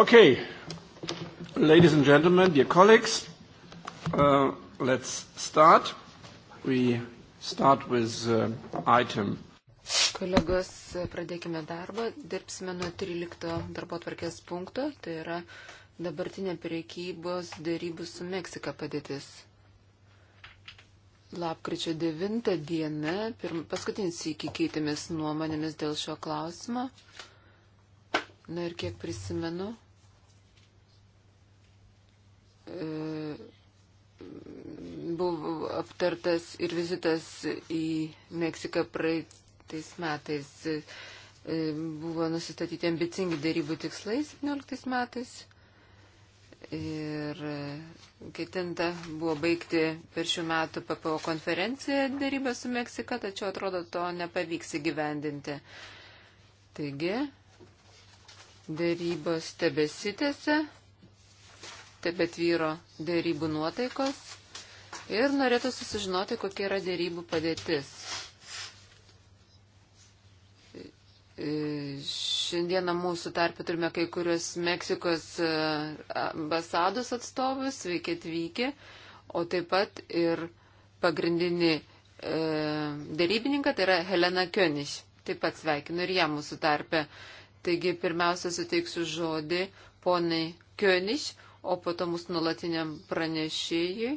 Okay, ladies and gentlemen, dear colleagues, uh, let's start. We start with uh, item. Kolegos, pradėkime darbą. Dirbsime nuo 13 darbo tvarkės punkto, tai yra dabartinė priekybos dėrybų su Meksika padėtis. Lapkričio 9 diena, paskutinis iki keitėmis nuomonėmis dėl šio klausimo. Na ir kiek prisimenu, E, buvo aptartas ir vizitas į Meksiką praeitais metais. E, buvo nusistatyti ambicingi darybų tikslai 17 metais ir e, ketinta buvo baigti per šių metų PPO konferenciją darybę su Meksika, tačiau atrodo to nepavyks įgyvendinti. Taigi, darybos tebesitėse tebet vyro dėrybų nuotaikos ir norėtų susižinoti, kokia yra dėrybų padėtis. E, šiandieną mūsų tarpe turime kai kurios Meksikos e, ambasados atstovus, sveiki atvykę, o taip pat ir pagrindinį e, dėrybininką, tai yra Helena Köniš. Taip pat sveikinu ir ją mūsų tarpe. Taigi pirmiausia suteiksiu žodį ponai Köniš, o po to mūsų nulatiniam pranešėjui,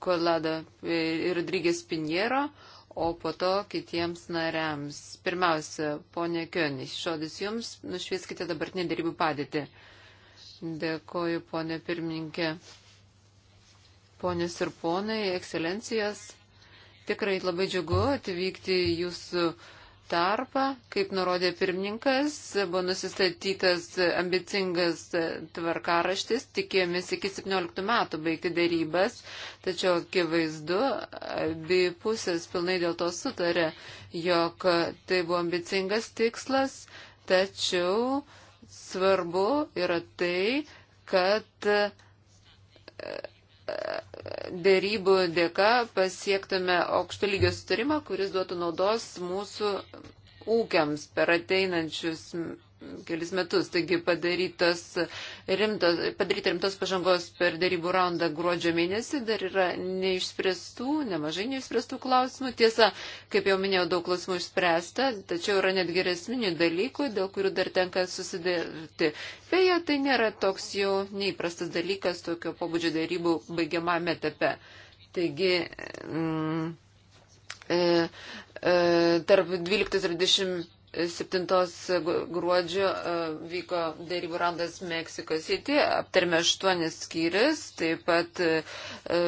Kolada e, ir Rodrygės Pinjero, o po to kitiems nariams. Pirmiausia, ponė Kionis, šodis jums, nušvieskite dabartinį darybų padėtį. Dėkoju, ponė pirmininkė. Ponės ir ponai, ekscelencijos, tikrai labai džiugu atvykti jūsų uh, tarpą, kaip nurodė pirmininkas, buvo nusistatytas ambicingas tvarkaraštis, tikėjomės iki 17 metų baigti darybas, tačiau akivaizdu, abi pusės pilnai dėl to sutarė, jog tai buvo ambicingas tikslas, tačiau svarbu yra tai, kad dėrybų dėka pasiektume aukšto lygio sutarimą, kuris duotų naudos mūsų ūkiams per ateinančius kelis metus. Taigi padarytos rimtos, padaryta rimtos pažangos per darybų raundą gruodžio mėnesį, dar yra neišspręstų, nemažai neišspręstų klausimų. Tiesa, kaip jau minėjau, daug klausimų išspręsta, tačiau yra net geresminių dalykų, dėl kurių dar tenka susidėti. Beje, tai nėra toks jau neįprastas dalykas tokio pobūdžio darybų baigiamame etape. Taigi, mm, e, e, tarp 12 ir 20 7 gruodžio e, vyko dėrybų randas Meksikos įti, aptarėme 8 skyrius, taip pat e, e,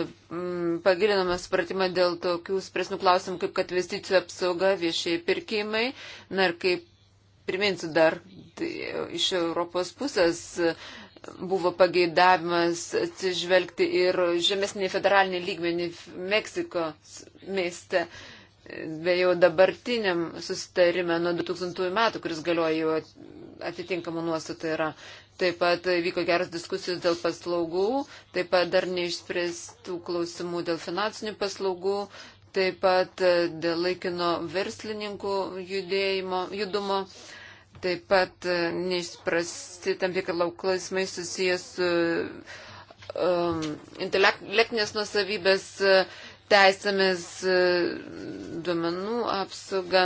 pagilinome supratimą dėl tokių spresnių klausimų, kaip kad investicijų apsauga, viešiai pirkimai, na ir kaip priminsiu dar tai, iš Europos pusės buvo pageidavimas atsižvelgti ir žemesnį federalinį lygmenį Meksikos mieste. Uh, be jau dabartiniam susitarime nuo 2000 metų, kuris galioja jau atitinkamų nuostatų yra. Taip pat vyko geras diskusijos dėl paslaugų, taip pat dar neišspręstų klausimų dėl finansinių paslaugų, taip pat e, dėl laikino verslininkų judėjimo, judumo, taip pat e, neišspręsti tam tikri klausimai susijęs su um, intelektinės nusavybės uh, e, teisėmis, e, duomenų apsauga,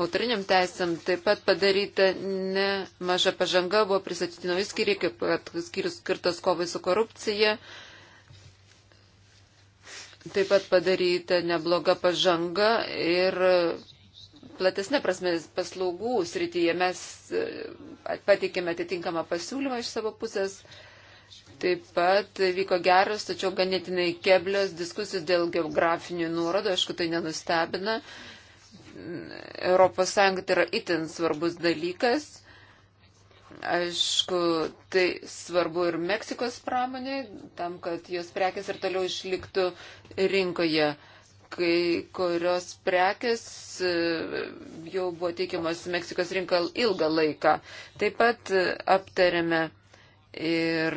autoriniam teisėm taip pat padaryta nemaža pažanga, buvo pristatyti nauji skyriai, kaip skyrius skirtas kovai su korupcija. Taip pat padaryta nebloga pažanga ir platesnė prasme paslaugų srityje mes e, pateikėme atitinkamą pasiūlymą iš savo pusės. Taip pat vyko geros, tačiau ganėtinai keblios diskusijos dėl geografinių nuorodų, aišku, tai nenustebina. ES tai yra itin svarbus dalykas. Aišku, tai svarbu ir Meksikos pramonė, tam, kad jos prekes ir toliau išliktų rinkoje. Kai kurios prekes e, jau buvo teikiamas Meksikos rinką ilgą laiką. Taip pat e, aptarėme Ir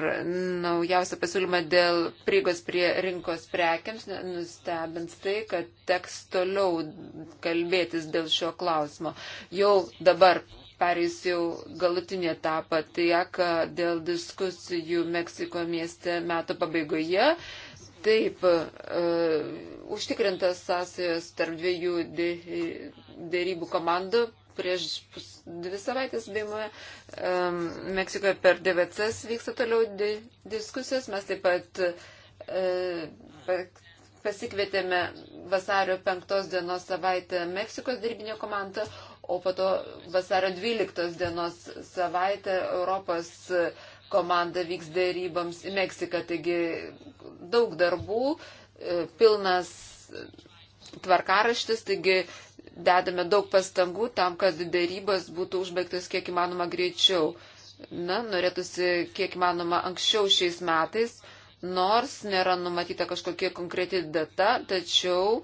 naujausia pasiūlyma dėl prieigos prie rinkos prekiams nustebins tai, kad teks toliau kalbėtis dėl šio klausimo. Jau dabar perės jau galutinį etapą tiek dėl diskusijų Meksiko mieste metų pabaigoje. Taip, uh, užtikrintas sąsajos tarp dviejų dėrybų komandų prieš dvi savaitės dainuoja um, Meksikoje per DVCs vyksta toliau di diskusijos. Mes taip pat uh, pasikvietėme vasario 5 dienos savaitę Meksikos dirbinio komandą, o po to vasario 12 dienos savaitę Europos komanda vyks dėryboms į Meksiką. Taigi daug darbų, e, pilnas tvarkaraštis, taigi dedame daug pastangų tam, kad dėrybos būtų užbaigtos kiek įmanoma greičiau. Na, norėtųsi kiek įmanoma anksčiau šiais metais, nors nėra numatyta kažkokia konkreti data, tačiau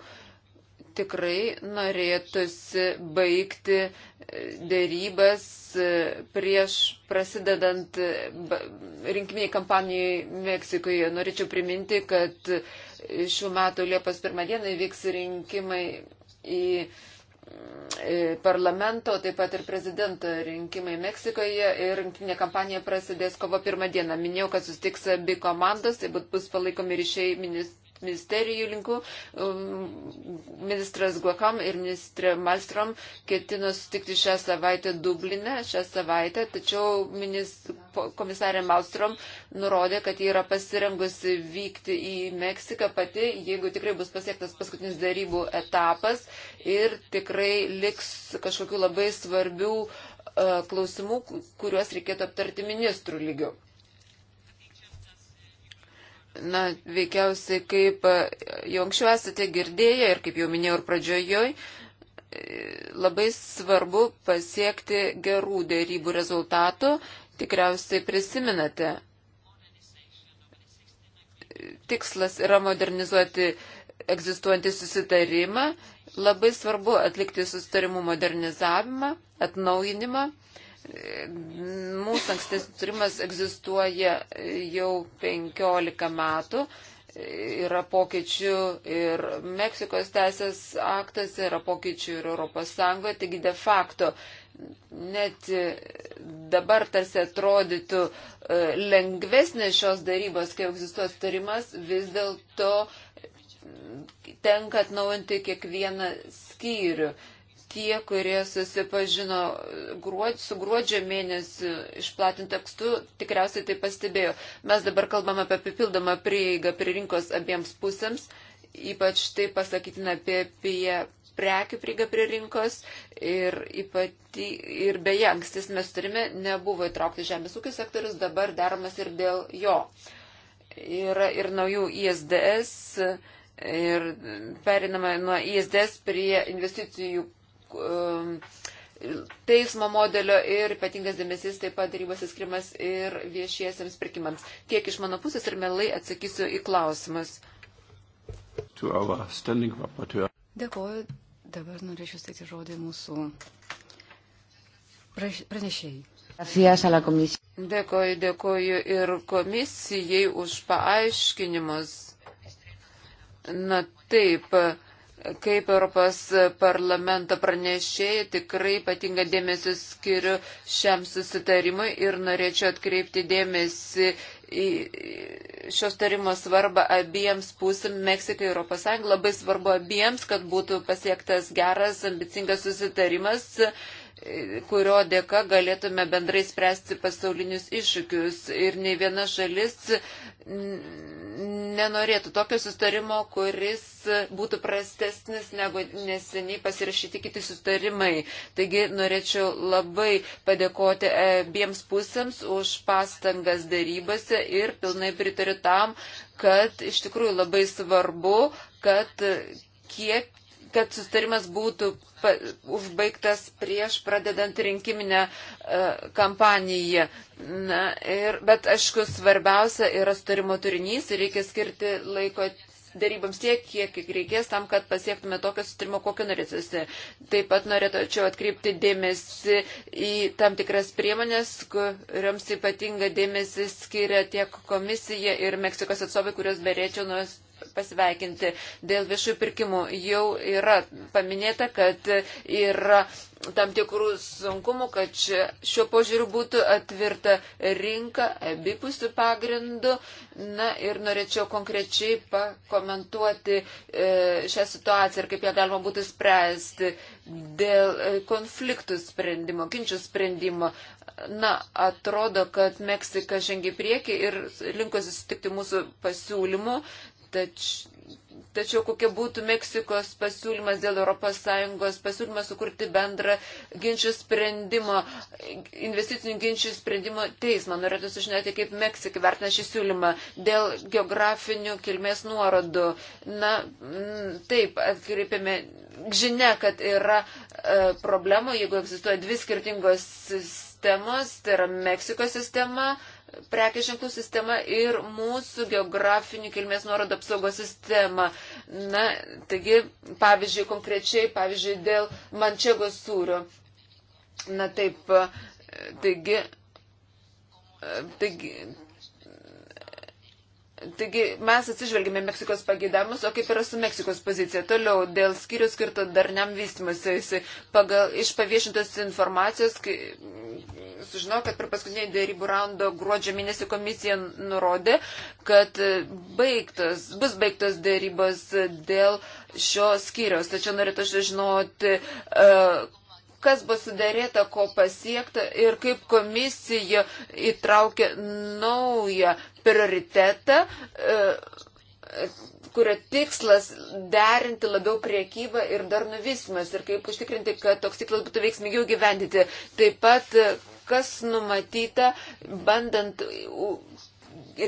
tikrai norėtųsi baigti e, dėrybas e, prieš prasidedant e, rinkiminiai kampanijai Meksikoje. Norėčiau priminti, kad šių metų Liepos pirmą dieną įvyks rinkimai į E, parlamento, taip pat ir prezidento rinkimai Meksikoje ir rinkiminė kampanija prasidės kovo pirmą dieną. Minėjau, kad sustiks abi komandos, taip pat bus palaikomi ryšiai ministrų ministerijų linkų. Um, ministras Guakam ir ministrė Malstrom ketino sutikti šią savaitę Dublinę, šią savaitę, tačiau minist... komisarė Malstrom nurodė, kad ji yra pasirengusi vykti į Meksiką pati, jeigu tikrai bus pasiektas paskutinis darybų etapas ir tikrai liks kažkokių labai svarbių uh, klausimų, kuriuos reikėtų aptarti ministrų lygių. Na, veikiausiai, kaip e, jau anksčiau esate girdėję ir kaip jau minėjau ir pradžiojoj, e, labai svarbu pasiekti gerų dėrybų rezultatų. Tikriausiai prisiminate. Tikslas yra modernizuoti egzistuojantį susitarimą. Labai svarbu atlikti susitarimų modernizavimą, atnaujinimą. Mūsų ankstesnis turimas egzistuoja jau 15 metų. Yra pokyčių ir Meksikos teisės aktuose, yra pokyčių ir Europos Sąjungoje, taigi de facto net dabar tarsi atrodytų e, lengvesnės šios darybos, kai egzistuos tarimas, vis dėlto tenka atnaujinti kiekvieną skyrių tie, kurie susipažino gruod, su gruodžio mėnesį išplatintų tekstų, tikriausiai tai pastebėjo. Mes dabar kalbame apie papildomą prieigą prie rinkos abiems pusėms, ypač tai pasakytina apie, apie prekių prieigą prie rinkos ir, ypati, ir beje, ankstis mes turime, nebuvo įtraukti žemės ūkio sektorius, dabar daromas ir dėl jo. Yra ir naujų ISDS ir perinama nuo ISDS prie investicijų Um, teismo modelio ir ypatingas dėmesys taip pat darybose skirimas ir viešiesiems pirkimams. Tiek iš mano pusės ir melai atsakysiu į klausimus. Dėkuoju. Dabar norėčiau steikti žodį mūsų pranešėjai. Dėkuoju, dėkuoju ir komisijai už paaiškinimus. Na taip. Kaip Europos parlamento pranešėjai tikrai ypatinga dėmesį skiriu šiam susitarimui ir norėčiau atkreipti dėmesį į šios tarimo svarbą abiems pusėm, Meksikai ir Europos Sąjunga, labai svarbu abiems, kad būtų pasiektas geras, ambicingas susitarimas, kurio dėka galėtume bendrai spręsti pasaulinius iššūkius. Ir nei viena šalis nenorėtų tokio sustarimo, kuris būtų prastesnis negu neseniai pasirašyti kiti sustarimai. Taigi norėčiau labai padėkoti abiems pusėms už pastangas darybose ir pilnai pritariu tam, kad iš tikrųjų labai svarbu, kad kiek kad sustarimas būtų užbaigtas prieš pradedant rinkiminę uh, kampaniją. Na, ir, bet aišku, svarbiausia yra sustarimo turinys ir reikia skirti laiko darybams tiek, kiek reikės tam, kad pasiektume tokio sutrimo, kokio norėtųsi. Taip pat norėčiau atkreipti dėmesį į tam tikras priemonės, kuriams ypatinga dėmesį skiria tiek komisija ir Meksikos atstovai, kurios berėčiau pasveikinti dėl viešųjų pirkimų. Jau yra paminėta, kad yra tam tikrų sunkumų, kad šiuo požiūriu būtų atvirta rinka abipusių pagrindų. Na ir norėčiau konkrečiai pakomentuoti e, šią situaciją ir kaip ją galima būtų spręsti dėl e, konfliktų sprendimo, kinčių sprendimo. Na, atrodo, kad Meksika žengia prieki ir linkosi sutikti mūsų pasiūlymu, Tač, tačiau kokia būtų Meksikos pasiūlymas dėl ES pasiūlymas sukurti bendrą ginčių sprendimo, investicinių ginčių sprendimo teismą. Norėtų sužinoti, kaip Meksika vertina šį siūlymą dėl geografinių kilmės nuorodų. Na, m, taip, atkreipėme žinia, kad yra e, problemų, jeigu egzistuoja dvi skirtingos sistemos, tai yra Meksikos sistema. E, prekės ženklų sistema ir mūsų geografinių kilmės nuorodų apsaugos sistema. Na, taigi, pavyzdžiui, konkrečiai, pavyzdžiui, dėl mančego sūrio. Na taip, taigi, taigi, Taigi mes atsižvelgime Meksikos pagėdamus, o kaip yra su Meksikos pozicija. Toliau, dėl skyrių skirto darniam vystimusi, pagal iš paviešintos informacijos, kai, sužinau, kad per paskutinį dėrybų raundą gruodžio mėnesį komisija nurodė, kad baigtos, bus baigtos dėrybos dėl šio skyrios. Tačiau norėtų žinoti, e, kas bus sudarėta, ko pasiekta ir kaip komisija įtraukė naują prioritetą, e, kurio tikslas derinti labiau priekybą ir darnų vystimas ir kaip užtikrinti, kad toks tikslas būtų veiksmingiau gyvendyti. Taip pat, e, kas numatyta, bandant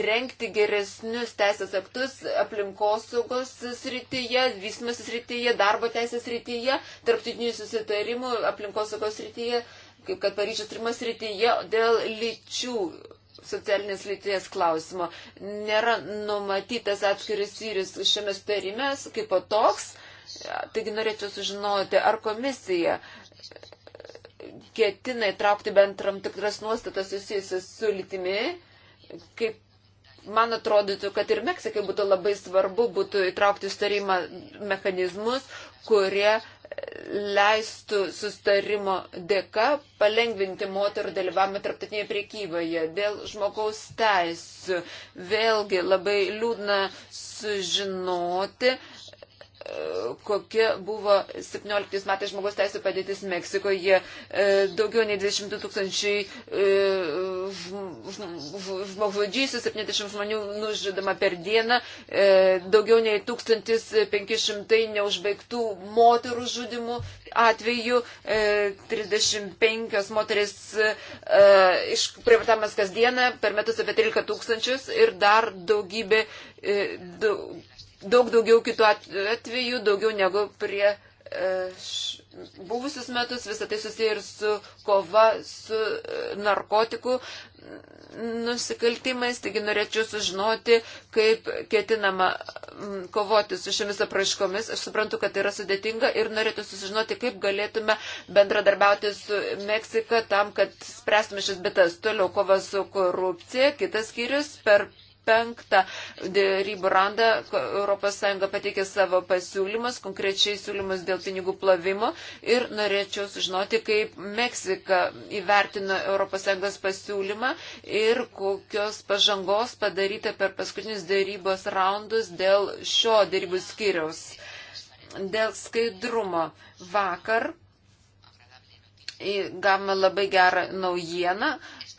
renkti geresnius teisės aktus aplinkosaugos srityje, vystimas srityje, darbo teisės srityje, tarptautinių susitarimų aplinkosaugos srityje, kaip kad Paryžiaus trimas srityje dėl lyčių socialinės lyties klausimo. Nėra numatytas atskiris skyrius šiame sperimės kaip o toks. Taigi norėčiau sužinoti, ar komisija ketina įtraukti bent tam tikras nuostatas susijusias su lytimi, kaip man atrodytų, kad ir Meksikai būtų labai svarbu būtų įtraukti sustarimą mechanizmus, kurie leistų sustarimo dėka palengvinti moterų dalyvavimą tarptautinėje priekyboje dėl žmogaus teisų. Vėlgi labai liūdna sužinoti, kokia buvo 17 metais žmogaus teisų padėtis Meksikoje. E, daugiau nei 20 tūkstančiai e, žmogžudžysių, 70 žmonių nužudama per dieną, e, daugiau nei 1500 neužbaigtų moterų žudimų atveju, 35 moteris išprievartamas kasdieną, per metus apie 13 tūkstančius ir dar daugybė daug, daug daugiau kitų atvejų, daugiau negu prie e, buvusius metus, visą tai susiję ir su kova su e, narkotikų nusikaltimais, taigi norėčiau sužinoti, kaip ketinama kovoti su šiomis apraiškomis. Aš suprantu, kad tai yra sudėtinga ir norėtų sužinoti, kaip galėtume bendradarbiauti su Meksika tam, kad spręstume šis bitas. Toliau kova su korupcija, kitas skyrius per penktą rybų randą ES pateikė savo pasiūlymus, konkrečiai siūlymus dėl pinigų plovimo ir norėčiau sužinoti, kaip Meksika įvertino ES pasiūlymą ir kokios pažangos padaryta per paskutinius dėrybos raundus dėl šio dėrybų skyriaus. Dėl skaidrumo vakar gavome labai gerą naujieną,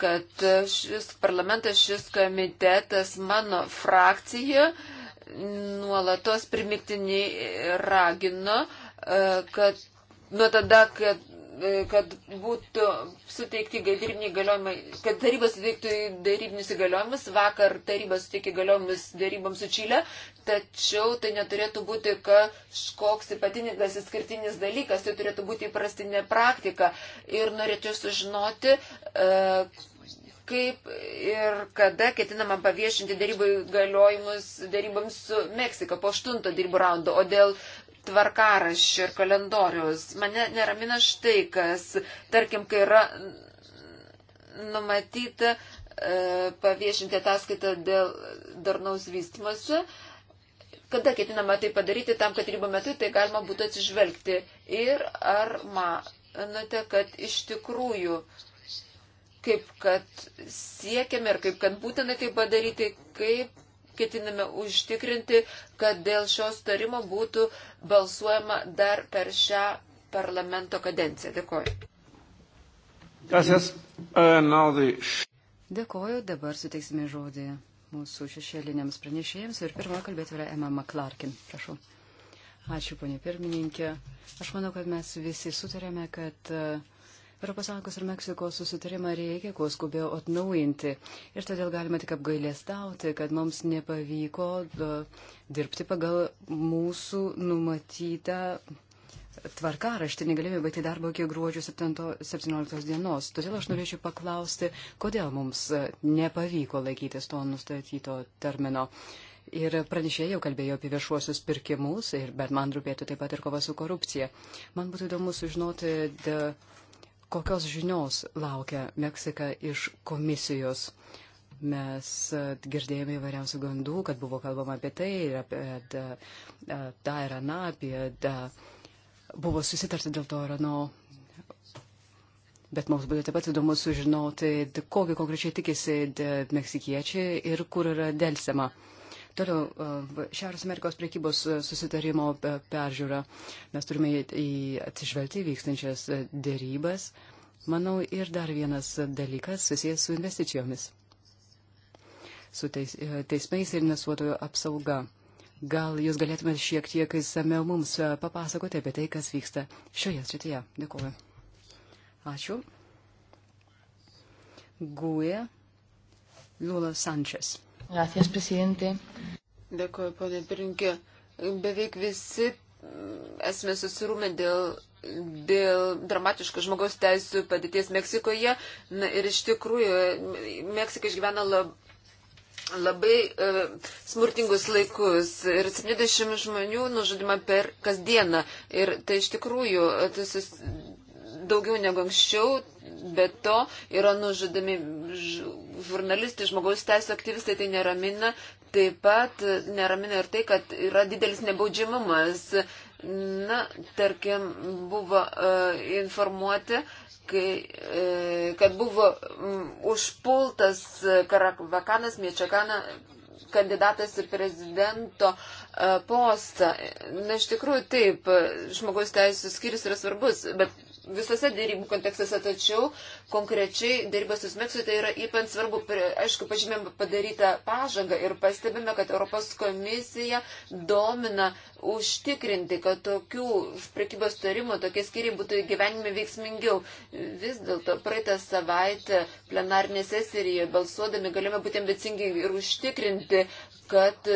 kad šis parlamentas, šis komitetas mano frakcija nuolatos primiktinį ragino, e, kad nuo tada, kad e, kad būtų suteikti darybiniai galiojimai, kad taryba suteiktų darybinius įgaliojimus. Vakar taryba suteikė įgaliojimus darybams su Čilė, tačiau tai neturėtų būti kažkoks ypatingas įskirtinis dalykas, tai turėtų būti įprastinė praktika. Ir norėčiau sužinoti, e, kaip ir kada ketinama paviešinti darybų įgaliojimus darybams su Meksika po aštunto darybų raundo, o dėl tvarkaraščio ir kalendoriaus. Mane neramina štai kas, tarkim, kai yra numatyta e, paviešinti ataskaitą dėl darnaus vystimuose, kada ketinama tai padaryti tam, kad ribų metu tai galima būtų atsižvelgti. Ir ar manote, kad iš tikrųjų uh, kaip kad siekiame ir kaip kad būtina tai padaryti, kaip ketiname užtikrinti, kad dėl šios tarimo būtų balsuojama dar per šią parlamento kadenciją. Dėkoju. Gracias. Uh, Dėkoju, dabar suteiksime žodį mūsų šešėliniams pranešėjams ir pirmą kalbėti yra Emma McClarkin. Prašau. Ačiū, ponė pirmininkė. Aš manau, kad mes visi sutarėme, kad uh, ES ir Meksikos susitarimą reikia kuo skubiau atnaujinti. Ir todėl galima tik apgailėstauti, kad mums nepavyko dirbti pagal mūsų numatytą tvarkaraštį, negalėjome baigti darbo iki gruodžio 7, 17 dienos. Todėl aš norėčiau paklausti, kodėl mums nepavyko laikytis to nustatyto termino. Ir pranešėjai jau kalbėjo apie viešuosius pirkimus, ir, bet man rūpėtų taip pat ir kova su korupcija. Man būtų įdomu sužinoti, de, kokios žinios laukia Meksika iš komisijos. Mes e, girdėjome įvairiausių gandų, kad buvo kalbama apie tai ir apie e, e, tą ir aną, apie da, buvo susitarta dėl to ir ano. Bet mums būtų taip pat įdomu sužinoti, kokį konkrečiai tikisi meksikiečiai ir kur yra dėlsema. Uh, Toliau, e, Šiaurės Amerikos priekybos e, susitarimo e, peržiūra. Mes turime atsižvelgti vykstančias dėrybas. Manau, ir dar vienas dalykas susijęs su investicijomis, su teis, teismais ir nesuotojo apsauga. Gal jūs galėtumėte šiek tiek įsameu mums papasakoti apie tai, kas vyksta šioje srityje. Dėkuoju. Ačiū. Guė Lula Sančias. Gracias, presidente. Dėkuoju, ponė Pirinkė. Beveik visi esame susirūmę dėl, dėl dramatiškos žmogaus teisų padėties Meksikoje. Na, ir iš tikrųjų, Meksika išgyvena lab, labai e, smurtingus laikus ir 70 žmonių nužudima per kasdieną. Ir tai iš tikrųjų e, tai sus, daugiau negu anksčiau, bet to yra nužudami žurnalistai, žmogaus teisų aktyvistai, tai neramina. Taip pat neramina ir tai, kad yra didelis nebaudžiamumas. Na, tarkim, buvo uh, informuoti, kai, e, kad buvo m, užpultas Karakvakanas Miečekana kandidatas į prezidento e, postą. Na, iš tikrųjų, taip, žmogaus teisų skyrius yra svarbus, bet visose dėrybų kontekstuose, tačiau konkrečiai dėrybos su Meksu tai yra ypač svarbu, aišku, pažymėm padarytą pažangą ir pastebime, kad Europos komisija domina užtikrinti, kad tokių prekybos tarimų, tokie skiriai būtų gyvenime veiksmingiau. Vis dėlto praeitą savaitę plenarnėse serijoje balsuodami galime būti ambicingi ir užtikrinti, kad e,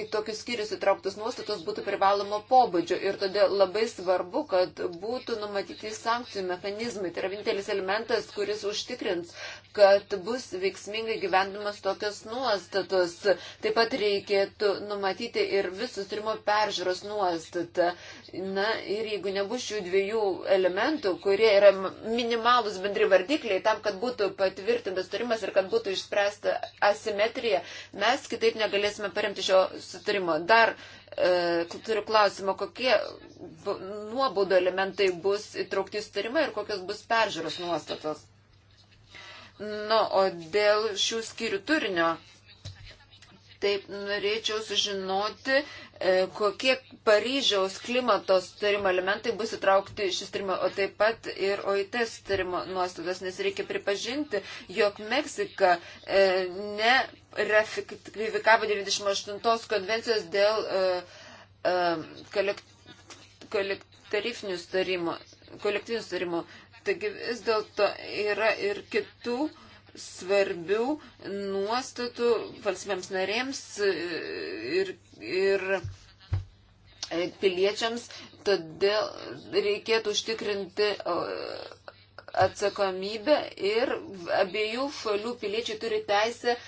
į tokius skyrius įtrauktus nuostatos būtų privaloma pobūdžio ir todėl labai svarbu, kad būtų numatyti sankcijų mechanizmai. Tai yra vienintelis elementas, kuris užtikrins, kad bus veiksmingai gyvendamas tokios nuostatos. Taip pat reikėtų numatyti ir visus turimo peržiūros nuostatą. Na ir jeigu nebus šių dviejų elementų, kurie yra minimalus bendri vardikliai tam, kad būtų patvirtintas turimas ir kad būtų išspręsta asimetrija, mes kitaip kitaip negalėsime paremti šio sutarimo. Dar e, turiu klausimą, kokie nuobaudų elementai bus įtraukti į sutarimą ir kokios bus peržiūros nuostatos. Na, nu, o dėl šių skyrių turinio Taip, norėčiau sužinoti, e, kokie Paryžiaus klimato sutarimo elementai bus įtraukti šis tyrimo, o taip pat ir OIT sutarimo nuostatos, nes reikia pripažinti, jog Meksika e, ne ratifikavo 98 konvencijos dėl e, kolektyvinių sutarimų. Taigi vis dėlto yra ir kitų svarbių nuostatų valstybėms narėms ir, ir piliečiams, todėl reikėtų užtikrinti atsakomybę ir abiejų šalių piliečiai turi teisę e,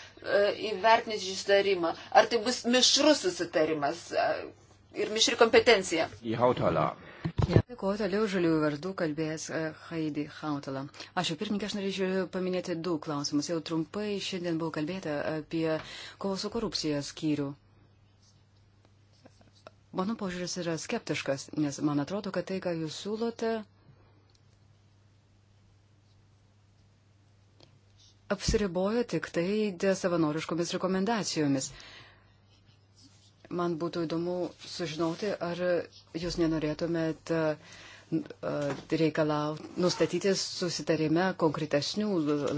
įvertinti susitarimą. Ar tai bus mišrus susitarimas e, ir mišri kompetencija? Į hautalą. Dėkuoju toliau žaliųjų vardų kalbėjęs e, Haidi Hautala. Ačiū pirmininkė, aš norėčiau paminėti du klausimus. Jau trumpai šiandien buvo kalbėta apie kovos su korupcija skyrių. Mano požiūris yra skeptiškas, nes man atrodo, kad tai, ką jūs siūlote, apsiribojo tik tai savanoriškomis rekomendacijomis. Man būtų įdomu sužinoti, ar jūs nenorėtumėt e, e, reikalauti, nustatyti susitarime konkretesnių,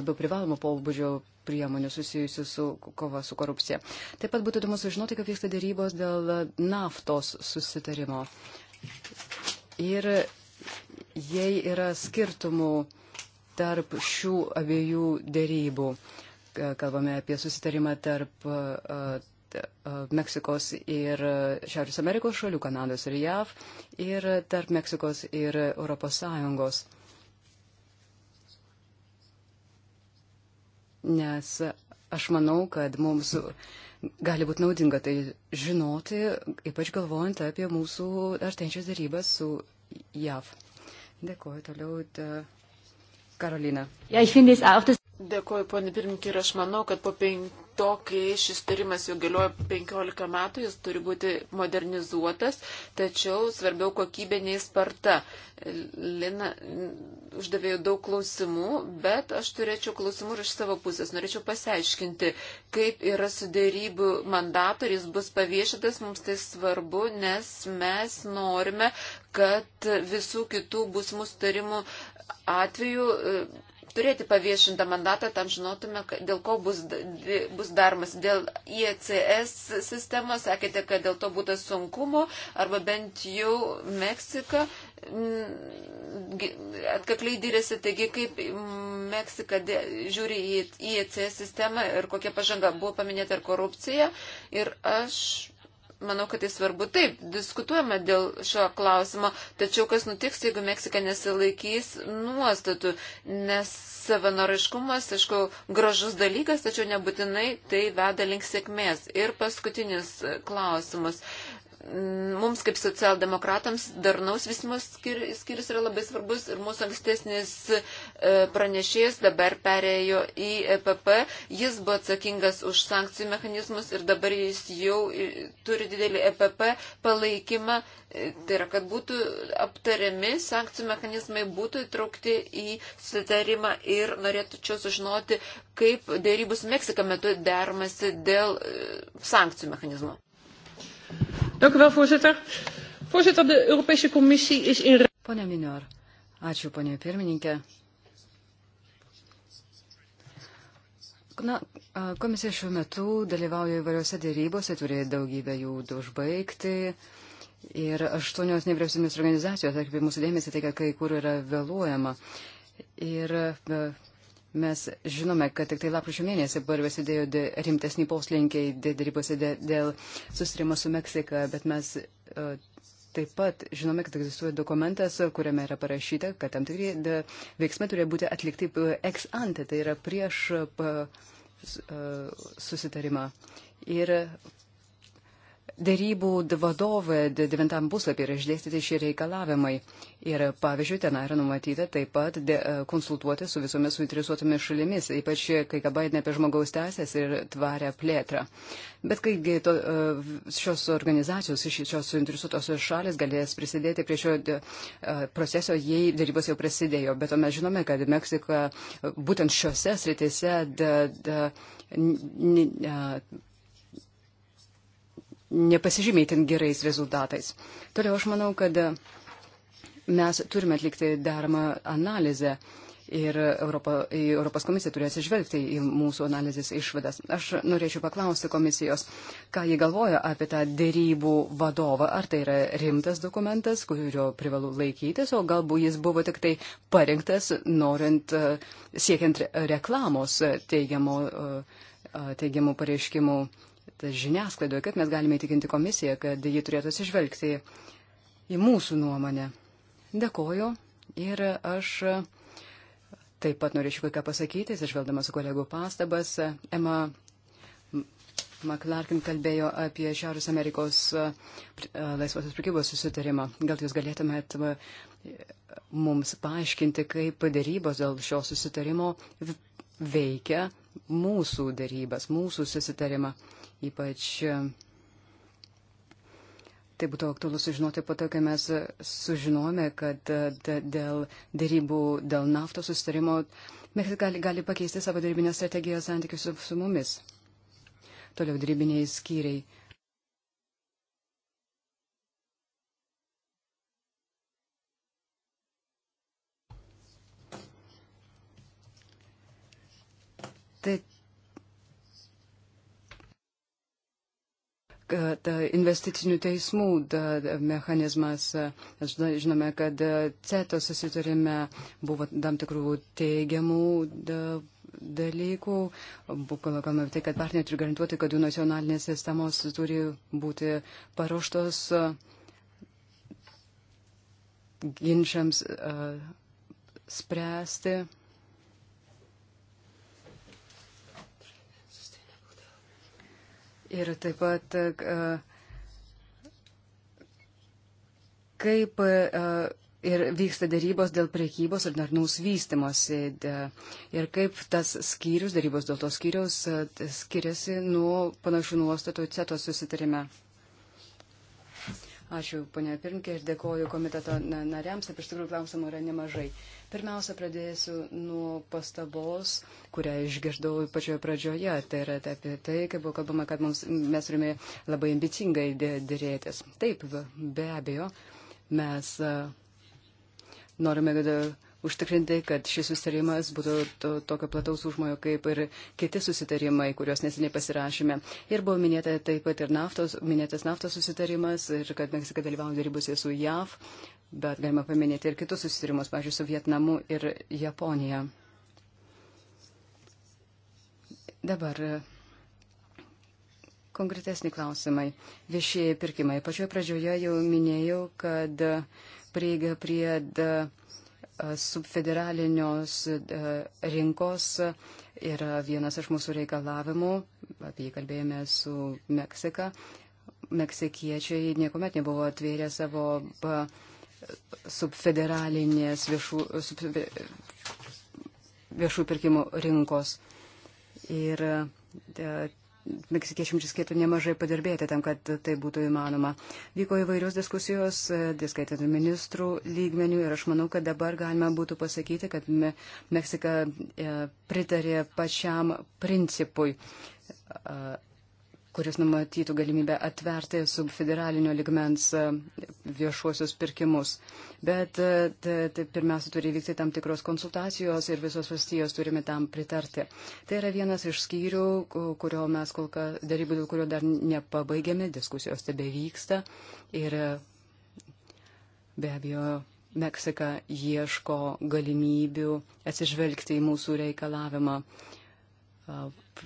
labiau privalomų pobūdžio priemonių susijusių su kova su korupcija. Taip pat būtų įdomu sužinoti, kaip vyksta dėrybos dėl naftos susitarimo. Ir jei yra skirtumų tarp šių abiejų dėrybų, e, kalbame apie susitarimą tarp uh, E, Meksikos ir e, Šiaurės Amerikos šalių, Kanados ir JAV, ir tarp Meksikos ir Europos Sąjungos. Nes aš manau, kad mums gali būti naudinga tai žinoti, ypač galvojant apie mūsų artenčias darybas su JAV. Dėkuoju toliau, Karolina. Ja, Dėkuoju, ponė pirmininkė, ir aš manau, kad po penk... to, kai šis tarimas jau galioja 15 metų, jis turi būti modernizuotas, tačiau svarbiau kokybė nei sparta. Lina uždavėjo daug klausimų, bet aš turėčiau klausimų ir iš savo pusės. Norėčiau pasiaiškinti, kaip yra su dėrybų mandatu, ar jis bus paviešintas, mums tai svarbu, nes mes norime, kad visų kitų būsimų tarimų atveju turėti paviešintą mandatą, tam žinotume, dėl ko bus, bus daromas. Dėl IECS sistemos sakėte, kad dėl to būtų sunkumo, arba bent jau Meksika atkakliai dėrėsi, taigi kaip Meksika žiūri į IECS sistemą ir kokia pažanga buvo paminėta ir korupcija. Ir aš manau, kad tai svarbu. Taip, diskutuojame dėl šio klausimo, tačiau kas nutiks, jeigu Meksika nesilaikys nuostatų, nes savanoriškumas, aišku, gražus dalykas, tačiau nebūtinai tai veda link sėkmės. Ir paskutinis klausimas. Mm, mums kaip socialdemokratams darnaus visimas skyrius yra labai svarbus ir mūsų ankstesnis e, pranešėjas dabar perėjo į EPP. Jis buvo atsakingas už sankcijų mechanizmus ir dabar jis jau e, turi didelį EPP palaikymą. E, tai yra, kad būtų aptariami sankcijų mechanizmai, būtų įtraukti į sutarimą ir norėčiau sužinoti, kaip dėrybus Meksika metu dermasi dėl sankcijų mechanizmo. Dank u wel, voorzitter. Voorzitter, de Europese Commissie is in. Pone Minor, ačiū, ponė pirmininkė. Na, komisija šiuo metu dalyvauja įvairiose dėrybose, turi daugybę jų užbaigti. Ir aštuonios nevyriausybinės organizacijos atkreipė mūsų dėmesį tai, kad kai kur yra vėluojama. Ir be, Mes žinome, kad tik tai lapkričio mėnesį prasidėjo rimtesni poslinkiai dėrybose dėl susirimo su Meksika, bet mes e, taip pat žinome, kad egzistuoja dokumentas, kuriame yra parašyta, kad tam tikri veiksmai turėjo būti atlikti e, ex ante, tai yra prieš e, susitarimą. Ir Darybų vadovė devintam puslapį yra išdėstyti šie reikalavimai. Ir pavyzdžiui, ten yra numatyta taip pat de, e, konsultuoti su visomis suinteresuotomis šalimis, ypač kai kalba eina apie žmogaus teisės ir tvarę plėtrą. Bet kai to, e, šios organizacijos, šios suinteresuotos šalis galės prisidėti prie šio e, proceso, jei darybos jau prasidėjo. Bet o mes žinome, kad Meksika būtent šiose sritise. De, de, n, n, n, nepasižymė ten gerais rezultatais. Toliau aš manau, kad mes turime atlikti daromą analizę. Ir Europa, Europos komisija turės išvelgti į mūsų analizės išvadas. Aš norėčiau paklausti komisijos, ką jie galvoja apie tą dėrybų vadovą. Ar tai yra rimtas dokumentas, kurio privalu laikytis, o galbūt jis buvo tik tai parengtas, norint, siekiant reklamos teigiamų, teigiamų pareiškimų žiniasklaidoje, kaip mes galime įtikinti komisiją, kad ji turėtų atsižvelgti į mūsų nuomonę. Dėkoju ir aš Taip pat norėčiau kai ką pasakyti, išvelgdama su kolegų pastabas. Ema McLarkin kalbėjo apie Šiaurės Amerikos e, e, laisvosios prikybos susitarimą. Gal jūs galėtumėt e, mums paaiškinti, kaip darybos dėl šio susitarimo veikia mūsų darybas, mūsų susitarimą. Ypač e, tai būtų aktualu sužinoti po to, kai mes sužinome, kad e, dėl darybų, dėl naftos susitarimo Meksika gali, gali pakeisti savo darybinę strategiją santykius su, su mumis. Toliau darybiniai skyriai. Tai kad e, investicinių teismų e, da, mechanizmas, žinome, kad e, CETO susitarime buvo tam tikrų teigiamų da, dalykų, buvo kalbama apie tai, kad partneriai turi garantuoti, kad jų nacionalinės sistemos turi būti paruoštos ginčiams uh, spręsti. Ir taip pat, e, kaip e, ir vyksta darybos dėl priekybos ir darnaus vystimosi. Ir kaip tas skyrius, darybos dėl to skyrius e, skiriasi nuo panašių nuostatų CETO susitarime. Ačiū, ponia Pirinkė, ir dėkoju komiteto nariams, ir iš tikrųjų klausimų yra nemažai. Pirmiausia, pradėsiu nuo pastabos, kurią išgirdau pačioje pradžioje. Tai yra apie tai, kai buvo kalbama, kad mums, mes turime labai ambicingai dėrėtis. Taip, be abejo, mes norime, kad užtikrinti, kad šis susitarimas būtų to, tokio plataus užmojo kaip ir kiti susitarimai, kuriuos neseniai pasirašėme. Ir buvo minėta taip pat ir naftos, minėtas naftos susitarimas ir kad Meksika dalyvavo darybose su JAV, bet galima paminėti ir kitus susitarimus, pavyzdžiui, su Vietnamu ir Japonija. Dabar konkretesni klausimai. Viešieji pirkimai. Pačioje pradžioje jau minėjau, kad prieiga prie. Da, subfederalinios e, rinkos yra vienas iš mūsų reikalavimų, apie jį kalbėjome su Meksika. Meksikiečiai niekuomet nebuvo atvėrę savo e, subfederalinės viešų, sub, viešų pirkimų rinkos. Ir e, meksikiečiams reikėtų nemažai padirbėti tam, kad tai būtų įmanoma. Vyko įvairios diskusijos, e, diskaitant ministrų lygmenių ir aš manau, kad dabar galima būtų pasakyti, kad me Meksika e, pritarė pačiam principui kuris numatytų galimybę atverti subfederalinio ligmens e, viešuosius pirkimus. Bet tai pirmiausia turi vykti tam tikros konsultacijos ir visos valstijos turime tam pritarti. Tai yra vienas iš skyrių, kurio mes kol kas darybų, kurio dar nepabaigėme, diskusijos tebe vyksta ir e, be abejo Meksika ieško galimybių atsižvelgti į mūsų reikalavimą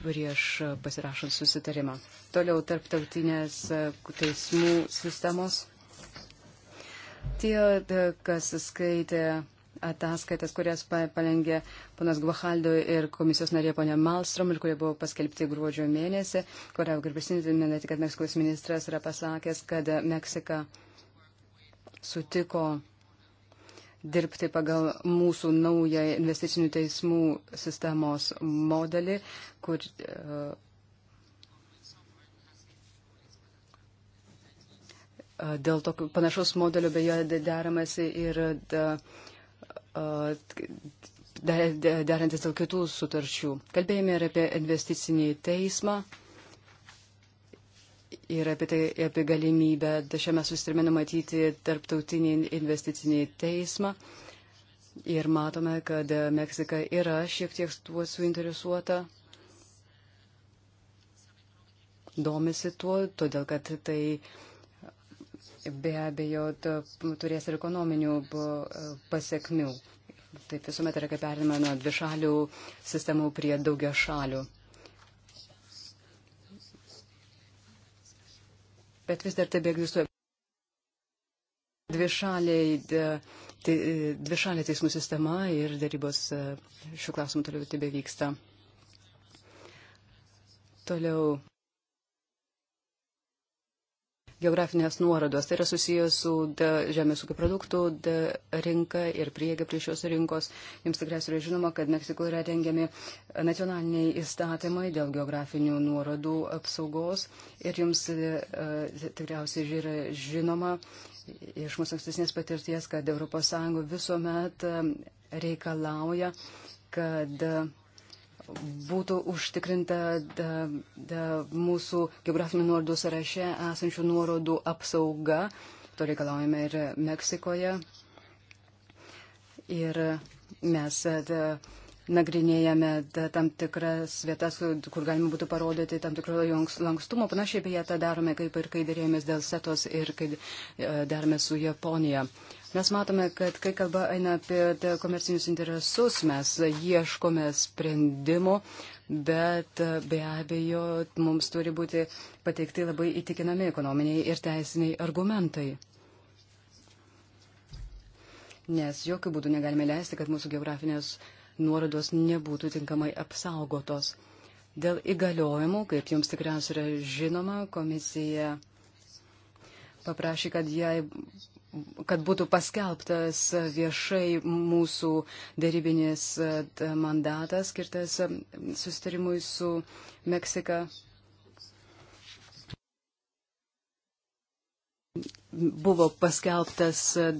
prieš pasirašant susitarimą. Toliau tarptautinės e, teismų sistemos. Tie, e, kas skaitė ataskaitas, kurias palengė ponas Gvahaldo ir komisijos narė ponė Malstrom ir kurie buvo paskelbti gruodžio mėnesį, kurio prisimtumėte, kad Meksikos ministras yra pasakęs, kad Meksika sutiko dirbti pagal mūsų naują investicinių teismų sistemos modelį, kur, e, e, Dėl to panašaus modelio beje deramasi ir e, derantis dėl kitų sutarčių. Kalbėjome ir apie investicinį teismą ir apie, tai, apie galimybę šiame susitrime numatyti tarptautinį investicinį teismą. Ir matome, kad Meksika yra šiek tiek tuo suinteresuota, domisi tuo, todėl kad tai be abejo turės ir ekonominių pasiekmių. Taip visuomet yra, kai perėmė nuo dvišalių sistemų prie daugia šalių. bet vis dar tebe egzistuoja dvišaliai e, e, dvi teismų sistema ir darybos e, šių klausimų toliau tebe vyksta. Toliau geografinės nuorodos. Tai yra susijęs su da, žemės ūkio produktų da, rinka ir prieiga prie šios rinkos. Jums tikriausiai yra žinoma, kad Meksikoje yra rengiami nacionaliniai įstatymai dėl geografinių nuorodų apsaugos. Ir jums uh, tikriausiai yra žinoma iš mūsų ankstesnės patirties, kad ES visuomet e, reikalauja, kad uh, būtų užtikrinta da, da, mūsų geografinių nuorodų sąraše esančių nuorodų apsauga. To reikalaujame ir Meksikoje. Ir mes da, nagrinėjame da, tam tikras vietas, kur galima būtų parodyti tam tikro lankstumo. Panašiai beje tą darome, kaip ir kai dėrėjomės dėl setos ir kai darome su Japonija. Uh, Mes matome, kad kai kalba eina apie komercinius interesus, mes ieškome sprendimo, bet e, be abejo mums turi būti pateikti labai įtikinami ekonominiai ir teisiniai argumentai. Nes jokių būdų negalime leisti, kad mūsų geografinės nuorodos nebūtų tinkamai apsaugotos. Dėl įgaliojimų, kaip jums tikriausiai yra žinoma, komisija paprašė, kad jai kad būtų paskelbtas viešai mūsų darybinis e, mandatas skirtas e, sustarimui su Meksika. Buvo paskelbtas, e,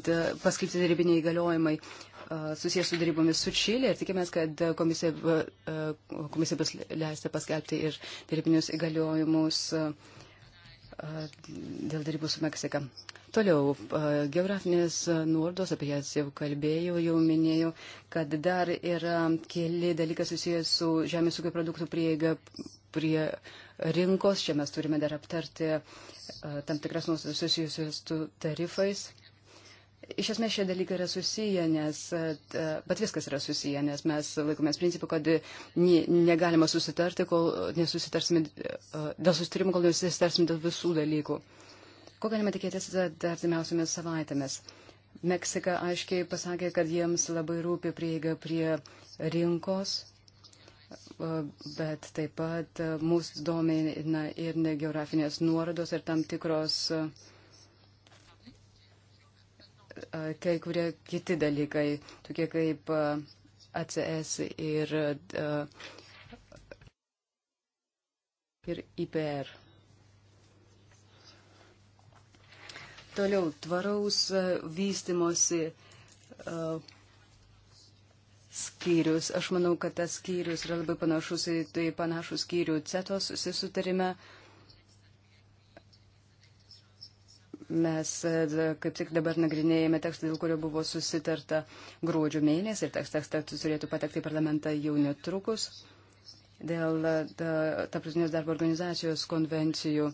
paskelbti darybiniai įgaliojimai susijęs su darybomis su Čilė ir tikimės, kad komisija, komisija bus leista paskelbti ir darybinius įgaliojimus uh, dėl darybų su Meksika. Toliau, geografinės nuordos, apie jas jau kalbėjau, jau minėjau, kad dar yra keli dalykai susijęs su žemės ūkio produktų prieiga prie rinkos. Čia mes turime dar aptarti tam tikras nuostatas susijusios su tarifais. Iš esmės šie dalykai yra susiję, nes, e, bet viskas yra susiję, nes mes laikomės principu, kad negalima susitarti, kol nesusitarsime e, dėl susitarimų, kol nesusitarsime dėl visų dalykų. Ko galima tikėtis artimiausiamis savaitėmis? Meksika aiškiai pasakė, kad jiems labai rūpi prieiga prie rinkos, e, bet taip pat mūsų domina ir geografinės nuorodos ir tam tikros. Uh, kai kurie kiti dalykai, tokie kaip ACS ir, ir IPR. Toliau tvaraus vystimosi skyrius. Aš manau, kad tas skyrius yra labai panašus į tai panašų skyrių CETOS susitarime. Uh, Mes e, kaip tik dabar nagrinėjame tekstą, dėl kurio buvo susitarta gruodžio mėnesį ir tekstas tekst, turėtų patekti į parlamentą jau netrukus dėl e, tarptautinės darbo organizacijos konvencijų.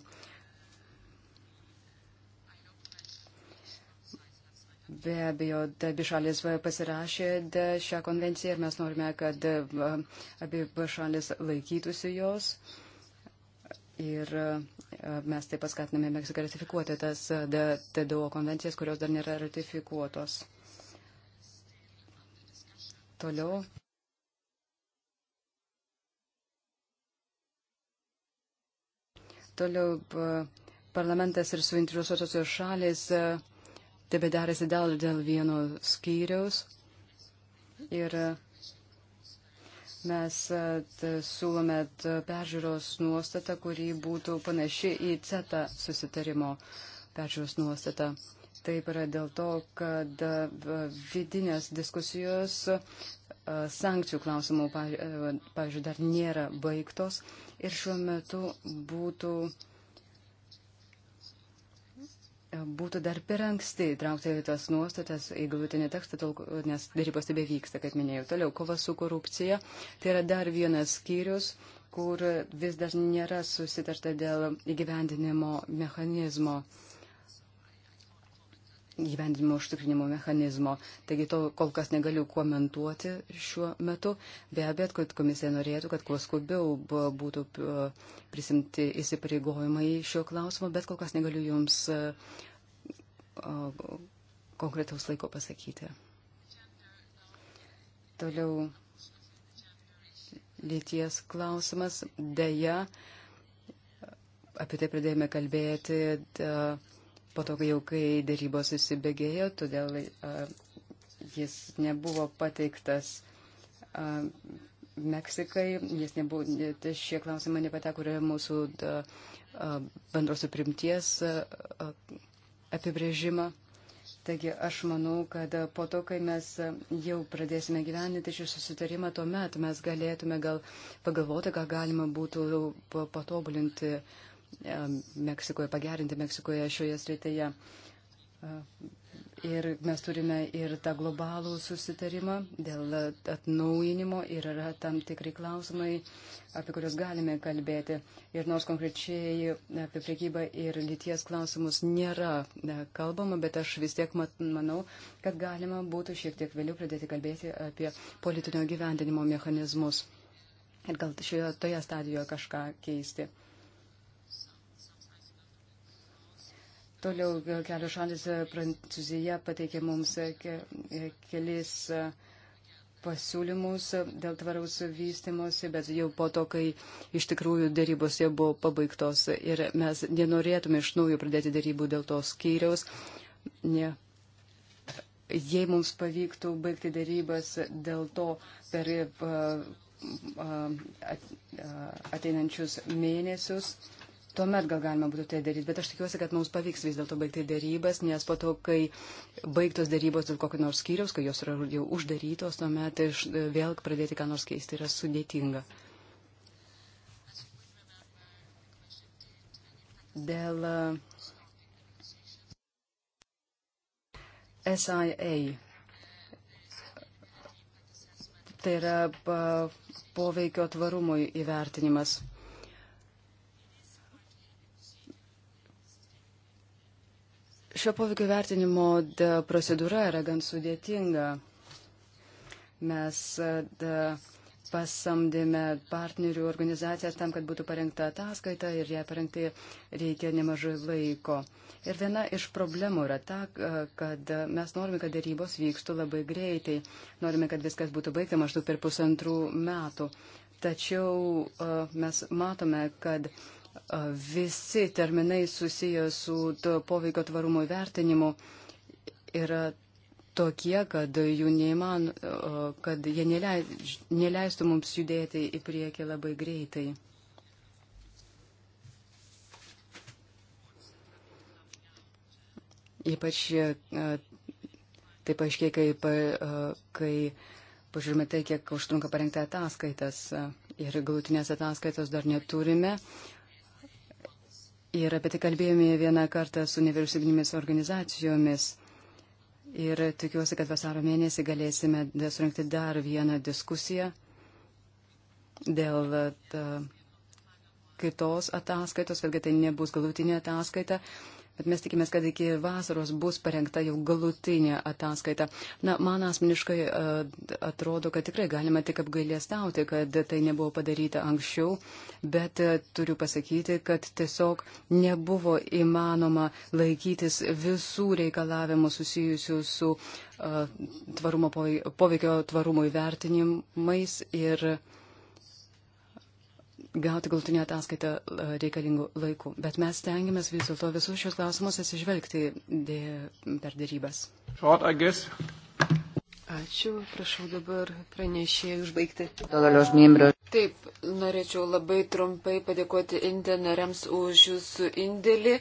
Be abejo, abi šalis pasirašė šią konvenciją ir mes norime, kad e, abi šalis laikytųsi jos. Uh, Ir e, mes taip paskatiname Meksiką ratifikuoti tas e, TDO konvencijas, kurios dar nėra ratifikuotos. Toliau. Toliau e, parlamentas ir suinteresuotosios šalės tebe darėsi dėl, dėl vieno skyriaus. Ir uh, Mes e, siūlome peržiūros nuostatą, kuri būtų panaši į CETA susitarimo peržiūros nuostatą. Taip yra dėl to, kad e, vidinės diskusijos e, sankcijų klausimų, pavyzdžiui, dar nėra baigtos ir šiuo metu būtų būtų dar per anksti traukti tas nuostatas į galutinį tekstą, tol, nes darybos tebe vyksta, kaip minėjau. Toliau, kova su korupcija. Tai yra dar vienas skyrius, kur vis dar nėra susitarta dėl įgyvendinimo mechanizmo gyvendimo užtikrinimo mechanizmo. Taigi to kol kas negaliu komentuoti šiuo metu. Be abejo, kad komisija norėtų, kad kuo skubiau būtų uh, prisimti įsipareigojimai šio klausimo, bet kol kas negaliu jums uh, konkretaus laiko pasakyti. Toliau lyties klausimas. Deja, apie tai pradėjome kalbėti po to, kai jau kai darybos susibėgėjo, todėl jis nebuvo pateiktas Meksikai, jis nebuvo, šie klausimai nepateko yra mūsų bendrosių primties apibrėžimą. Taigi aš manau, kad po to, kai mes jau pradėsime gyveninti šį susitarimą, tuomet mes galėtume gal pagalvoti, ką galima būtų patobulinti Meksikoje, pagerinti Meksikoje šioje srityje. Ir mes turime ir tą globalų susitarimą dėl atnaujinimo ir yra tam tikri klausimai, apie kuriuos galime kalbėti. Ir nors konkrečiai apie priekybą ir lyties klausimus nėra e, kalbama, bet aš vis tiek mat, manau, kad galima būtų šiek tiek vėliau pradėti kalbėti apie politinio gyvendinimo mechanizmus. Ir gal šioje toje stadijoje kažką keisti. Toliau e, kelios šalis e, Prancūzija pateikė mums e, kelis pasiūlymus dėl tvaraus vystimosi, bet jau po to, kai iš tikrųjų dėrybos jau buvo pabaigtos ir mes nenorėtume iš naujo pradėti dėrybų dėl tos skyriaus. Ne. Jei mums pavyktų baigti dėrybas dėl to per ateinančius mėnesius, Tuomet gal galima būtų tai daryti, bet aš tikiuosi, kad mums pavyks vis dėlto baigti darybas, nes po to, kai baigtos darybos dėl kokio nors skyriaus, kai jos yra jau uždarytos, tuomet iš, vėl pradėti ką nors keisti yra sudėtinga. Dėl uh, SIA. Tai yra uh, poveikio tvarumui įvertinimas. Šio poveikio vertinimo procedūra yra gan sudėtinga. Mes da, pasamdėme partnerių organizacijas tam, kad būtų parengta ataskaita ir ją parengti reikia nemažai laiko. Ir viena iš problemų yra ta, kad mes norime, kad darybos vykstų labai greitai. Norime, kad viskas būtų baigta maždaug per pusantrų metų. Tačiau mes matome, kad visi terminai susiję su poveikio tvarumo įvertinimu yra tokie, kad, jų neįman, kad jie neleis, neleistų mums judėti į priekį labai greitai. Ypač taip aiškiai, kai, kai pažiūrime tai, kiek užtrunka parengti ataskaitas ir galutinės ataskaitos dar neturime, Ir apie tai kalbėjome vieną kartą su nevyriausybinėmis organizacijomis. Ir tikiuosi, kad vasaro mėnesį galėsime surinkti dar vieną diskusiją dėl ta, kitos ataskaitos, kad tai nebus galutinė ataskaita, bet mes tikimės, kad iki vasaros bus parengta jau galutinė ataskaita. Na, man asmeniškai e, atrodo, kad tikrai galima tik apgailėstauti, kad tai nebuvo padaryta anksčiau, bet e, turiu pasakyti, kad tiesiog nebuvo įmanoma laikytis visų reikalavimų susijusių su e, tvarumo poveikio tvarumo įvertinimais ir gauti galtinį ataskaitą e, reikalingų laikų. Bet mes stengiamės vis dėlto visus šios klausimus atsižvelgti per darybas. Short, Ačiū, prašau dabar pranešėjai užbaigti. Taip, norėčiau labai trumpai padėkoti inteneriams už jūsų indėlį.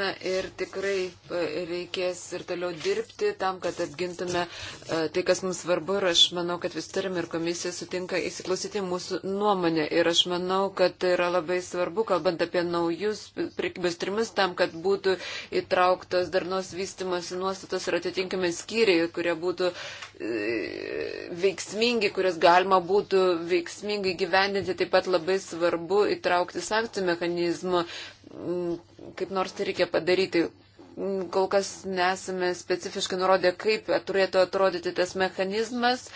Na ir tikrai e, reikės ir toliau dirbti tam, kad apgintume e, tai, kas mums svarbu. Ir aš manau, kad vis turim ir komisija sutinka įsiklausyti mūsų nuomonę. Ir aš manau, kad tai yra labai svarbu, kalbant apie naujus prekybės trimis, tam, kad būtų įtrauktos darnos vystimosi nuostatos ir atitinkami skyriai, kurie būtų E, veiksmingi, kurias galima būtų veiksmingai gyvendinti, taip pat labai svarbu įtraukti sankcijų mechanizmą, mm, kaip nors tai reikia padaryti. Mm, kol kas nesame specifiškai nurodę, kaip turėtų atrodyti tas mechanizmas,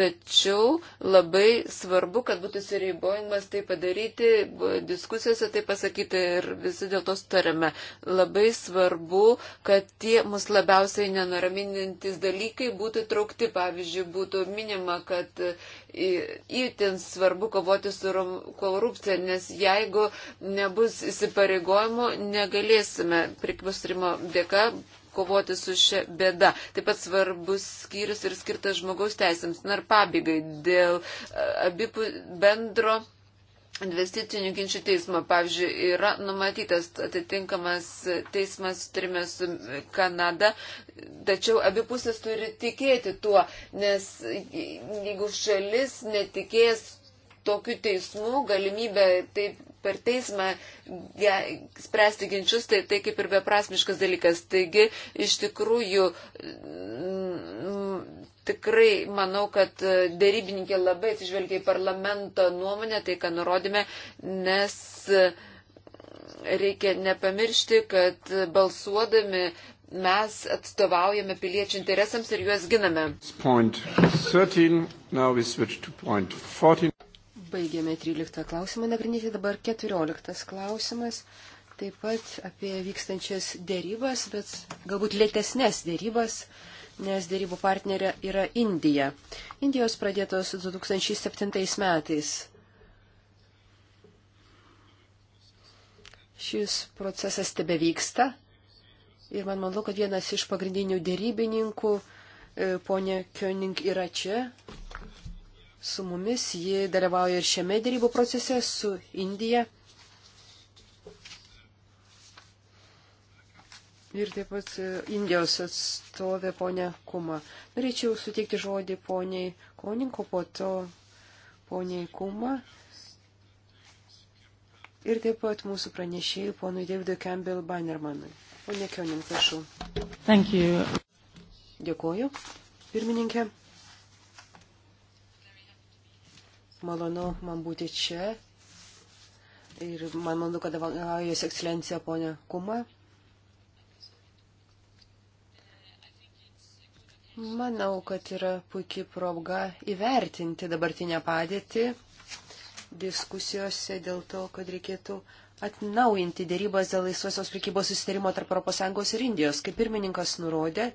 Tačiau labai svarbu, kad būtų įsireibojimas tai padaryti, diskusijose tai pasakyti ir visi dėl to sutarėme. Labai svarbu, kad tie mus labiausiai nenuraminantis dalykai būtų traukti. Pavyzdžiui, būtų minima, kad įtin svarbu kovoti su korupcija, nes jeigu nebus įsipareigojimo, negalėsime prikvus rimo dėka kovoti su šia bėda. Taip pat svarbus skyrius ir skirtas žmogaus teisėms. Na ir pabaigai dėl e, abipu bendro investicinių ginčių teismo, pavyzdžiui, yra numatytas atitinkamas teismas turime su Kanada, tačiau abi pusės turi tikėti tuo, nes jeigu šalis netikės tokiu teismu, galimybė taip per teismą ja, spręsti ginčius, tai tai kaip ir beprasmiškas dalykas. Taigi, iš tikrųjų, m, mm, tikrai manau, kad dėrybininkė labai atsižvelgia į parlamento nuomonę, tai ką nurodėme, nes reikia nepamiršti, kad balsuodami mes atstovaujame piliečių interesams ir juos giname. Point 13, Baigėme 13 klausimą nagrinėti, dabar 14 klausimas. Taip pat apie vykstančias dėrybas, bet galbūt lėtesnės dėrybas, nes dėrybų partnerė yra Indija. Indijos pradėtos 2007 metais. Šis procesas tebe vyksta ir man manau, kad vienas iš pagrindinių dėrybininkų, e, ponė Kioning, yra čia su mumis, ji dalyvauja ir šiame dėrybų procese su Indija. Ir taip pat e, Indijos atstovė ponė Kuma. Norėčiau suteikti žodį poniai Koninko, po to poniai Kuma. Ir taip pat mūsų pranešėjai, ponui Davidui Campbell Bannermanui. Pone Kionin, prašau. Dėkuoju, pirmininkė. malonu man būti čia ir man malonu, kad dalyvauja Jos ekscelencija ponia Kuma. Manau, kad yra puikiai proga įvertinti dabartinę padėtį diskusijose dėl to, kad reikėtų atnaujinti dėrybas dėl laisvosios prekybos susitarimo tarp ES ir Indijos. Kaip pirmininkas nurodė,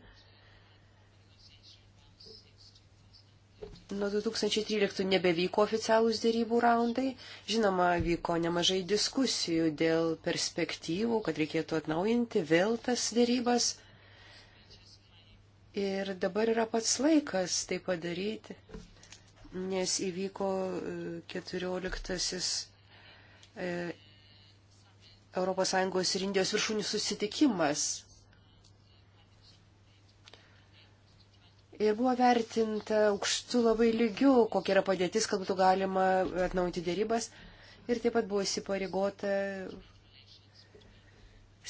Nuo 2013 nebevyko oficialūs dėrybų raundai. Žinoma, vyko nemažai diskusijų dėl perspektyvų, kad reikėtų atnaujinti vėl tas dėrybas. Ir dabar yra pats laikas tai padaryti, nes įvyko 14. E, ES ir Indijos viršūnių susitikimas Ir buvo vertinta aukštų labai lygių, kokia yra padėtis, kad būtų galima atnaujinti dėrybas. Ir taip pat buvo įsipareigota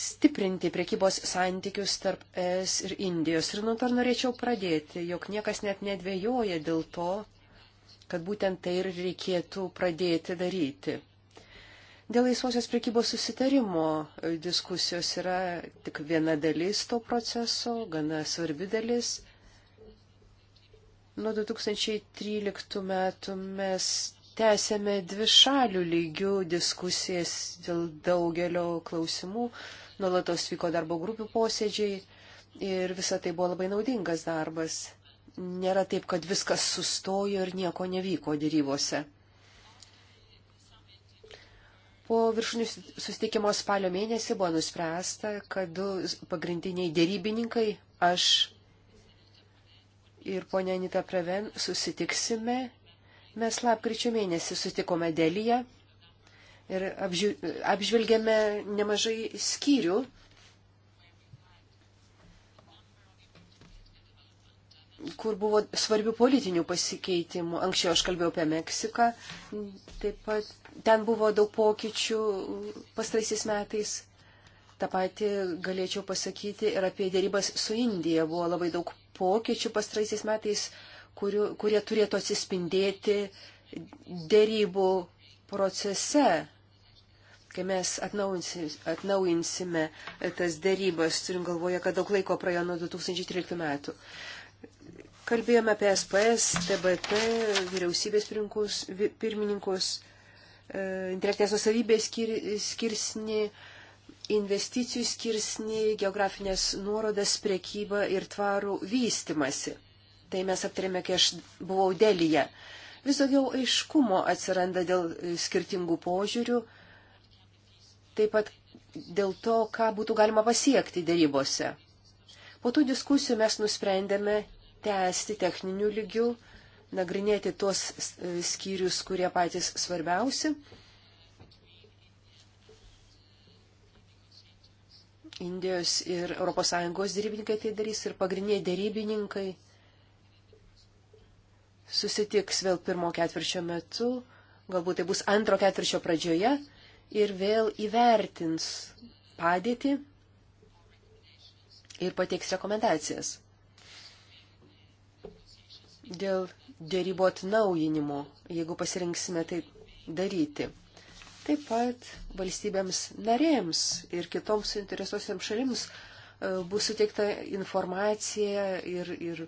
stiprinti priekybos santykius tarp ES ir Indijos. Ir nuo to norėčiau pradėti, jog niekas net nedvėjoja dėl to, kad būtent tai ir reikėtų pradėti daryti. Dėl laisvosios prekybos susitarimo diskusijos yra tik viena dalis to proceso, gana svarbi dalis. Nuo 2013 metų mes tęsėme dvi šalių lygių diskusijas dėl daugelio klausimų, nuolatos vyko darbo grupių posėdžiai ir visa tai buvo labai naudingas darbas. Nėra taip, kad viskas sustojo ir nieko nevyko dėrybose. Po viršūnių sustikimo spalio mėnesį buvo nuspręsta, kad du pagrindiniai dėrybininkai, aš ir ponia Anita Preven susitiksime. Mes lapkričio mėnesį sutikome Delyje ir apžvelgėme nemažai skyrių. kur buvo svarbių politinių pasikeitimų. Anksčiau aš kalbėjau apie Meksiką, taip pat ten buvo daug pokyčių pastraisiais metais. Ta pati galėčiau pasakyti ir apie dėrybas su Indija. Buvo labai daug pokyčių pastraisiais metais, kuriu, kurie turėtų atsispindėti dėrybų procese, kai mes atnaujinsime, atnaujinsime tas dėrybas, turim galvoje, kad daug laiko praėjo nuo 2013 metų. Kalbėjome apie SPS, TBT, vyriausybės pirmininkus, pirmininkus e, intelektinės nusavybės skir, skirsni, skir, investicijų skirsnį, geografinės nuorodas, priekybą ir tvarų vystimasi. Tai mes aptarėme, kai aš buvau dėlyje. Vis daugiau aiškumo atsiranda dėl skirtingų požiūrių, taip pat dėl to, ką būtų galima pasiekti dėrybose. Po tų diskusijų mes nusprendėme tęsti techninių lygių, nagrinėti tuos skyrius, kurie patys svarbiausi Indijos ir ES dėrybininkai tai darys ir pagrindiniai dėrybininkai susitiks vėl pirmo ketvirčio metu, galbūt tai bus antro ketvirčio pradžioje ir vėl įvertins padėtį ir pateiks rekomendacijas dėl dėrybo atnaujinimo, jeigu pasirinksime tai daryti. Taip pat valstybėms narėms ir kitoms interesuosiams šalims e, bus suteikta informacija ir, ir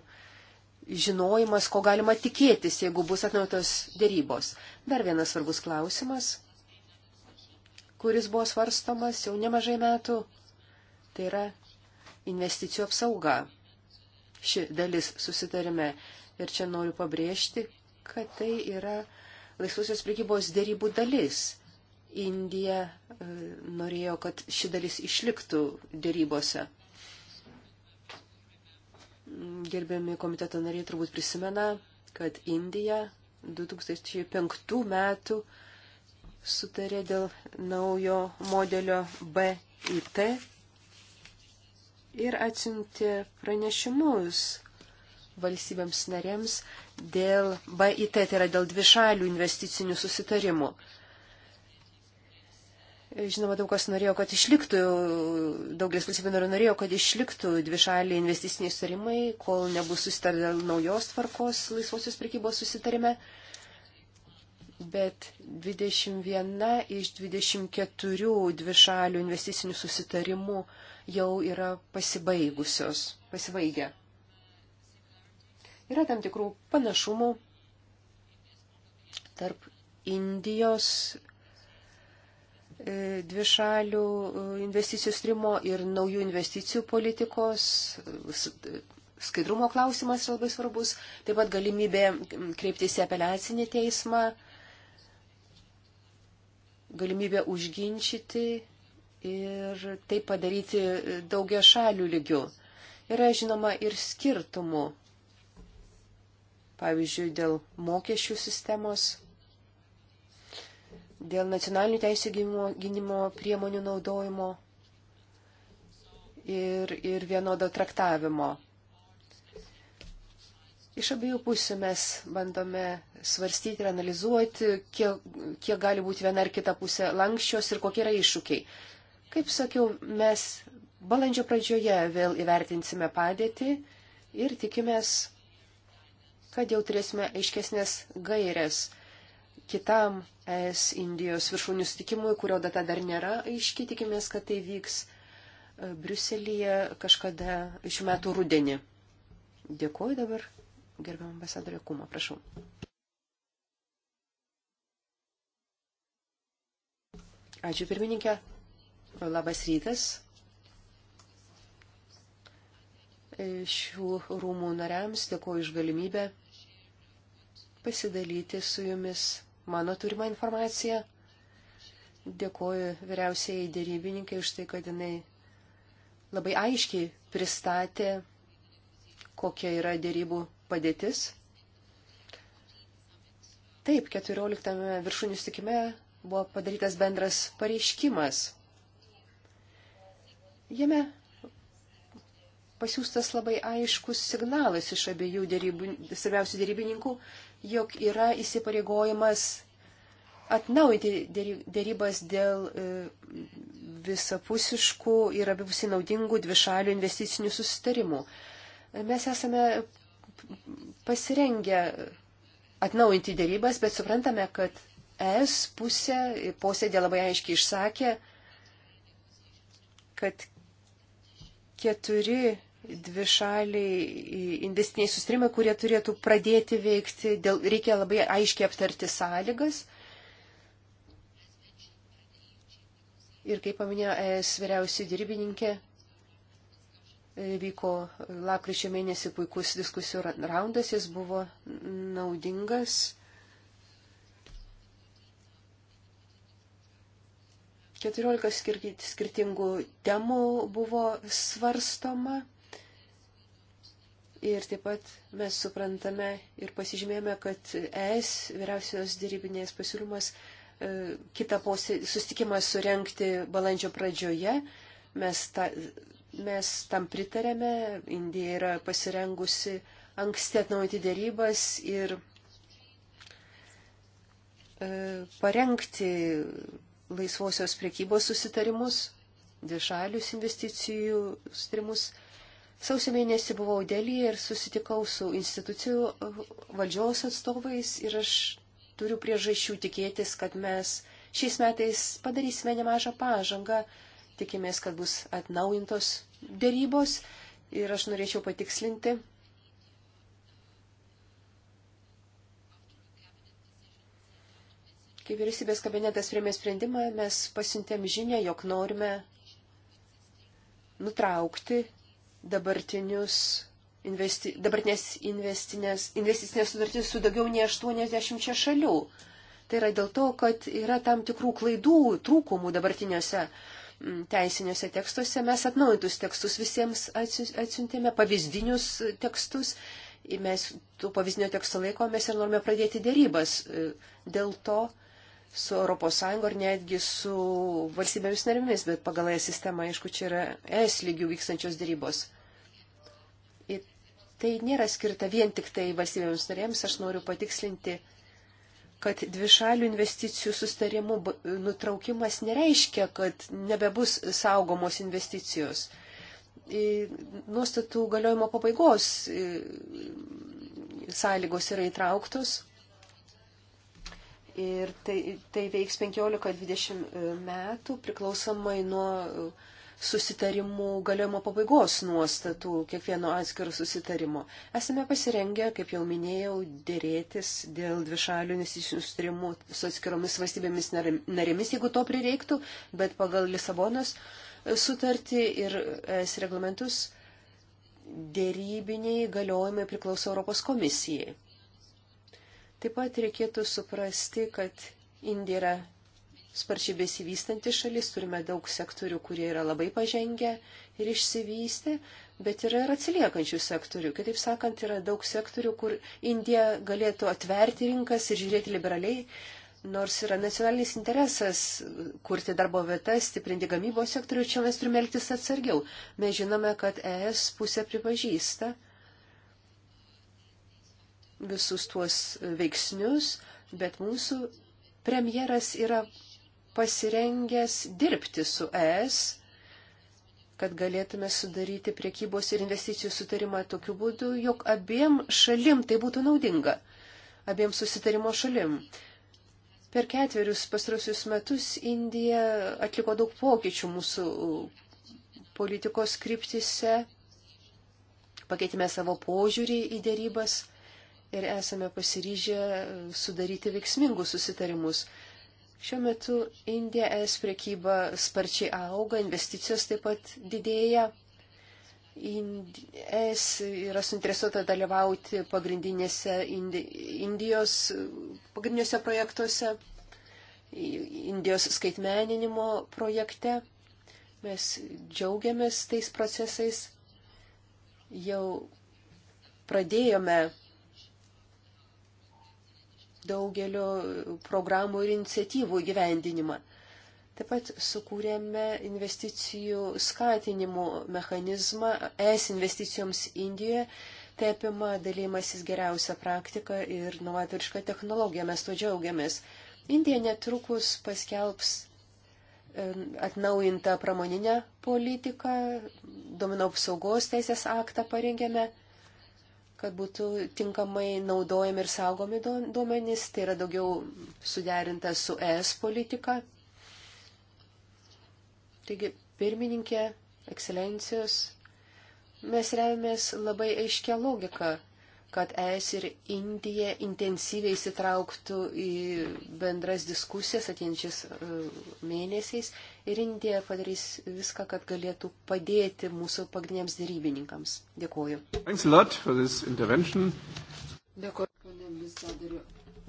žinojimas, ko galima tikėtis, jeigu bus atnautos dėrybos. Dar vienas svarbus klausimas, kuris buvo svarstomas jau nemažai metų, tai yra investicijų apsauga. Ši dalis susitarime. Ir čia noriu pabrėžti, kad tai yra laisvosios prekybos dėrybų dalis. Indija e, norėjo, kad ši dalis išliktų dėrybose. Gerbiami komiteto nariai turbūt prisimena, kad Indija 2005 metų sutarė dėl naujo modelio BIT ir atsiuntė pranešimus valstybėms narėms dėl BIT, tai yra dėl dvišalių investicinių susitarimų. Žinoma, daug kas norėjo, kad išliktų, daugelis valstybių narių norėjo, kad išliktų dvišaliai investiciniai sutarimai, kol nebus susitarta naujos tvarkos laisvosios prekybos susitarime. Bet 21 iš 24 dvišalių investicinių susitarimų jau yra pasibaigusios, pasibaigę. Yra tam tikrų panašumų tarp Indijos E, dvi šalių e, investicijų strimo ir naujų investicijų politikos. E, skaidrumo klausimas yra labai svarbus. Taip pat galimybė kreiptis į apeliacinį teismą, galimybė užginčyti ir tai padaryti daugia šalių lygių. Yra, žinoma, ir skirtumų. Pavyzdžiui, dėl mokesčių sistemos dėl nacionalinių teisų gynimo, gynimo priemonių naudojimo ir, ir vienodo traktavimo. Iš abiejų pusių mes bandome svarstyti ir analizuoti, kiek, kiek gali būti viena ar kita pusė lankščios ir kokie yra iššūkiai. Kaip sakiau, mes balandžio pradžioje vėl įvertinsime padėtį ir tikimės, kad jau turėsime aiškesnės gairės kitam ES Indijos viršūnių sutikimui, kurio data dar nėra aiški, tikimės, kad tai vyks e, Briuselėje kažkada šių metų rudenį. Dėkuoju dabar, gerbiam ambasadorė Kuma, prašau. Ačiū pirmininkė. Labas rytas. E, šių rūmų nariams dėkuoju iš galimybę pasidalyti su jumis mano turimą informaciją. Dėkuoju vyriausiai dėrybininkai už tai, kad jinai labai aiškiai pristatė, kokia yra dėrybų padėtis. Taip, 14 viršūnių stikime buvo padarytas bendras pareiškimas. Jame pasiūstas labai aiškus signalas iš abiejų dėrybų, svarbiausių dėrybininkų, jog yra įsipareigojimas atnaujinti dėrybas dėl e, visapusiškų ir abipusiai naudingų dvišalių investicinių susitarimų. Mes esame pasirengę atnaujinti dėrybas, bet suprantame, kad ES pusė posėdė labai aiškiai išsakė, kad keturi dvi šaliai investiciniai sustrimai, kurie turėtų pradėti veikti, dėl, reikia labai aiškiai aptarti sąlygas. Ir kaip paminėjo ES vyriausiai dirbininkė, e, vyko lapkričio mėnesį puikus diskusijų raundas, jis buvo naudingas. 14 skirtingų temų buvo svarstoma. Ir taip pat mes suprantame ir pasižymėjome, kad ES vyriausios dėrybinės pasiūlymas e, kitą susitikimą surenkti balandžio pradžioje. Mes, ta, mes tam pritarėme, Indija yra pasirengusi anksti atnaujinti dėrybas ir e, parengti laisvosios priekybos susitarimus, dvišalius investicijų susitarimus Sausio mėnesį buvau Delyje ir susitikau su institucijų uh, valdžios atstovais ir aš turiu priežasčių tikėtis, kad mes šiais metais padarysime nemažą pažangą. Tikimės, kad bus atnaujintos dėrybos ir aš norėčiau patikslinti. Kai vyriausybės kabinetas priemė sprendimą, mes pasiuntėm žinę, jog norime nutraukti dabartinius investi, dabartinės investinės, investicinės sutartys su daugiau nei 80 šalių. Tai yra dėl to, kad yra tam tikrų klaidų, trūkumų dabartiniuose mm, teisiniuose tekstuose. Mes atnaujintus tekstus visiems atsiuntėme, pavyzdinius tekstus. Ir mes tų pavyzdinio teksto laikomės ir norime pradėti dėrybas. E, dėl to su ES ar netgi su valstybėmis narimis, bet pagal ES sistemą, aišku, čia yra ES lygių vykstančios dėrybos. Ir tai nėra skirta vien tik tai valstybėms narėms, aš noriu patikslinti, kad dvišalių investicijų sustarimų nutraukimas nereiškia, kad nebebus saugomos investicijos. Nuostatų galiojimo pabaigos sąlygos yra įtrauktos Ir tai, tai veiks 15-20 e, metų priklausomai nuo e, susitarimų galiojimo pabaigos nuostatų kiekvieno atskiro susitarimo. Esame pasirengę, kaip jau minėjau, dėrėtis dėl dvišalių investicinių sutarimų su atskiromis valstybėmis narėmis, jeigu to prireiktų, bet pagal Lisabonos e, sutartį ir es reglamentus dėrybiniai galiojimai priklauso Europos komisijai. Taip pat reikėtų suprasti, kad Indija yra sparčiai besivystanti šalis, turime daug sektorių, kurie yra labai pažengę ir išsivystę, bet yra ir atsiliekančių sektorių. Kitaip sakant, yra daug sektorių, kur Indija galėtų atverti rinkas ir žiūrėti liberaliai, nors yra nacionalinis interesas kurti darbo vietas, stiprinti gamybos sektorių, čia mes turime elgtis atsargiau. Mes žinome, kad ES pusė pripažįsta, visus tuos veiksnius, bet mūsų premjeras yra pasirengęs dirbti su ES, kad galėtume sudaryti priekybos ir investicijų sutarimą tokiu būdu, jog abiem šalim tai būtų naudinga, abiem susitarimo šalim. Per ketverius pastrosius metus Indija atliko daug pokyčių mūsų politikos kryptise, pakeitėme savo požiūrį į dėrybas ir esame pasiryžę sudaryti veiksmingus susitarimus. Šiuo metu Indija es priekyba sparčiai auga, investicijos taip pat didėja. Indi es yra suinteresuota dalyvauti pagrindinėse Indi Indijos pagrindiniuose projektuose, Indijos skaitmeninimo projekte. Mes džiaugiamės tais procesais. Jau pradėjome daugelio programų ir iniciatyvų gyvendinimą. Taip pat sukūrėme investicijų skatinimo mechanizmą es investicijoms Indijoje. Tai apima dalymasis geriausią praktiką ir novatorišką technologiją. Mes to džiaugiamės. Indija netrukus paskelbs atnaujintą pramoninę politiką, domino apsaugos teisės aktą parengėme kad būtų tinkamai naudojami ir saugomi duomenys. Tai yra daugiau suderinta su ES politika. Taigi, pirmininkė, ekscelencijos, mes remiamės labai aiškia logika kad ES ir Indija intensyviai įsitrauktų į bendras diskusijas atėjančiais e, mėnesiais ir Indija padarys viską, kad galėtų padėti mūsų pagrindiniams dėrybininkams. Dėkuoju. Dėkuoju, ponė ambasadoriu,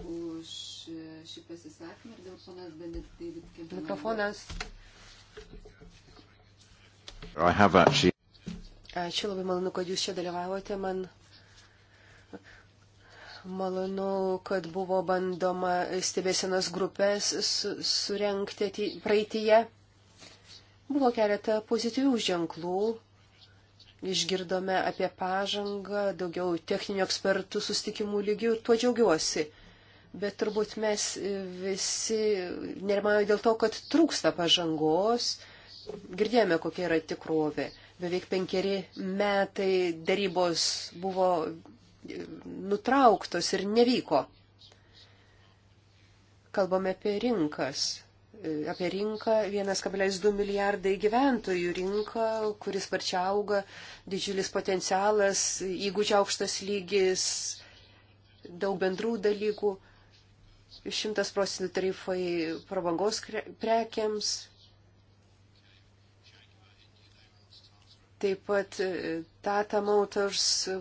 už e, šį pasisakymą ir dėl ponas Benet David Kemp. Mikrofonas. Actually... Ačiū, labai malonu, kad jūs čia dalyvavote. Man Malonu, kad buvo bandoma stebėsenas grupės surenkti praeitįje. Buvo keletą pozityvių ženklų. Išgirdome apie pažangą, daugiau techninių ekspertų sustikimų lygių ir tuo džiaugiuosi. Bet turbūt mes visi nerimavome dėl to, kad trūksta pažangos. Girdėjome, kokia yra tikrovė. Beveik penkeri metai darybos buvo nutrauktos ir nevyko. Kalbame apie rinkas. Apie rinką 1,2 milijardai gyventojų rinka, kuris sparčiai auga, didžiulis potencialas, įgūdžių aukštas lygis, daug bendrų dalykų, 100 procentų tarifai prabangos prekiams, Taip pat e, Tata Motors, e,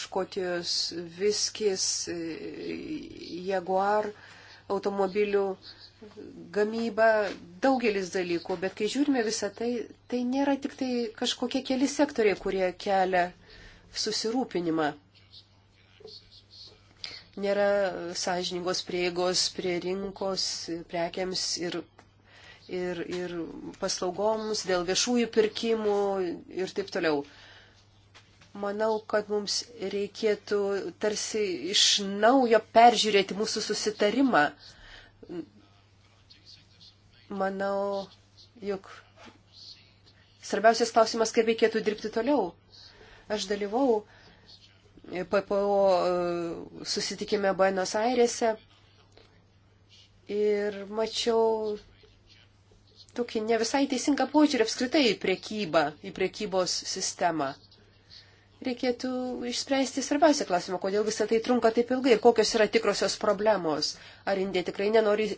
Škotijos Viskis, e, Jaguar automobilių gamyba, daugelis dalykų, bet kai žiūrime visą tai, tai nėra tik tai kažkokie keli sektoriai, kurie kelia susirūpinimą. Nėra sąžiningos prieigos prie rinkos, prekiams ir ir, ir paslaugoms, dėl viešųjų pirkimų ir taip toliau. Manau, kad mums reikėtų tarsi iš naujo peržiūrėti mūsų susitarimą. Manau, juk svarbiausias klausimas, kaip reikėtų dirbti toliau. Aš dalyvau PPO e, susitikime Buenos Airėse ir mačiau tokį ne visai teisingą požiūrį apskritai į priekybą, į priekybos sistemą. Reikėtų išspręsti svarbiausią klausimą, kodėl visą tai trunka taip ilgai ir kokios yra tikrosios problemos. Ar Indija tikrai nenori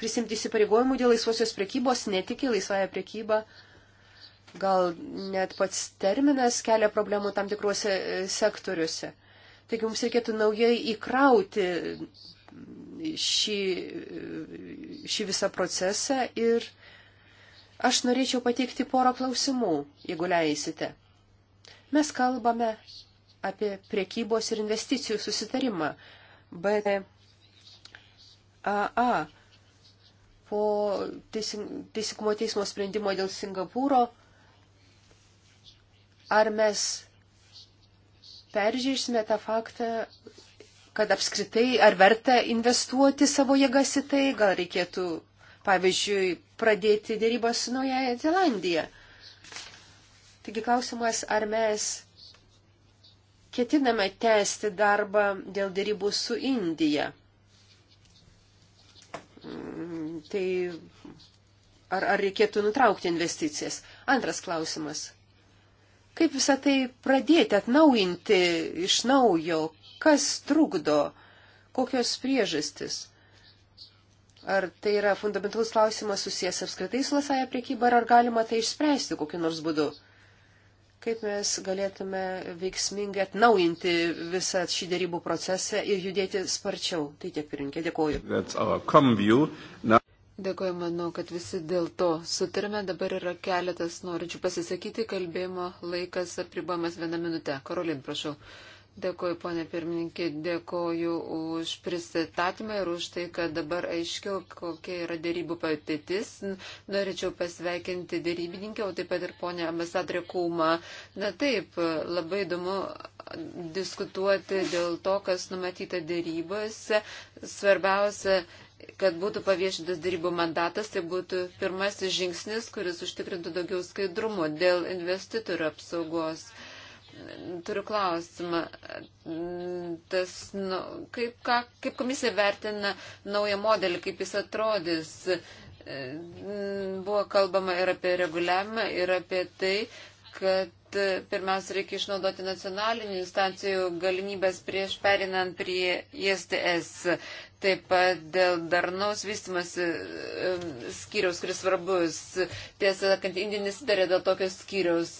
prisimti įsipareigojimų dėl laisvosios priekybos, netiki laisvąją priekybą. Gal net pats terminas kelia problemų tam tikruose e, sektoriuose. Taigi mums reikėtų naujai įkrauti šį, e, šį visą procesą ir Aš norėčiau pateikti porą klausimų, jeigu leisite. Mes kalbame apie priekybos ir investicijų susitarimą, bet AA po teisingumo teismo sprendimo dėl Singapūro, ar mes peržiūrėsime tą faktą, kad apskritai ar verta investuoti savo jėgas į tai, gal reikėtų pavyzdžiui, pradėti dėrybą su Naujaja Zelandija. Taigi klausimas, ar mes ketiname tęsti darbą dėl dėrybų su Indija. Mm, tai ar, ar reikėtų nutraukti investicijas? Antras klausimas. Kaip visą tai pradėti, atnaujinti iš naujo? Kas trukdo? Kokios priežastis? Ar tai yra fundamentalus klausimas susijęs apskritai su lasaja priekyba, ar galima tai išspręsti kokiu nors būdu? Kaip mes galėtume veiksmingai atnaujinti visą šį dėrybų procesą ir judėti sparčiau? Tai tiek pirinkė, dėkoju. Dėkoju, manau, kad visi dėl to sutarime. Dabar yra keletas norinčių pasisakyti, kalbėjimo laikas apribojamas vieną minutę. Karolin, prašau. Uh, Dėkoju, ponė pirmininkė, dėkoju už pristatymą ir už tai, kad dabar aiškiau, kokia yra dėrybų patėtis. Norėčiau pasveikinti dėrybininkę, o taip pat ir ponė ambasadrė Kūma. Na taip, labai įdomu diskutuoti dėl to, kas numatyta dėrybose. Svarbiausia kad būtų paviešintas darybų mandatas, tai būtų pirmasis žingsnis, kuris užtikrintų daugiau skaidrumo dėl investitorių apsaugos. Uh, turiu klausimą. Tas, nu, kaip, ką, kaip komisija vertina naują modelį, kaip jis atrodys? Buvo kalbama ir apie reguliavimą, ir apie tai, kad E, pirmiausia reikia išnaudoti nacionalinių instancijų galimybės prieš perinant prie ISTS. Taip pat dėl darnaus vystimas e, skyriaus, kuris svarbus. Tiesą sakant, Indija nesidarė dėl tokio skyriaus.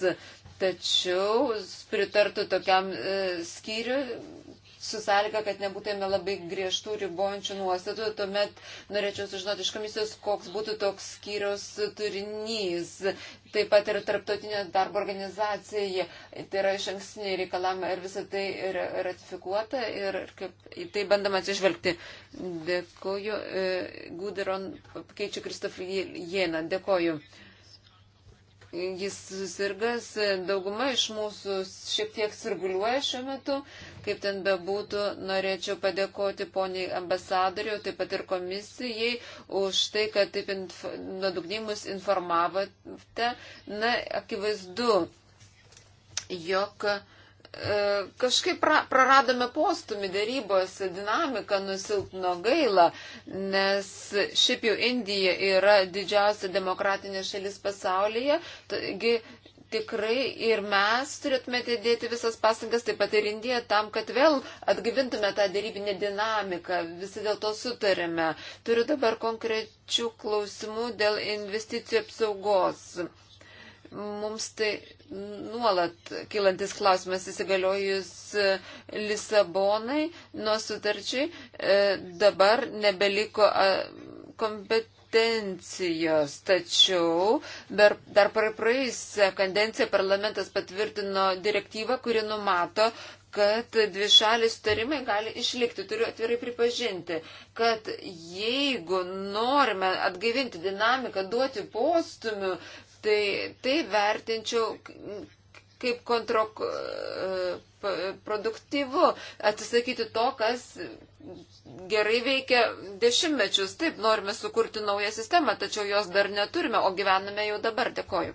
Tačiau pritartų tokiam e, skyriui, su sąlyga, kad nebūtume labai griežtų ribojančių nuostatų, tuomet norėčiau sužinoti iš komisijos, koks būtų toks skyriaus turinys. Taip pat ir tarptautinė darbo organizacija, tai yra iš ankstiniai reikalavimai ir visą tai ratifikuota ir kaip į tai bandama atsižvelgti. Dėkoju. E, Guderon keičiu Kristofį Jėną. Dėkoju jis susirgas, dauguma iš mūsų šiek tiek sirguliuoja šiuo metu, kaip ten bebūtų, norėčiau padėkoti poniai ambasadoriu, taip pat ir komisijai už tai, kad taip inf nuodugnymus informavote. Na, akivaizdu, jog. Uh, E, kažkaip pra, praradome postumį darybose, dinamika nusilpno gaila, nes šiaip jau Indija yra didžiausia demokratinė šalis pasaulyje, taigi tikrai ir mes turėtume dėti visas pasangas, taip pat ir Indija, tam, kad vėl atgyvintume tą darybinę dinamiką, visi dėl to sutarėme. Turiu dabar konkrečių klausimų dėl investicijų apsaugos mums tai nuolat kilantis klausimas įsigaliojus e, Lisabonai nuo sutarčiai, e, dabar nebeliko kompetencijos. Tačiau dar praėjusią kandenciją parlamentas patvirtino direktyvą, kuri numato, kad dvišaliai sutarimai gali išlikti. Turiu atvirai pripažinti, kad jeigu norime atgaivinti dinamiką, duoti postumių Tai tai vertinčiau kaip kontraproduktyvu atsisakyti to, kas gerai veikia dešimtmečius. Taip, norime sukurti naują sistemą, tačiau jos dar neturime, o gyvename jau dabar. Dėkoju.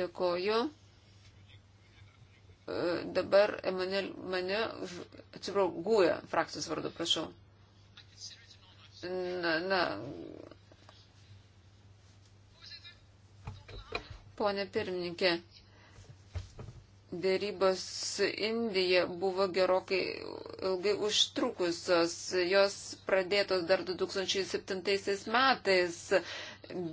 Dėkoju. E, dabar mane, mane atsiprašau, guja frakcijos vardu, prašau. Na, na, Pone pirmininkė, dėrybos su Indija buvo gerokai ilgai užtrukusios. Jos pradėtos dar 2007 metais,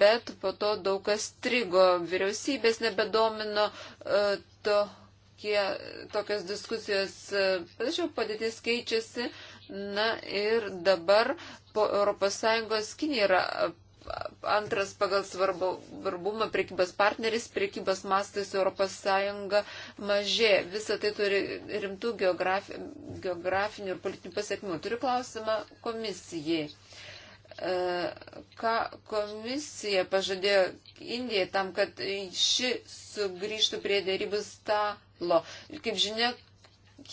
bet po to daug kas strigo. Vyriausybės nebedomino e, to, kie, tokios diskusijos. E, tačiau padėtis keičiasi. Na ir dabar po ES Kinija yra antras pagal svarbumą priekybos partneris, priekybos mastais Europos Sąjunga mažė. Visą tai turi rimtų geografi, geografinių ir politinių pasiekmių. Turiu klausimą komisijai. E, ką komisija pažadėjo Indijai tam, kad ši sugrįžtų prie dėrybų stalo? Kaip žinia,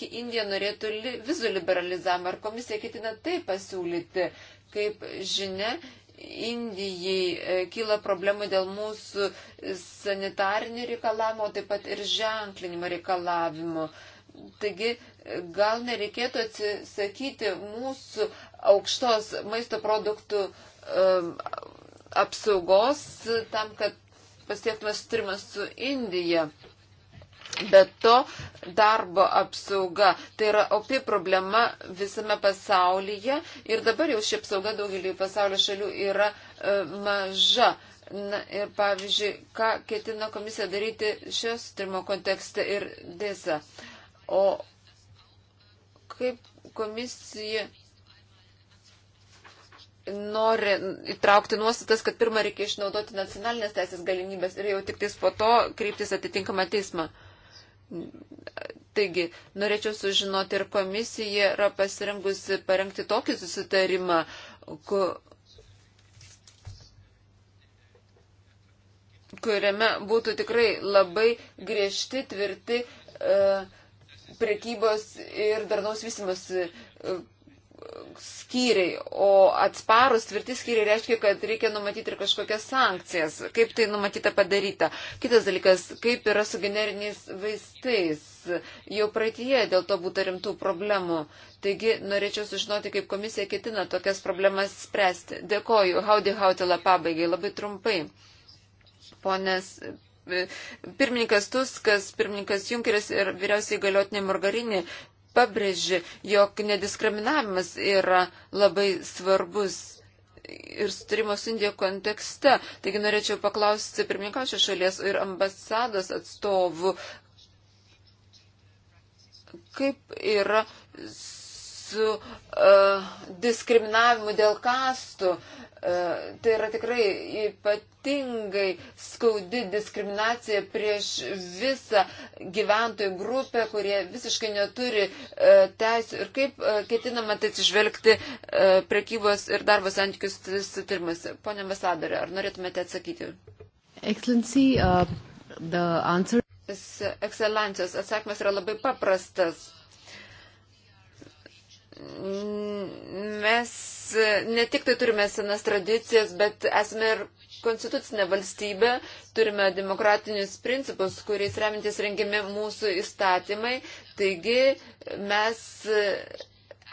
Indija norėtų li, vizų liberalizavimą. Ar komisija ketina tai pasiūlyti? Kaip žinia, Indijai e, kyla problemų dėl mūsų sanitarinių reikalavimų, taip pat ir ženklinimo reikalavimų. Taigi gal nereikėtų atsisakyti mūsų aukštos maisto produktų um, apsaugos tam, kad pasiektume sutrimą su Indija. Bet to darbo apsauga tai yra opi problema visame pasaulyje ir dabar jau ši apsauga daugelį pasaulio šalių yra e, maža. Na ir pavyzdžiui, ką ketina komisija daryti šios trimo kontekste ir dėsa. O kaip komisija nori įtraukti nuostatas, kad pirmą reikia išnaudoti nacionalinės teisės galimybės ir jau tik tais po to kreiptis atitinkamą teismą. Taigi, norėčiau sužinoti, ar komisija yra pasirengusi parengti tokį susitarimą, ku, kuriame būtų tikrai labai griežti, tvirti e, prekybos ir darnaus vystimas e, skyriai, o atsparus tvirti skyriai reiškia, kad reikia numatyti ir kažkokias sankcijas. Kaip tai numatyta padaryta? Kitas dalykas, kaip yra su generiniais vaistais. Jau praeitie dėl to būtų rimtų problemų. Taigi norėčiau sužinoti, kaip komisija ketina tokias problemas spręsti. Dėkoju. Haudi Hautila pabaigai labai trumpai. Ponės e, pirmininkas Tuskas, pirmininkas Junkeris ir vyriausiai galiotinė Margarinė pabrėži, jog nediskriminavimas yra labai svarbus ir sutarimo su Indija kontekste. Taigi norėčiau paklausti pirmininkaučio šalies ir ambasados atstovų, kaip yra su uh, diskriminavimu dėl kastų. Uh, tai yra tikrai ypatingai skaudi diskriminacija prieš visą gyventojų grupę, kurie visiškai neturi uh, e, teisų. Ir kaip uh, ketinama tai atsižvelgti uh, prekybos ir darbo santykius sutarimas? Pone ambasadorė, ar norėtumėte atsakyti? Excellency, uh, the answer. Ekscelencijos atsakymas yra labai paprastas mes ne tik tai turime senas tradicijas, bet esame ir konstitucinė valstybė, turime demokratinius principus, kuriais remintis rengiami mūsų įstatymai, taigi mes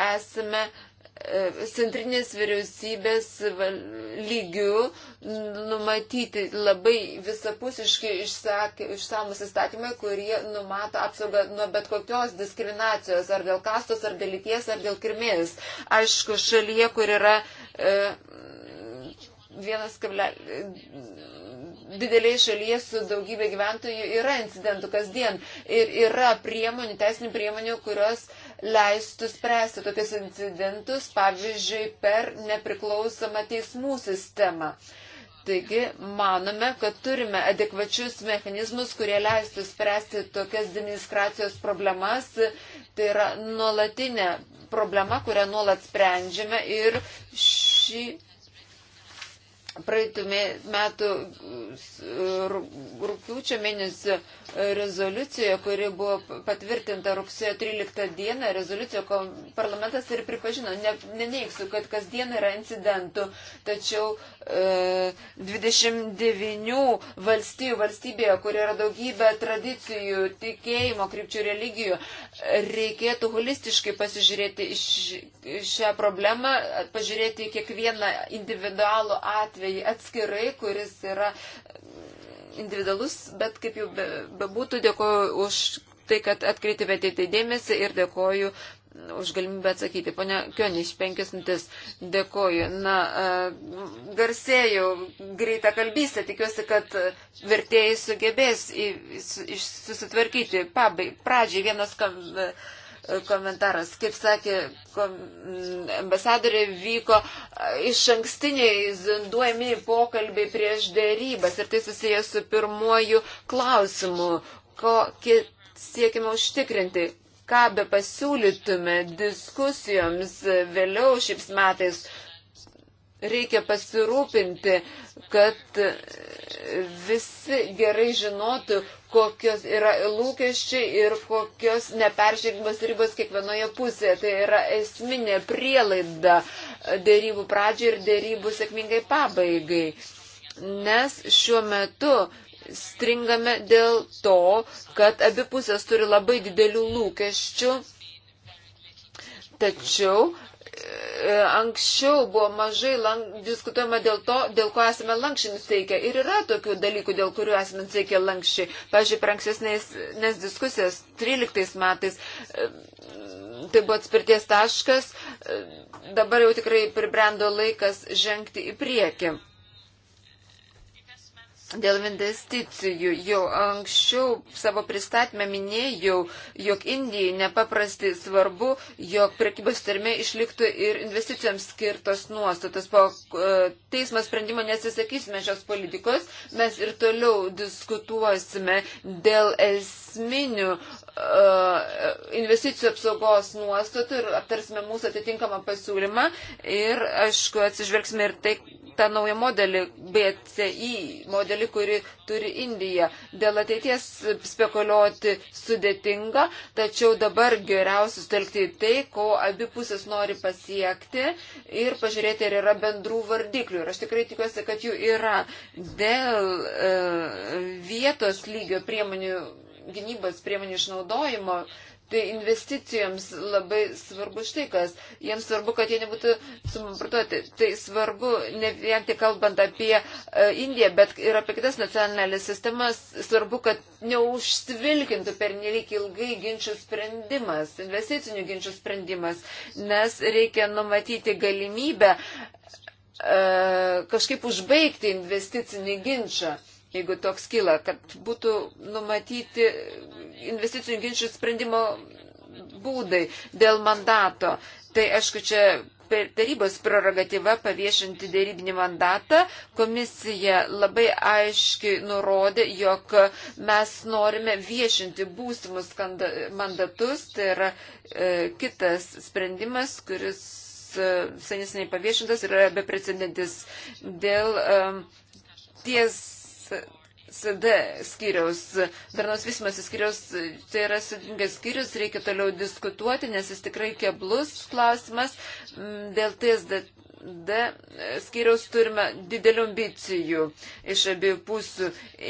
esame E, centrinės vyriausybės lygių numatyti labai visapusiškai išsamus įstatymai, kurie numato apsaugą nuo bet kokios diskriminacijos, ar dėl kastos, ar dėl lyties, ar dėl kirmės. Aišku, šalyje, kur yra e, vienas kablelis dideliai šalyje su daugybė gyventojų yra incidentų kasdien ir yra priemonių, teisinių priemonių, kurios uh, leistų spręsti tokius incidentus, pavyzdžiui, per nepriklausomą teismų sistemą. Taigi, manome, kad turime adekvačius mechanizmus, kurie leistų spręsti tokias administracijos problemas. Tai yra nuolatinė problema, kurią nuolat sprendžiame ir šį praeitų metų rūpiučio mėnesio rezoliucijoje, kuri buvo patvirtinta rugsėjo 13 dieną, rezoliucijo parlamentas ir pripažino, ne, neneiksiu, kad kasdien yra incidentų, tačiau e, 29 valstybių valstybėje, kur yra daugybė tradicijų, tikėjimo, krypčių, religijų, reikėtų holistiškai pasižiūrėti iš, šią problemą, pažiūrėti kiekvieną individualų atvejį atvejį atskirai, kuris yra individualus, bet kaip jau bebūtų, be dėkoju už tai, kad atkreipėte tai dėmesį ir dėkoju už galimybę atsakyti. Pone Kioniš, penkias mintis, dėkoju. Na, e, garsėjau greitą kalbystę, tikiuosi, kad vertėjai sugebės į, į, susitvarkyti. Pabai, pradžiai vienas kam, komentaras. Kaip sakė kom, ambasadorė, vyko iš ankstiniai zonduojami pokalbiai prieš dėrybas ir tai susijęs su pirmuoju klausimu, kokį siekime užtikrinti. Ką be pasiūlytume diskusijoms vėliau šiais metais reikia pasirūpinti, kad visi gerai žinotų, kokios yra lūkesčiai ir kokios neperžengimas ribos kiekvienoje pusėje. Tai yra esminė prielaida dėrybų pradžiai ir dėrybų sėkmingai pabaigai. Nes šiuo metu stringame dėl to, kad abi pusės turi labai didelių lūkesčių, tačiau E, anksčiau buvo mažai lank, diskutuojama dėl to, dėl ko esame lankščiai nusteikę. Ir yra tokių dalykų, dėl kurių esame nusteikę lankščiai. Pavyzdžiui, prankstesnės diskusijos 13 metais, e, tai buvo atspirties taškas, e, dabar jau tikrai pribrendo laikas žengti į priekį. Dėl investicijų jau anksčiau savo pristatymę minėjau, jog Indijai nepaprastai svarbu, jog prekybos tarme išliktų ir investicijoms skirtos nuostatos. Po e, teismo sprendimo nesisakysime šios politikos, mes ir toliau diskutuosime dėl esminių e, investicijų apsaugos nuostatų ir aptarsime mūsų atitinkamą pasiūlymą ir, aišku, atsižvelgsime ir tai, tą naują modelį, BCI modelį, kurį turi Indija. Dėl ateities spekuliuoti sudėtinga, tačiau dabar geriausia sutelkti į tai, ko abi pusės nori pasiekti ir pažiūrėti, ar yra bendrų vardiklių. Ir aš tikrai tikiuosi, kad jų yra. Dėl e, vietos lygio priemonių gynybos priemonių išnaudojimo tai investicijoms labai svarbu štai kas. Jiems svarbu, kad jie nebūtų sumampratuoti. Tai svarbu ne vien tik kalbant apie e, Indiją, bet ir apie kitas nacionalinės sistemas. Svarbu, kad neužsvilkintų per nelik ilgai ginčių sprendimas, investicinių ginčių sprendimas, nes reikia numatyti galimybę e, kažkaip užbaigti investicinį ginčą jeigu toks kyla, kad būtų numatyti investicinių ginčių sprendimo būdai dėl mandato. Tai aišku, čia tarybos prerogatyva paviešinti dėrybinį mandatą. Komisija labai aiškiai nurodė, jog mes norime viešinti būsimus mandatus. Tai yra e, kitas sprendimas, kuris e, senesniai paviešintas yra beprecedentis dėl e, ties SD skyriaus, darnaus vystimas skyriaus, tai yra sudingas skyrius, reikia toliau diskutuoti, nes jis tikrai keblus klausimas. Mm, dėl TSD skyriaus turime didelių ambicijų iš abiejų pusių.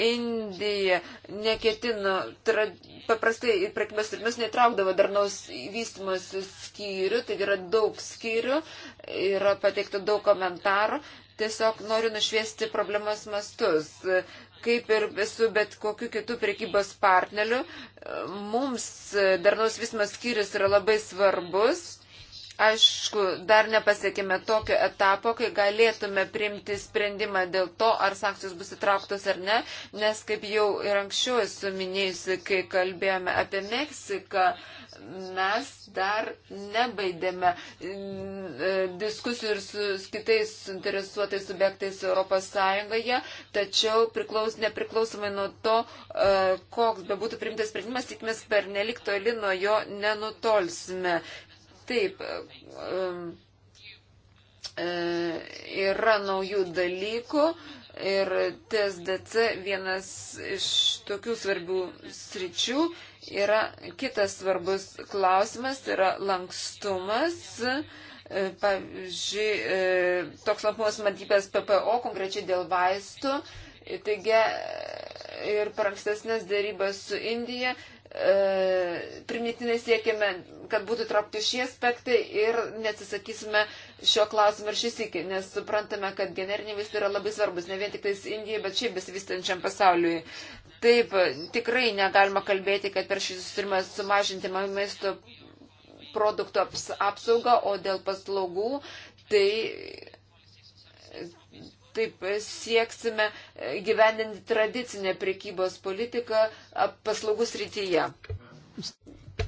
Indija neketino, tra, paprastai į prekybės turimus netraukdavo darnaus vystimas skyrių, tai yra daug skyrių, yra pateikta daug komentarų. Tiesiog noriu nušviesti problemos mastus. Kaip ir su bet kokiu kitu prekybos partneriu, mums darnaus vismas skyrius yra labai svarbus Aišku, dar nepasiekime tokio etapo, kai galėtume priimti sprendimą dėl to, ar sankcijos bus įtrauktos ar ne, nes kaip jau ir anksčiau esu minėjusi, kai kalbėjome apie Meksiką, mes dar nebaidėme e, diskusijų ir su kitais suinteresuotais subjektais ES, tačiau priklaus, nepriklausomai nuo to, e, koks bebūtų priimtas sprendimas, tikimės per nelik toli nuo jo nenutolsime. Taip, e, yra naujų dalykų ir TSDC vienas iš tokių svarbių sričių yra kitas svarbus klausimas, tai yra lankstumas. E, pavyzdžiui, e, toks lankstumas matybės PPO konkrečiai dėl vaistų. Taigi ir per ankstesnės dėrybas su Indija E, primiktinai siekime, kad būtų traukti šie aspektai ir neatsisakysime šio klausimo ir šis iki, nes suprantame, kad generiniai vaistai yra labai svarbus, ne vien tik tais Indijai, bet šiaip besivystančiam pasauliui. Taip, tikrai negalima kalbėti, kad per šį susitarimą sumažinti maisto produktų aps, apsaugą, o dėl paslaugų tai taip e, sieksime e, gyvendinti tradicinę prekybos politiką paslaugų srityje.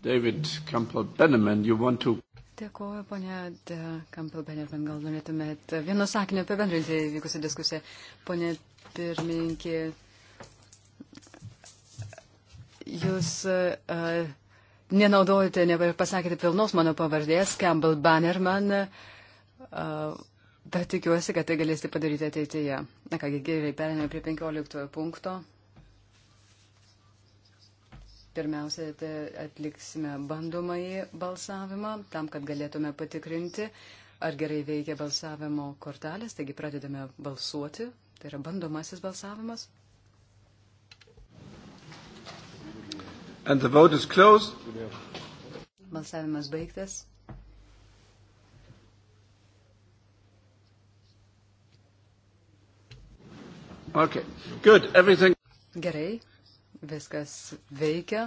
David Campbell Benjamin, you want to. Dėkuoju, ponė e, Campbell Benjamin, gal norėtumėt vienu sakiniu apibendrinti vykusią diskusiją. Pone pirmininkė, jūs uh, nenaudojate, nepasakėte pilnos mano pavardės, Campbell Bannerman. Uh, Bet tikiuosi, kad tai galėsite padaryti ateityje. Na kągi, gerai, perėmėme prie 15 punkto. Pirmiausia, tai atliksime bandomąjį balsavimą, tam, kad galėtume patikrinti, ar gerai veikia balsavimo kortelės. Taigi pradedame balsuoti. Tai yra bandomasis balsavimas. Balsavimas baigtas. Okay. Good. Everything... Gerai, viskas veikia.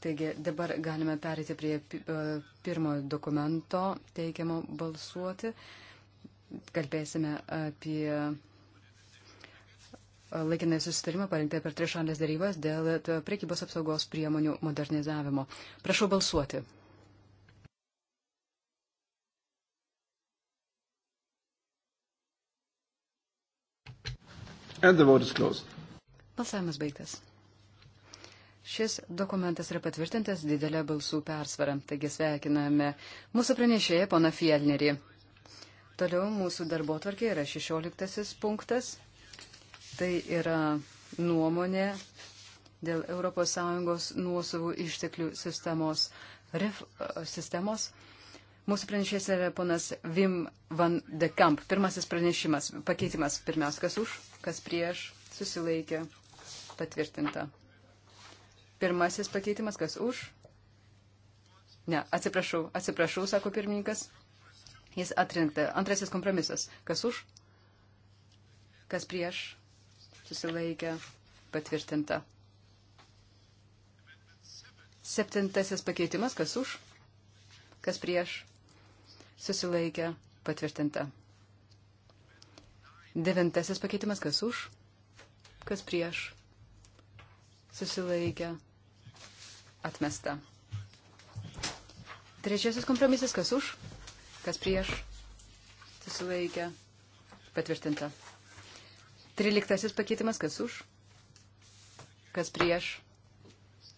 Taigi dabar galime perėti prie e, pirmojo dokumento teikiamo balsuoti. Kalbėsime apie e, laikinai susitarimą parengtą per trišalės darybas dėl e, prekybos apsaugos priemonių modernizavimo. Prašau balsuoti. And the vote is closed. Balsavimas baigtas. Šis dokumentas yra patvirtintas didelė balsų persvara, taigi sveikiname mūsų pranešėją pana Fielnerį. Toliau mūsų darbo tvarkė yra 16 punktas. Tai yra nuomonė dėl ES nuosavų išteklių sistemos. Ref, sistemos. Mūsų pranešėjas yra ponas Vim van de Kamp. Pirmasis pranešimas, pakeitimas pirmiausia, kas už? kas prieš, susilaikė, patvirtinta. Pirmasis pakeitimas, kas už? Ne, atsiprašau, atsiprašau, sako pirmininkas. Jis atrinkta. Antrasis kompromisas, kas už? Kas prieš, susilaikė, patvirtinta. Septintasis pakeitimas, kas už? Kas prieš, susilaikė, patvirtinta. Devintasis pakeitimas, kas už, kas prieš, susilaikė, atmesta. Trečiasis kompromisas, kas už, kas prieš, susilaikė, patvirtinta. Triliktasis pakeitimas, kas už, kas prieš,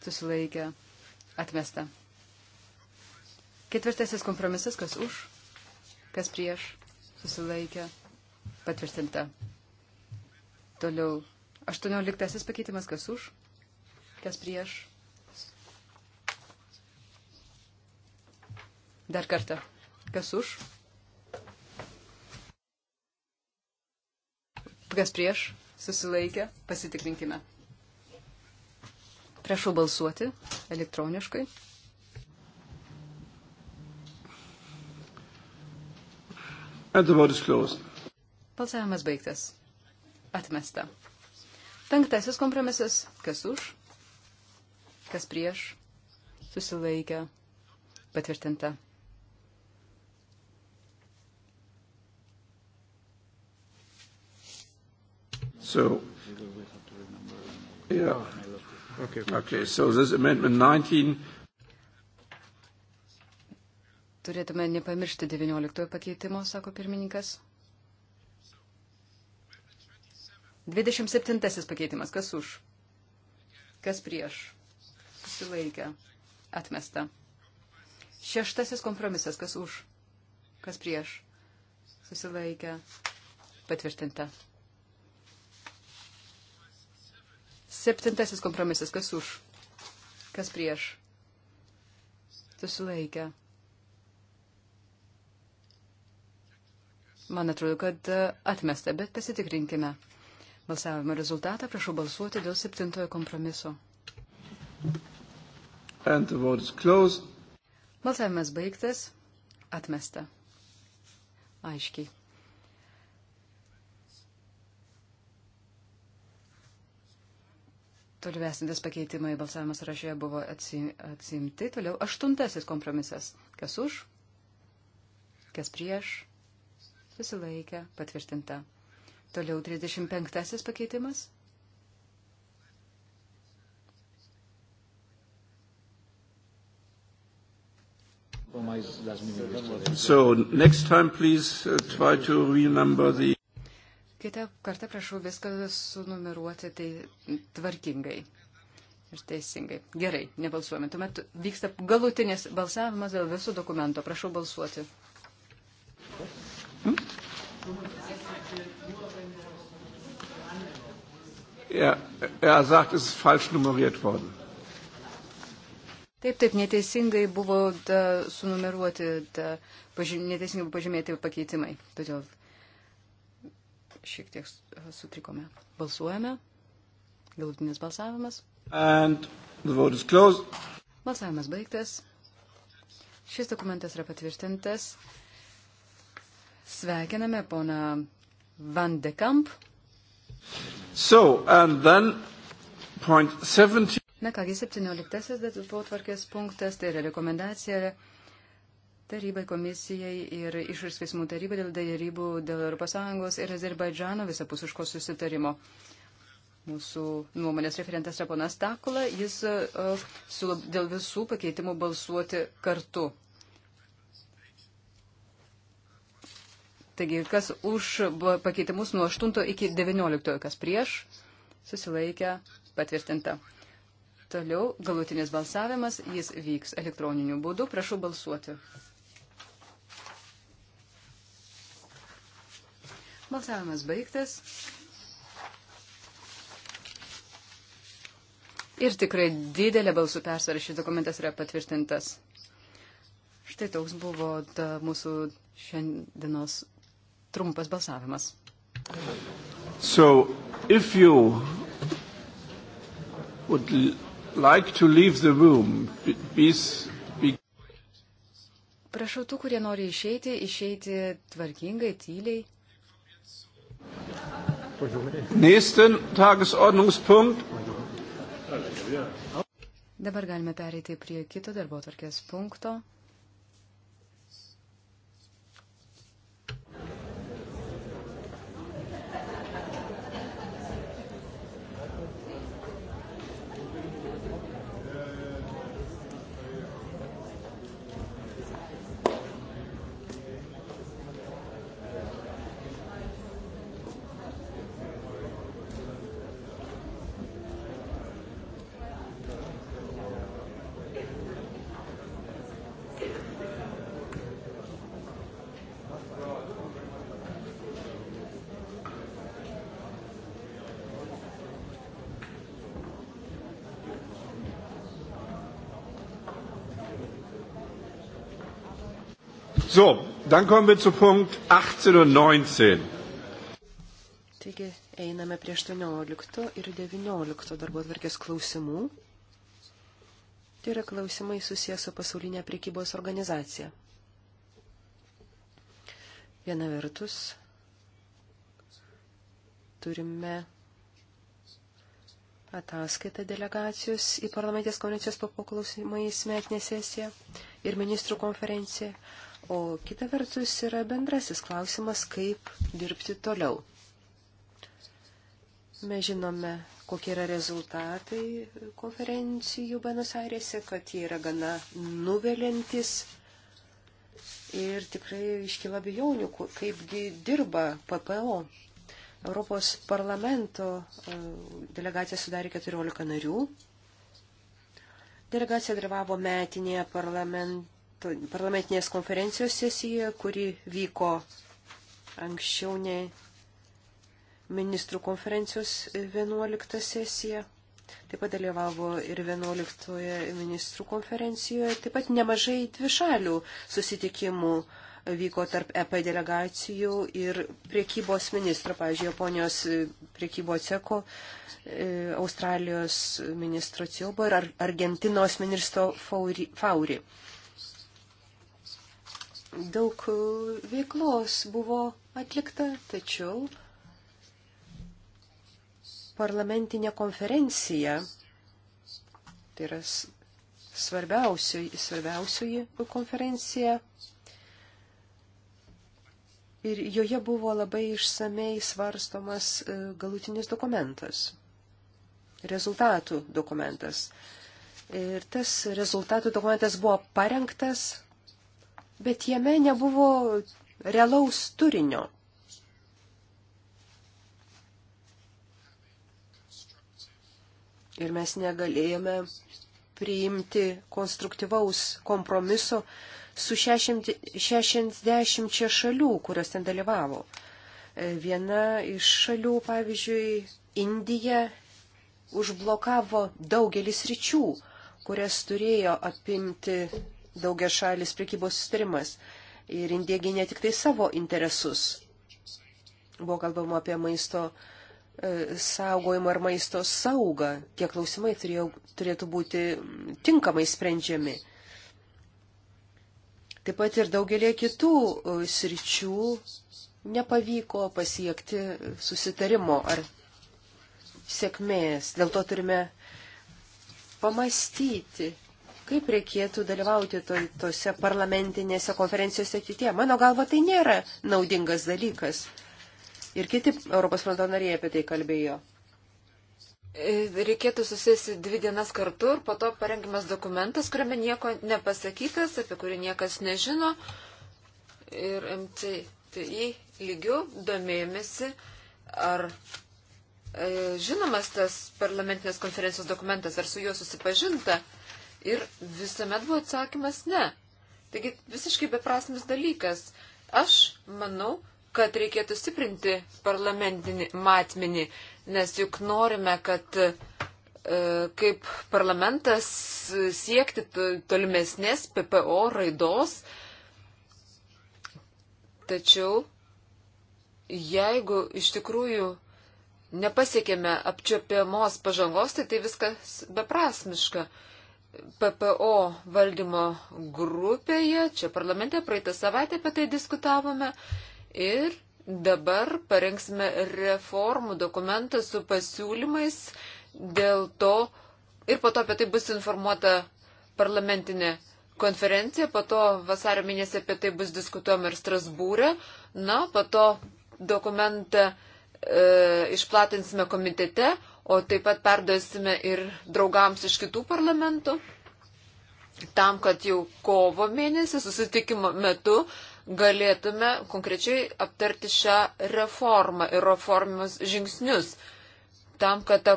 susilaikė, atmesta. Ketvirtasis kompromisas, kas už, kas prieš, susilaikė, atmesta patvirtinta. Toliau 18 pakeitimas, kas už, kas prieš. Dar kartą, kas už, kas prieš, susilaikė, pasitikrinkime. Prašau balsuoti elektroniškai. And the vote is closed. Balsavimas baigtas. Atmesta. Penktasis kompromisas. Kas už? Kas prieš? Susilaikė. Patvirtinta. So, yeah. Okay. Okay. So this amendment 19. Turėtume nepamiršti 19 pakeitimo, sako pirmininkas. 27 pakeitimas. Kas už? Kas prieš? Susilaikę. Atmesta. Šeštasis kompromisas. Kas už? Kas prieš? Susilaikę. Patvirtinta. Septintasis kompromisas. Kas už? Kas prieš? Susilaikę. Man atrodo, kad atmesta, bet pasitikrinkime balsavimo rezultatą. Prašau balsuoti dėl septintojo kompromiso. Balsavimas baigtas. Atmesta. Aiškiai. Toliau esantis pakeitimai balsavimas rašėje buvo atsimti. Toliau aštuntasis kompromisas. Kas už, kas prieš, susilaikė, patvirtinta. Toliau 35 pakeitimas. So, next time, please, uh, try to renumber the... Kitą kartą prašau viską sunumeruoti tai tvarkingai ir teisingai. Gerai, nebalsuojame. Tuomet vyksta galutinis balsavimas dėl viso dokumento. Prašau balsuoti. Hmm? Er, er sagt, es ist falsch nummeriert worden. Taip, taip, neteisingai buvo da, sunumeruoti, da, pažym, neteisingai buvo pažymėti pakeitimai. Todėl šiek tiek sutrikome. Balsuojame. Galutinis balsavimas. Balsavimas baigtas. Šis dokumentas yra patvirtintas. Sveikiname poną Van de Kamp. So, and then point 17. Na kągi, 17 darbotvarkės punktas, tai yra rekomendacija tarybai komisijai ir išorės veiksmų tarybai dėl dėrybų dėl ES ir Azerbaidžano visapusiško susitarimo. Mūsų nuomonės referentas yra ponas Takula, jis uh, siūlo dėl visų pakeitimų balsuoti kartu. Taigi, kas už pakeitimus nuo 8 iki 19, kas prieš, susilaikė patvirtinta. Toliau galutinis balsavimas, jis vyks elektroniniu būdu, prašau balsuoti. Balsavimas baigtas. Ir tikrai didelė balsų persvara šis dokumentas yra patvirtintas. Štai toks buvo ta mūsų šiandienos trumpas balsavimas. So, if you would like to leave the room, please. Be... Prašau tų, kurie nori išeiti, išeiti tvarkingai, tyliai. Nächsten Tagesordnungspunkt. Dabar galime pereiti prie kito darbo tvarkės punkto. So, dann kommen wir zu Punkt 18 und 19. Taigi, einame prie 18 ir 19 darbo atvarkės klausimų. Tai yra klausimai susijęs su pasaulinė priekybos organizacija. Viena vertus, turime ataskaitą delegacijos į parlamentės konvencijos papoklausimais metinę sesiją ir ministrų konferenciją. O kita vertus yra bendrasis klausimas, kaip dirbti toliau. Mes žinome, kokie yra rezultatai konferencijų Buenos Airėse, kad jie yra gana nuvelintis. Ir tikrai iškyla bijonių, kaipgi dirba PPO. Europos parlamento e, delegacija sudarė 14 narių. Delegacija dalyvavo metinėje parlamento parlamentinės konferencijos sesijoje, kuri vyko anksčiau nei ministrų konferencijos 11 sesija. Taip pat dalyvavo ir 11 ministrų konferencijoje. Taip pat nemažai dvišalių susitikimų vyko tarp EP delegacijų ir priekybos ministro, pavyzdžiui, Japonijos priekybo ceko, e, Australijos ministro Ciobo ir Argentinos ministro Fauri daug e, veiklos buvo atlikta, tačiau parlamentinė konferencija, tai yra svarbiausioji, svarbiausioji konferencija, ir joje buvo labai išsamei svarstomas e, galutinis dokumentas, rezultatų dokumentas. Ir tas rezultatų dokumentas buvo parengtas bet jame nebuvo realaus turinio. Ir mes negalėjome priimti konstruktyvaus kompromiso su 60 šalių, kurios ten dalyvavo. E, viena iš šalių, pavyzdžiui, Indija užblokavo daugelis ryčių, kurias turėjo apimti daugia šalis priekybos sustarimas. Ir Indija gynė tik tai savo interesus. Buvo kalbama apie maisto e, saugojimą ar maisto saugą. Tie klausimai turėjo, turėtų būti tinkamai sprendžiami. Taip pat ir daugelį kitų e, sričių nepavyko pasiekti susitarimo ar sėkmės. Dėl to turime pamastyti, kaip reikėtų dalyvauti to, tose parlamentinėse konferencijose ateityje. Mano galva, tai nėra naudingas dalykas. Ir kiti Europos fronto nariai apie tai kalbėjo. E, reikėtų susėsti dvi dienas kartu ir po to parengimas dokumentas, kuriame nieko nepasakytas, apie kurį niekas nežino. Ir MCI lygių domėjimėsi, ar e, žinomas tas parlamentinės konferencijos dokumentas, ar su juo susipažinta ir visuomet buvo atsakymas ne. Taigi visiškai beprasmis dalykas. Aš manau, kad reikėtų stiprinti parlamentinį matmenį, nes juk norime, kad e, kaip parlamentas e, siekti tolimesnės PPO raidos. Tačiau jeigu iš tikrųjų nepasiekėme apčiopiamos pažangos, tai tai viskas beprasmiška. E, PPO valdymo grupėje, čia parlamente praeitą savaitę apie tai diskutavome ir dabar parengsime reformų dokumentą su pasiūlymais dėl to ir po to apie tai bus informuota parlamentinė konferencija, po to vasario mėnesį apie tai bus diskutuojama ir Strasbūrė, na, po to dokumentą e, išplatinsime komitete, o taip pat perduosime ir draugams iš kitų parlamentų, tam, kad jau kovo mėnesį susitikimo metu galėtume konkrečiai aptarti šią reformą ir reformos žingsnius, tam, kad ta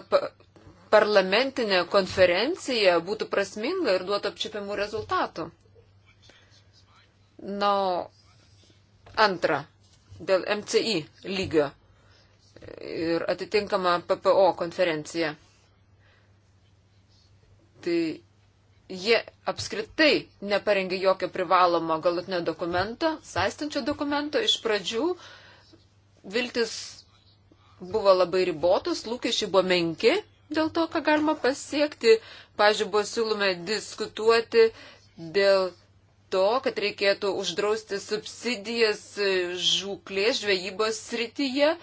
parlamentinė konferencija būtų prasminga ir duotų apčiapiamų rezultatų. Na, antra, dėl MCI lygio ir atitinkama PPO konferencija. Tai jie apskritai neparengė jokio privalomo galutinio dokumento, saistančio dokumento. Iš pradžių viltis buvo labai ribotos, lūkesčiai buvo menki dėl to, ką galima pasiekti. Pavyzdžiui, buvo siūlome diskutuoti dėl to, kad reikėtų uždrausti subsidijas žūklės žvejybos srityje.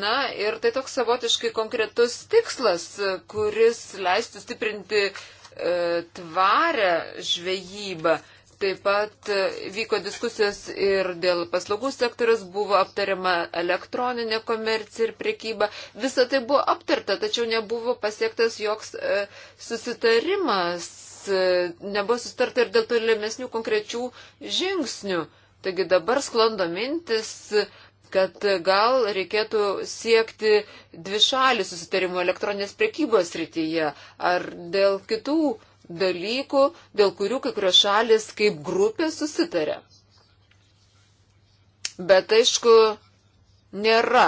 Na ir tai toks savotiškai konkretus tikslas, kuris leistų stiprinti e, tvarę žvejybą. Taip pat e, vyko diskusijos ir dėl paslaugų sektorius, buvo aptariama elektroninė komercija ir priekyba. Visa tai buvo aptarta, tačiau nebuvo pasiektas joks e, susitarimas, e, nebuvo sustarta ir dėl tolimesnių konkrečių žingsnių. Taigi dabar sklando mintis, kad gal reikėtų siekti dvišalį susitarimų elektroninės prekybos rytyje ar dėl kitų dalykų, dėl kurių kai kurios šalis kaip grupė susitarė. Bet aišku, nėra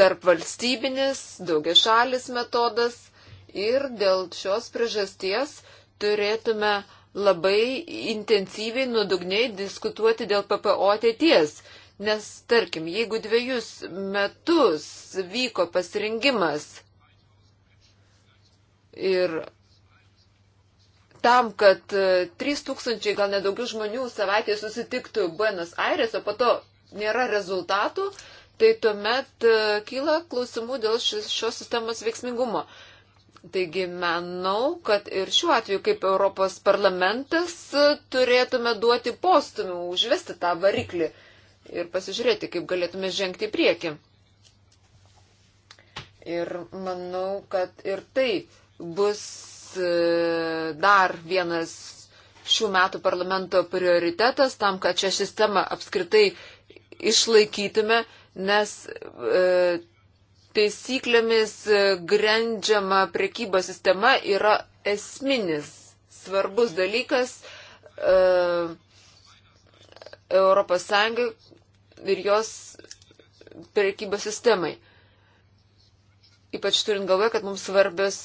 tarp valstybinis, daugia šalis metodas ir dėl šios priežasties turėtume labai intensyviai, nuodugniai diskutuoti dėl PPO ateities Nes, tarkim, jeigu dviejus metus vyko pasirinkimas ir tam, kad 3000 e, gal nedaugiau žmonių savaitėje susitiktų Buenos Aires, o po to nėra rezultatų, tai tuomet e, kyla klausimų dėl šios sistemos veiksmingumo. Taigi manau, kad ir šiuo atveju kaip Europos parlamentas e, turėtume duoti postumį, užvesti tą variklį ir pasižiūrėti, kaip galėtume žengti prieki. Ir manau, kad ir tai bus e, dar vienas šių metų parlamento prioritetas tam, kad šią sistemą apskritai išlaikytume, nes e, taisyklėmis grendžiama prekyba sistema yra esminis svarbus dalykas. E, ES ir jos prekybos sistemai. Ypač turint galvoje, kad mums svarbios,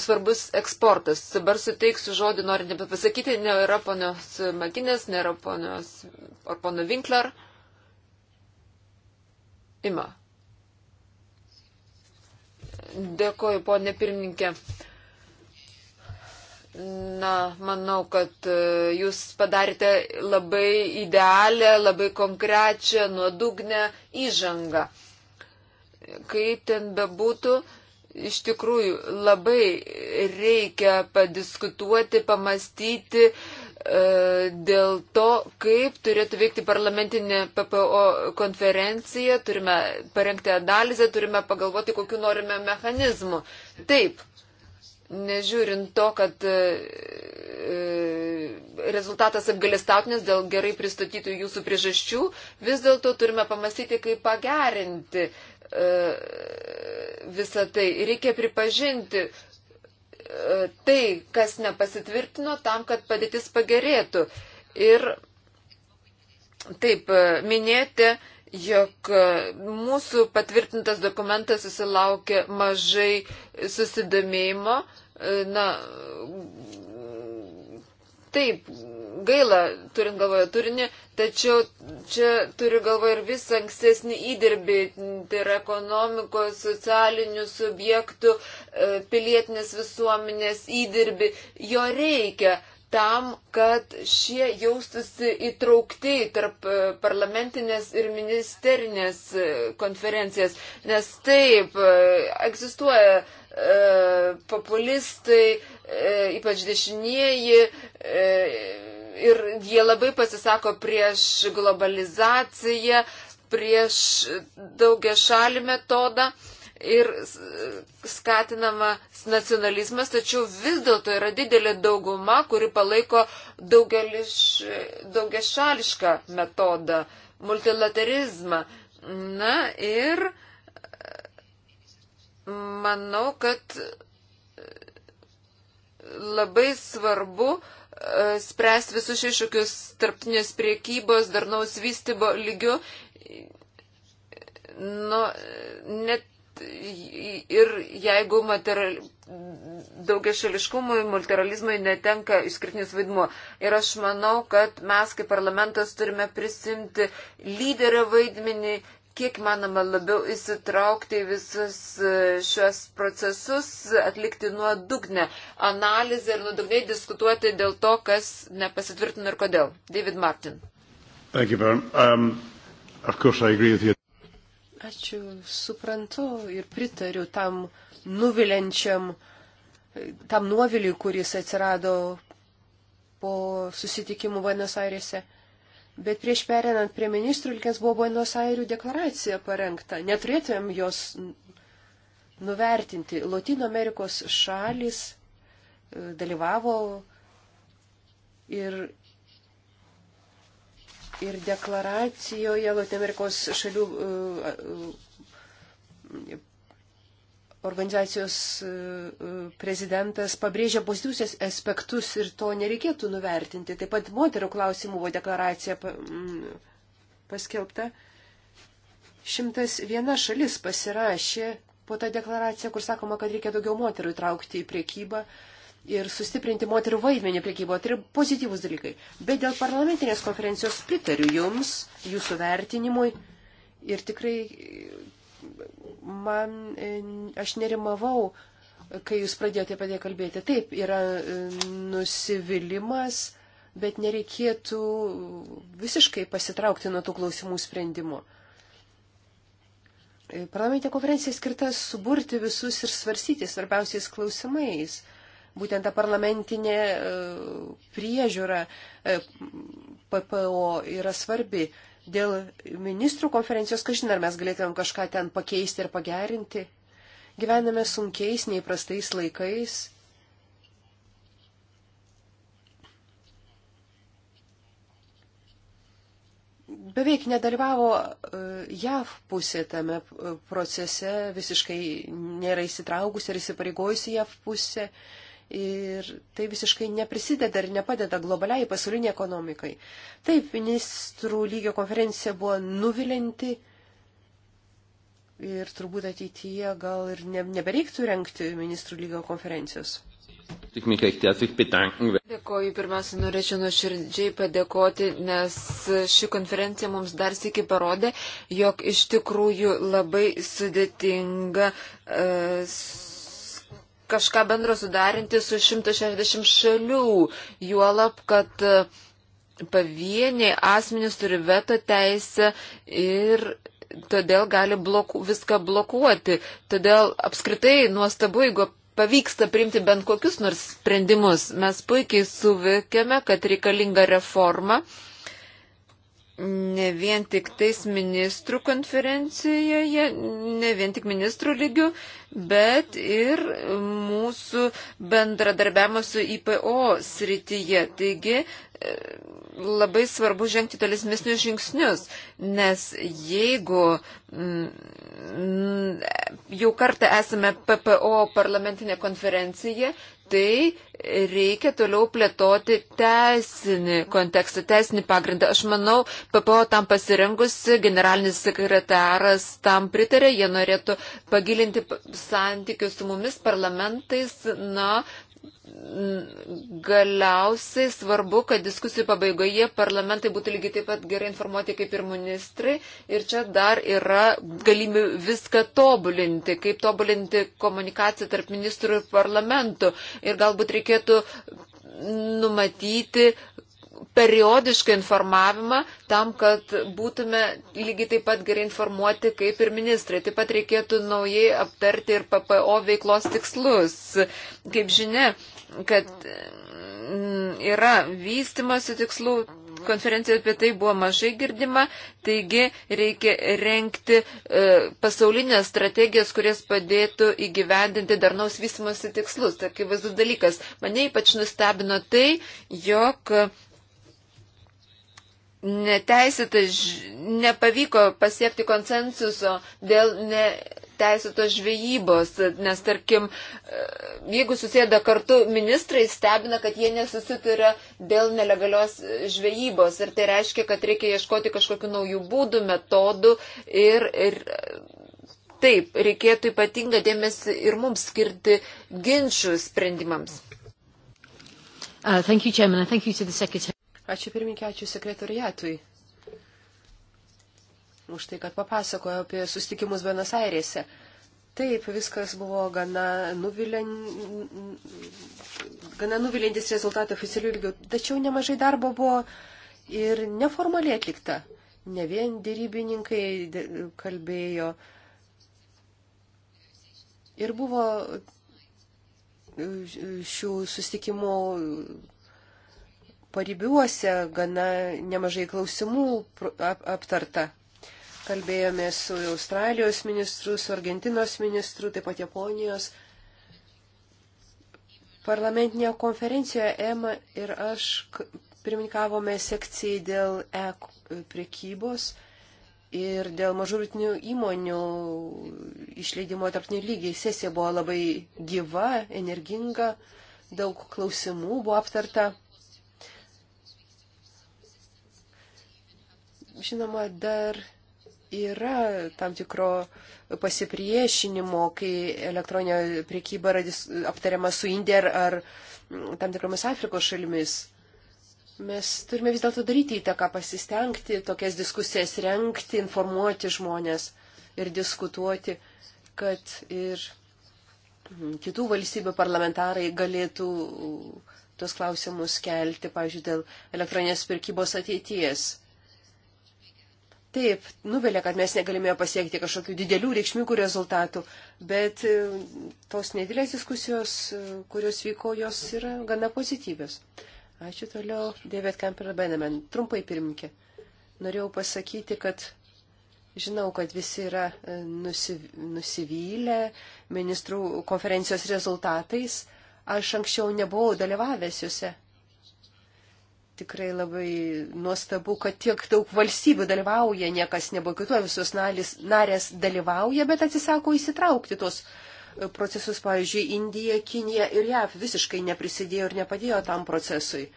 svarbus eksportas. Dabar suteiksiu žodį, norint nepasakyti, nėra ponios Maginės, nėra ponios ar pono Winkler. Ima. Dėkoju, ponė pirmininkė. Na, manau, kad e, jūs padarėte labai idealią, labai konkrečią, nuodugnę įžangą. Kaip ten bebūtų, iš tikrųjų labai reikia padiskutuoti, pamastyti e, dėl to, kaip turėtų veikti parlamentinė PPO konferencija, turime parengti analizę, turime pagalvoti, kokiu norime mechanizmu. Taip, nežiūrint to, kad e, e, rezultatas apgalėstautinis dėl gerai pristatytų jūsų priežasčių, vis dėlto turime pamastyti, kaip pagerinti e, visą tai. Reikia pripažinti tai, kas nepasitvirtino, tam, kad padėtis pagerėtų. Ir taip, minėti, jog e, mūsų patvirtintas dokumentas susilaukė mažai susidomėjimo. E, na, taip, gaila, turint galvoje turinį, tačiau čia turiu galvoje ir visą ankstesnį įdirbį, tai yra ekonomikos, socialinių subjektų, e, pilietinės visuomenės įdirbį. Jo reikia, tam, kad šie jaustusi įtraukti tarp e, parlamentinės ir ministerinės e, konferencijas. Nes taip, e, egzistuoja e, populistai, e, ypač dešinieji, e, ir jie labai pasisako prieš globalizaciją, prieš daugia šalį metodą. E, ir skatinama nacionalizmas, tačiau vis dėlto yra didelė dauguma, kuri palaiko daugiašališką metodą, multilaterizmą. Na ir e, manau, kad e, labai svarbu e, spręsti visus iššūkius tarptinės priekybos, darnaus vystybo lygių. Nu, net ir jeigu material, daugia šališkumui, multiralizmui netenka išskirtinis vaidmuo. Ir aš manau, kad mes kaip parlamentas turime prisimti lyderio vaidmenį, kiek manoma labiau įsitraukti į visus e, šios procesus, atlikti nuodugnę analizę ir nuodugniai diskutuoti dėl to, kas nepasitvirtino ir kodėl. David Martin. Thank you, Baron. Um, of course I agree with you. Ačiū, suprantu ir pritariu tam nuviliančiam, tam nuoviliui, kuris atsirado po susitikimų Buenos Airėse. Bet prieš perinant prie ministrų, likęs buvo Buenos Airių deklaracija parengta. Neturėtumėm jos nuvertinti. Latino Amerikos šalis e, dalyvavo ir ir deklaracijoje Latino Amerikos šalių e, e, organizacijos e, prezidentas pabrėžia pozityvusias aspektus ir to nereikėtų nuvertinti. Taip pat moterų klausimų buvo deklaracija paskelbta. 101 šalis pasirašė po tą deklaraciją, kur sakoma, kad reikia daugiau moterų įtraukti į priekybą ir sustiprinti moterų vaidmenį priekyboje. Tai yra pozityvus dalykai. Bet dėl parlamentinės konferencijos pritariu jums, jūsų vertinimui. Ir tikrai man, e, aš nerimavau, kai jūs pradėjote apie tai kalbėti. Taip, yra e, nusivylimas, bet nereikėtų visiškai pasitraukti nuo tų klausimų sprendimo. E, parlamentinė konferencija skirta suburti visus ir svarstyti svarbiausiais klausimais būtent ta parlamentinė e, priežiūra e, PPO yra svarbi. Dėl ministrų konferencijos, kažin ar mes galėtumėm kažką ten pakeisti ir pagerinti. Gyvename sunkiais, neįprastais laikais. beveik nedalyvavo e, JAV pusė tame procese, visiškai nėra įsitraukusi ir įsipareigojusi JAV pusė ir tai visiškai neprisideda ir nepadeda globaliai pasauliniai ekonomikai. Taip, ministrų lygio konferencija buvo nuvilinti ir turbūt ateityje gal ir ne, nebereiktų renkti ministrų lygio konferencijos. Dėkoju, pirmiausia, norėčiau nuoširdžiai padėkoti, nes ši konferencija mums dar sėki parodė, jog iš tikrųjų labai sudėtinga. Uh, kažką bendro sudarinti su 160 šalių, juolab, kad e, pavieniai asmenys turi veto teisę ir todėl gali bloku, viską blokuoti. Todėl apskritai nuostabu, jeigu pavyksta priimti bent kokius nors sprendimus. Mes puikiai suveikiame, kad reikalinga reforma ne vien tik tais ministrų konferencijoje, ne vien tik ministrų lygių, bet ir mūsų bendradarbiavimo su IPO srityje. Taigi e, labai svarbu žengti tolesnius žingsnius, nes jeigu m, mm, mm, jau kartą esame PPO parlamentinė konferencija, tai reikia toliau plėtoti teisinį kontekstą, teisinį pagrindą. Aš manau, PPO tam pasirengusi, generalinis sekretaras tam pritarė, jie norėtų pagilinti santykius su mumis parlamentais, na, galiausiai svarbu, kad diskusijų pabaigoje parlamentai būtų lygiai taip pat gerai informuoti kaip ir ministrai. Ir čia dar yra galimybė viską tobulinti, kaip tobulinti komunikaciją tarp ministrų ir parlamentų. Ir galbūt reikėtų numatyti periodišką informavimą tam, kad būtume lygiai taip pat gerai informuoti kaip ir ministrai. Taip pat reikėtų naujai aptarti ir PPO veiklos tikslus. Kaip žinia, kad mm, yra vystimasi tikslų, konferencijoje apie tai buvo mažai girdima, taigi reikia renkti e, pasaulinės strategijas, kurias padėtų įgyvendinti darnaus vystimosi tikslus. Tai akivaizdus dalykas. Mane ypač nustebino tai, jog neteisėta, nepavyko pasiekti konsensuso dėl neteisėtos žvejybos, nes tarkim, e, jeigu susėda kartu ministrai, stebina, kad jie nesusituria dėl nelegalios žvejybos ir tai reiškia, kad reikia ieškoti kažkokių naujų būdų, metodų ir, ir taip, reikėtų ypatingą dėmesį ir mums skirti ginčių sprendimams. Uh, thank you, Chairman, and thank you to the Secretary. Ačiū pirminkė, ačiū sekretoriatui už tai, kad papasakojo apie sustikimus Buenos Airėse. Taip, viskas buvo gana, nuvilen... gana nuvilintis rezultatų oficialių lygių, tačiau nemažai darbo buvo ir neformaliai atlikta. Ne vien dėrybininkai kalbėjo. Ir buvo e, šių sustikimų paribiuose gana nemažai klausimų aptarta. Kalbėjome su Australijos ministru, su Argentinos ministru, taip pat Japonijos. Parlamentinėje konferencijoje Ema ir aš pirmininkavome sekcijai dėl e-prekybos ir dėl mažuritinių įmonių išleidimo tarptinių lygiai. Sesija buvo labai gyva, energinga, daug klausimų buvo aptarta. žinoma, dar yra tam tikro pasipriešinimo, kai elektroninė priekyba yra aptariama su Indija ar mm, tam tikromis Afrikos šalimis. Mes turime vis dėlto daryti įtaką, pasistengti tokias diskusijas renkti, informuoti žmonės ir diskutuoti, kad ir mm, kitų valstybių parlamentarai galėtų tos klausimus kelti, pavyzdžiui, dėl elektroninės pirkybos ateities. Taip, nuvelia, kad mes negalime pasiekti kažkokių didelių reikšmingų rezultatų, bet e, tos nedidelės diskusijos, e, kurios vyko, jos yra gana pozityvios. Ačiū toliau, David Campbell Benemen. Trumpai pirmininkė. Norėjau pasakyti, kad žinau, kad visi yra e, nusivylę ministrų konferencijos rezultatais. Aš anksčiau nebuvau dalyvavęs juose, Tikrai labai nuostabu, kad tiek daug valstybių dalyvauja, niekas nebokituoja, visos nalis, narės dalyvauja, bet atsisako įsitraukti tos e, procesus, pavyzdžiui, Indija, Kinija ir JAV visiškai neprisidėjo ir nepadėjo tam procesui.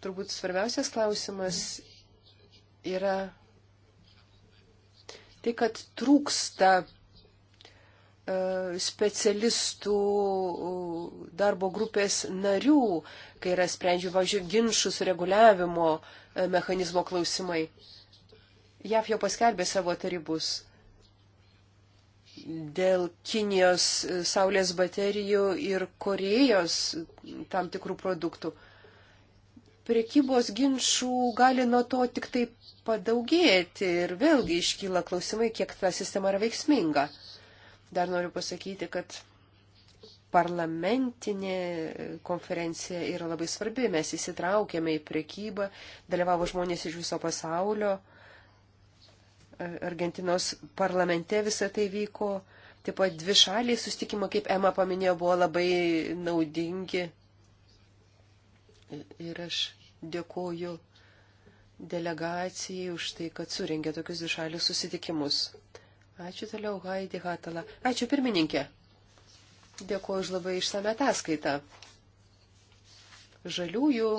Turbūt svarbiausias klausimas yra tai, kad trūksta E, specialistų darbo grupės narių, kai yra sprendžių, važiuoju, ginčių sureguliavimo e, mechanizmo klausimai. JAF jau paskelbė savo tarybus dėl Kinijos e, saulės baterijų ir Korejos tam tikrų produktų. Prekybos ginčių gali nuo to tik taip padaugėti ir vėlgi iškyla klausimai, kiek ta sistema yra veiksminga. Dar noriu pasakyti, kad parlamentinė konferencija yra labai svarbi. Mes įsitraukėme į priekybą, dalyvavo žmonės iš viso pasaulio. Argentinos parlamente visą tai vyko. Taip pat dvi šaliai sustikimo, kaip Ema paminėjo, buvo labai naudingi. Ir aš dėkoju delegacijai už tai, kad suringė tokius dvišalius susitikimus. Ačiū toliau, Haidė Hatala. Ačiū pirmininkė. Dėkuoju už labai išsame ataskaitą. Žaliųjų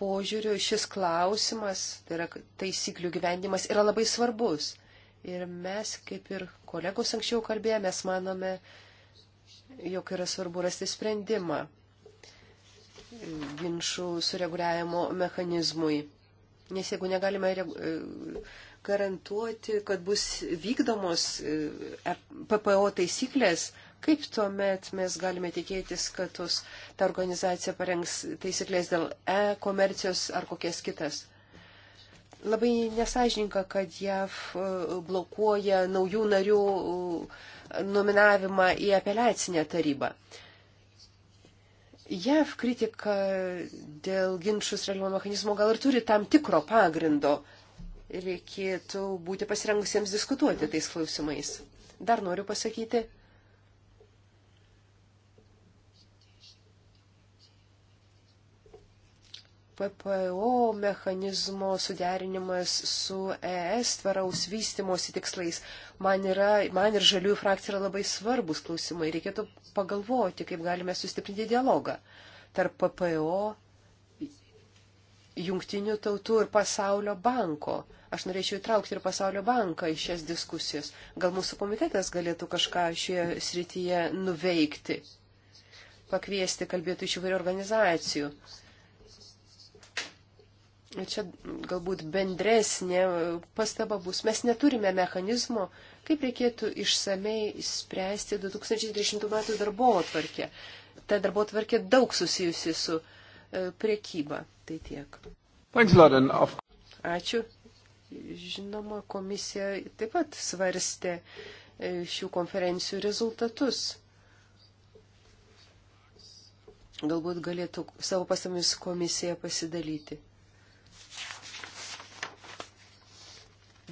požiūrių šis klausimas, tai yra taisyklių gyvendimas, yra labai svarbus. Ir mes, kaip ir kolegos anksčiau kalbėjome, mes manome, jog yra svarbu rasti sprendimą ginčių sureguliavimo mechanizmui. Nes jeigu negalime garantuoti, kad bus vykdomos e, e, PPO taisyklės, kaip tuomet mes galime tikėtis, kad tos, ta organizacija parengs taisyklės dėl e-komercijos ar kokias kitas? Labai nesažininka, kad JAV e, blokuoja naujų narių nominavimą į apeliacinę tarybą. JAV kritika dėl ginčių srelimo mechanizmo gal ir turi tam tikro pagrindo, reikėtų būti pasirengusiems diskutuoti tais klausimais. Dar noriu pasakyti. PPO mechanizmo suderinimas su ES tvaraus vystimosi tikslais man, yra, man ir žaliųjų frakcija yra labai svarbus klausimai. Reikėtų pagalvoti, kaip galime sustiprinti dialogą tarp PPO jungtinių tautų ir pasaulio banko. Aš norėčiau įtraukti ir pasaulio banką į šias diskusijas. Gal mūsų komitetas galėtų kažką šioje srityje nuveikti, pakviesti kalbėtų iš įvairių organizacijų. Čia galbūt bendresnė pastaba bus. Mes neturime mechanizmo, kaip reikėtų išsamei spręsti 2030 m. darbo atvarkę. Ta darbo atvarkė daug susijusi su E, priekybą. Tai tiek. Ačiū. Žinoma, komisija taip pat svarstė e, šių konferencijų rezultatus. Galbūt galėtų savo pasamis komisija pasidalyti.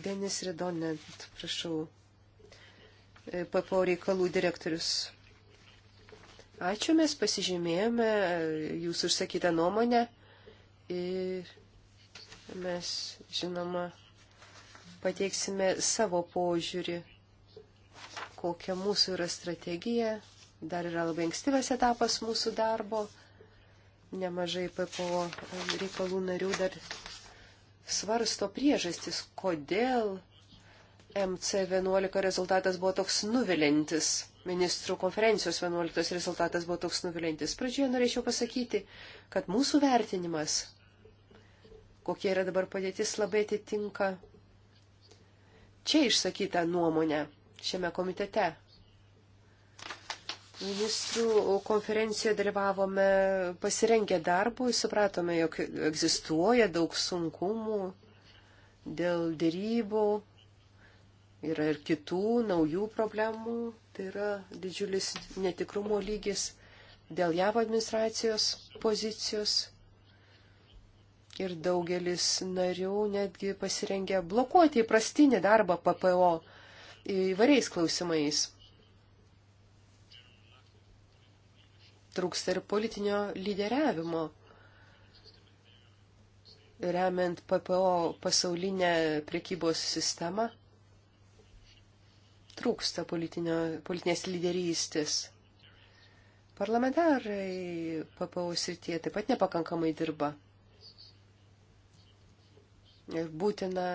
Denis Redonent, prašau, e, PPO reikalų direktorius. Ačiū, mes pasižymėjome jūsų užsakytą nuomonę ir mes, žinoma, pateiksime savo požiūrį, kokia mūsų yra strategija. Dar yra labai ankstyvas etapas mūsų darbo. Nemažai PPO reikalų narių dar svarsto priežastis, kodėl MC11 rezultatas buvo toks nuvilintis ministrų konferencijos 11 rezultatas buvo toks nuvilintis. Pradžioje norėčiau pasakyti, kad mūsų vertinimas, kokia yra dabar padėtis, labai atitinka čia išsakytą nuomonę šiame komitete. Ministrų konferencijoje dalyvavome pasirengę darbui, supratome, jog egzistuoja daug sunkumų dėl dėrybų, yra ir kitų naujų problemų, Tai yra didžiulis netikrumo lygis dėl JAV administracijos pozicijos. Ir daugelis narių netgi pasirengia blokuoti įprastinį darbą PPO įvairiais klausimais. Trūksta ir politinio lyderiavimo remiant PPO pasaulinę priekybos sistemą, trūksta politinės lyderystės. Parlamentarai papausrityje taip pat nepakankamai dirba. Ir būtina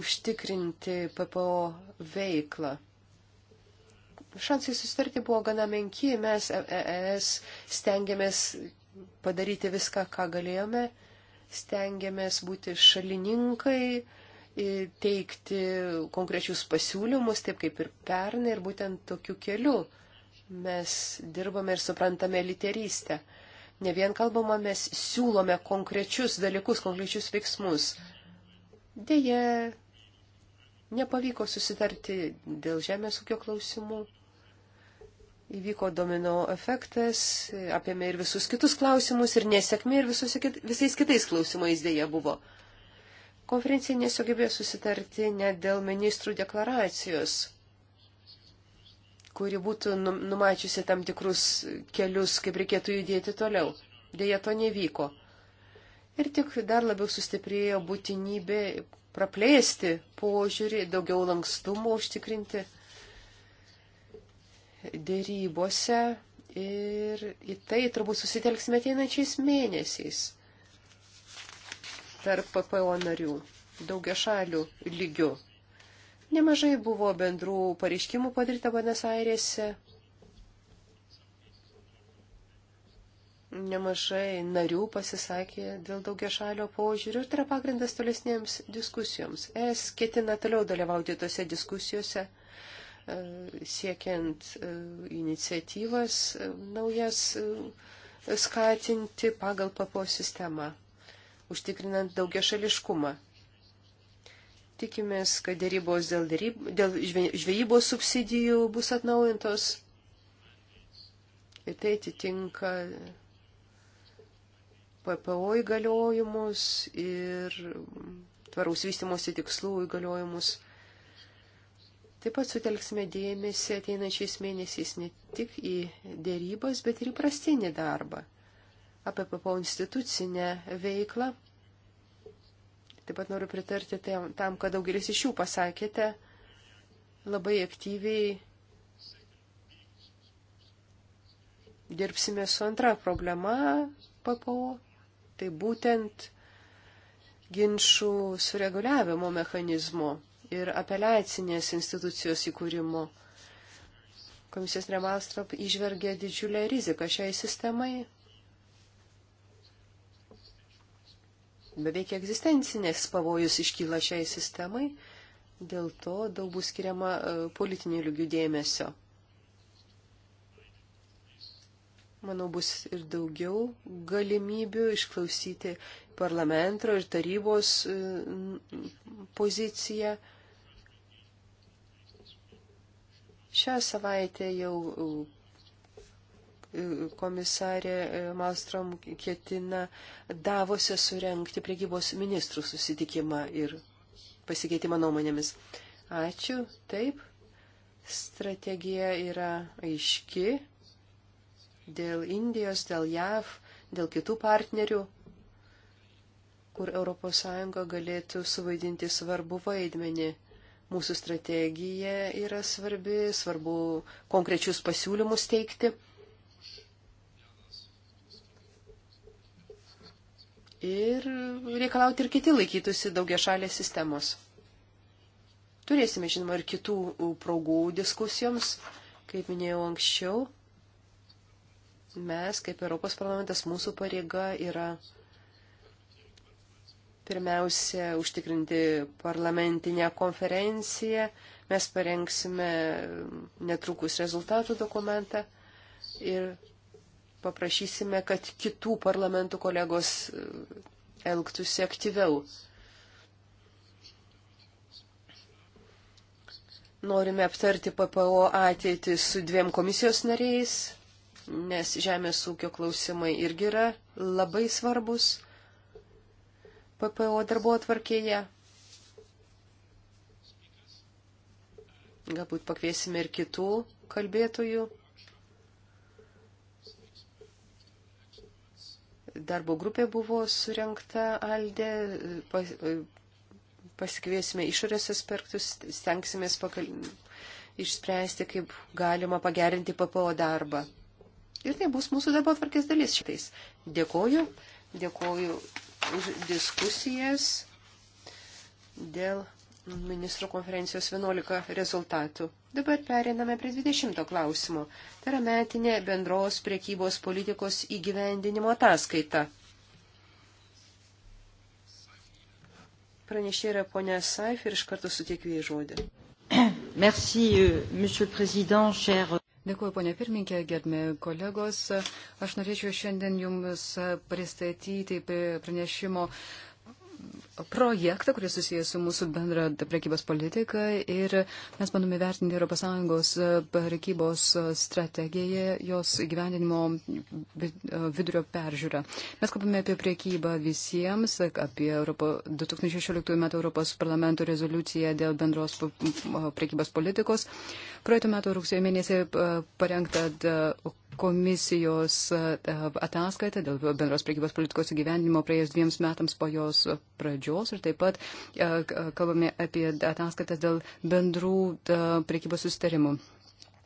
užtikrinti PPO veiklą. Šansai susitarti buvo gana menki, mes ES e stengiamės padaryti viską, ką galėjome, stengiamės būti šalininkai, teikti konkrečius pasiūlymus, taip kaip ir pernai, ir būtent tokiu keliu mes dirbame ir suprantame literystę. Ne vien kalbama, mes siūlome konkrečius dalykus, konkrečius veiksmus. Deja, nepavyko susitarti dėl žemės ūkio klausimų. Įvyko domino efektas, apėmė ir visus kitus klausimus, ir nesėkmė, ir visus, visais kitais klausimais dėja buvo. Konferencija nesugebėjo susitarti net dėl ministrų deklaracijos, kuri būtų nu, numačiusi tam tikrus kelius, kaip reikėtų judėti toliau. Deja, to nevyko. Ir tik dar labiau sustiprėjo būtinybė praplėsti požiūrį, daugiau lankstumo užtikrinti dėrybose. Ir į tai turbūt susitelksime ateinančiais mėnesiais tarp PPO narių daugia šalių lygių. Nemažai buvo bendrų pareiškimų padaryta Buenos Airėse. Nemažai narių pasisakė dėl daugia šalio požiūrių ir tai yra pagrindas tolesnėms diskusijoms. Es ketina toliau dalyvauti tose diskusijose, e, siekiant e, iniciatyvas e, naujas skatinti pagal papo sistemą užtikrinant daugia šališkumą. Tikimės, kad dėrybos dėl, dėryb, dėl žvejybos subsidijų bus atnaujintos. Ir tai atitinka PPO įgaliojimus ir tvaraus vystimosi tikslų įgaliojimus. Taip pat sutelksime dėmesį ateinančiais mėnesiais ne tik į dėrybas, bet ir į prastinį darbą, apie PPO institucinę veiklą. Taip pat noriu pritarti tam, kad daugelis iš jų pasakėte labai aktyviai. Dirbsime su antra problema PPO, tai būtent ginčių sureguliavimo mechanizmo ir apeliacinės institucijos įkūrimo. Komisijos Remalstrop išvergia didžiulę riziką šiai sistemai, beveik egzistencinės pavojus iškyla šiai sistemai, dėl to daug bus skiriama e, politinių lygių dėmesio. Manau, bus ir daugiau galimybių išklausyti parlamento ir tarybos e, poziciją. Šią savaitę jau komisarė e, Malstrom ketina Davose surenkti priegybos ministrų susitikimą ir pasikeitimą nuomonėmis. Ačiū. Taip, strategija yra aiški dėl Indijos, dėl JAV, dėl kitų partnerių, kur ES galėtų suvaidinti svarbu vaidmenį. Mūsų strategija yra svarbi, svarbu konkrečius pasiūlymus teikti. ir reikalauti ir kiti laikytųsi daugia šalės sistemos. Turėsime, žinoma, ir kitų progų diskusijoms, kaip minėjau anksčiau. Mes, kaip Europos parlamentas, mūsų pareiga yra pirmiausia užtikrinti parlamentinę konferenciją. Mes parengsime netrukus rezultatų dokumentą ir paprašysime, kad kitų parlamentų kolegos e, elgtųsi aktyviau. Norime aptarti PPO ateitį su dviem komisijos nariais, nes žemės ūkio klausimai irgi yra labai svarbus PPO darbo atvarkėje. Galbūt pakviesime ir kitų kalbėtojų. darbo grupė buvo surinkta Aldė, pas, pasikviesime išorės aspektus, stengsimės pakal... išspręsti, kaip galima pagerinti PPO darbą. Ir tai bus mūsų darbo atvarkės dalis šitais. Dėkoju, dėkoju už diskusijas dėl ministrų konferencijos 11 rezultatų. Dabar periname prie 20 klausimo. Tai yra metinė bendros priekybos politikos įgyvendinimo ataskaita. Pranešė yra ponia Saif ir iš karto suteikiu į žodį. Merci, euh, monsieur le président, cher. Dėkuoju, ponė pirminkė, gerbė kolegos. Aš norėčiau šiandien jums pristatyti pranešimo projektą, kuris susijęs su mūsų bendra prekybos politika ir mes bandome vertinti ES e, prekybos e, strategiją, jos gyvendinimo e, vidurio peržiūrą. Mes kalbame apie prekybą visiems, apie Europo, 2016 m. Europos parlamento rezoliuciją dėl bendros prekybos politikos. Praeitų metų rugsėjo mėnesį parengta komisijos e, ataskaitą dėl bendros priekybos politikos įgyvendinimo praėjus dviems metams po jos pradžios ir taip pat e, kalbame apie ataskaitas dėl bendrų e, priekybos sustarimų.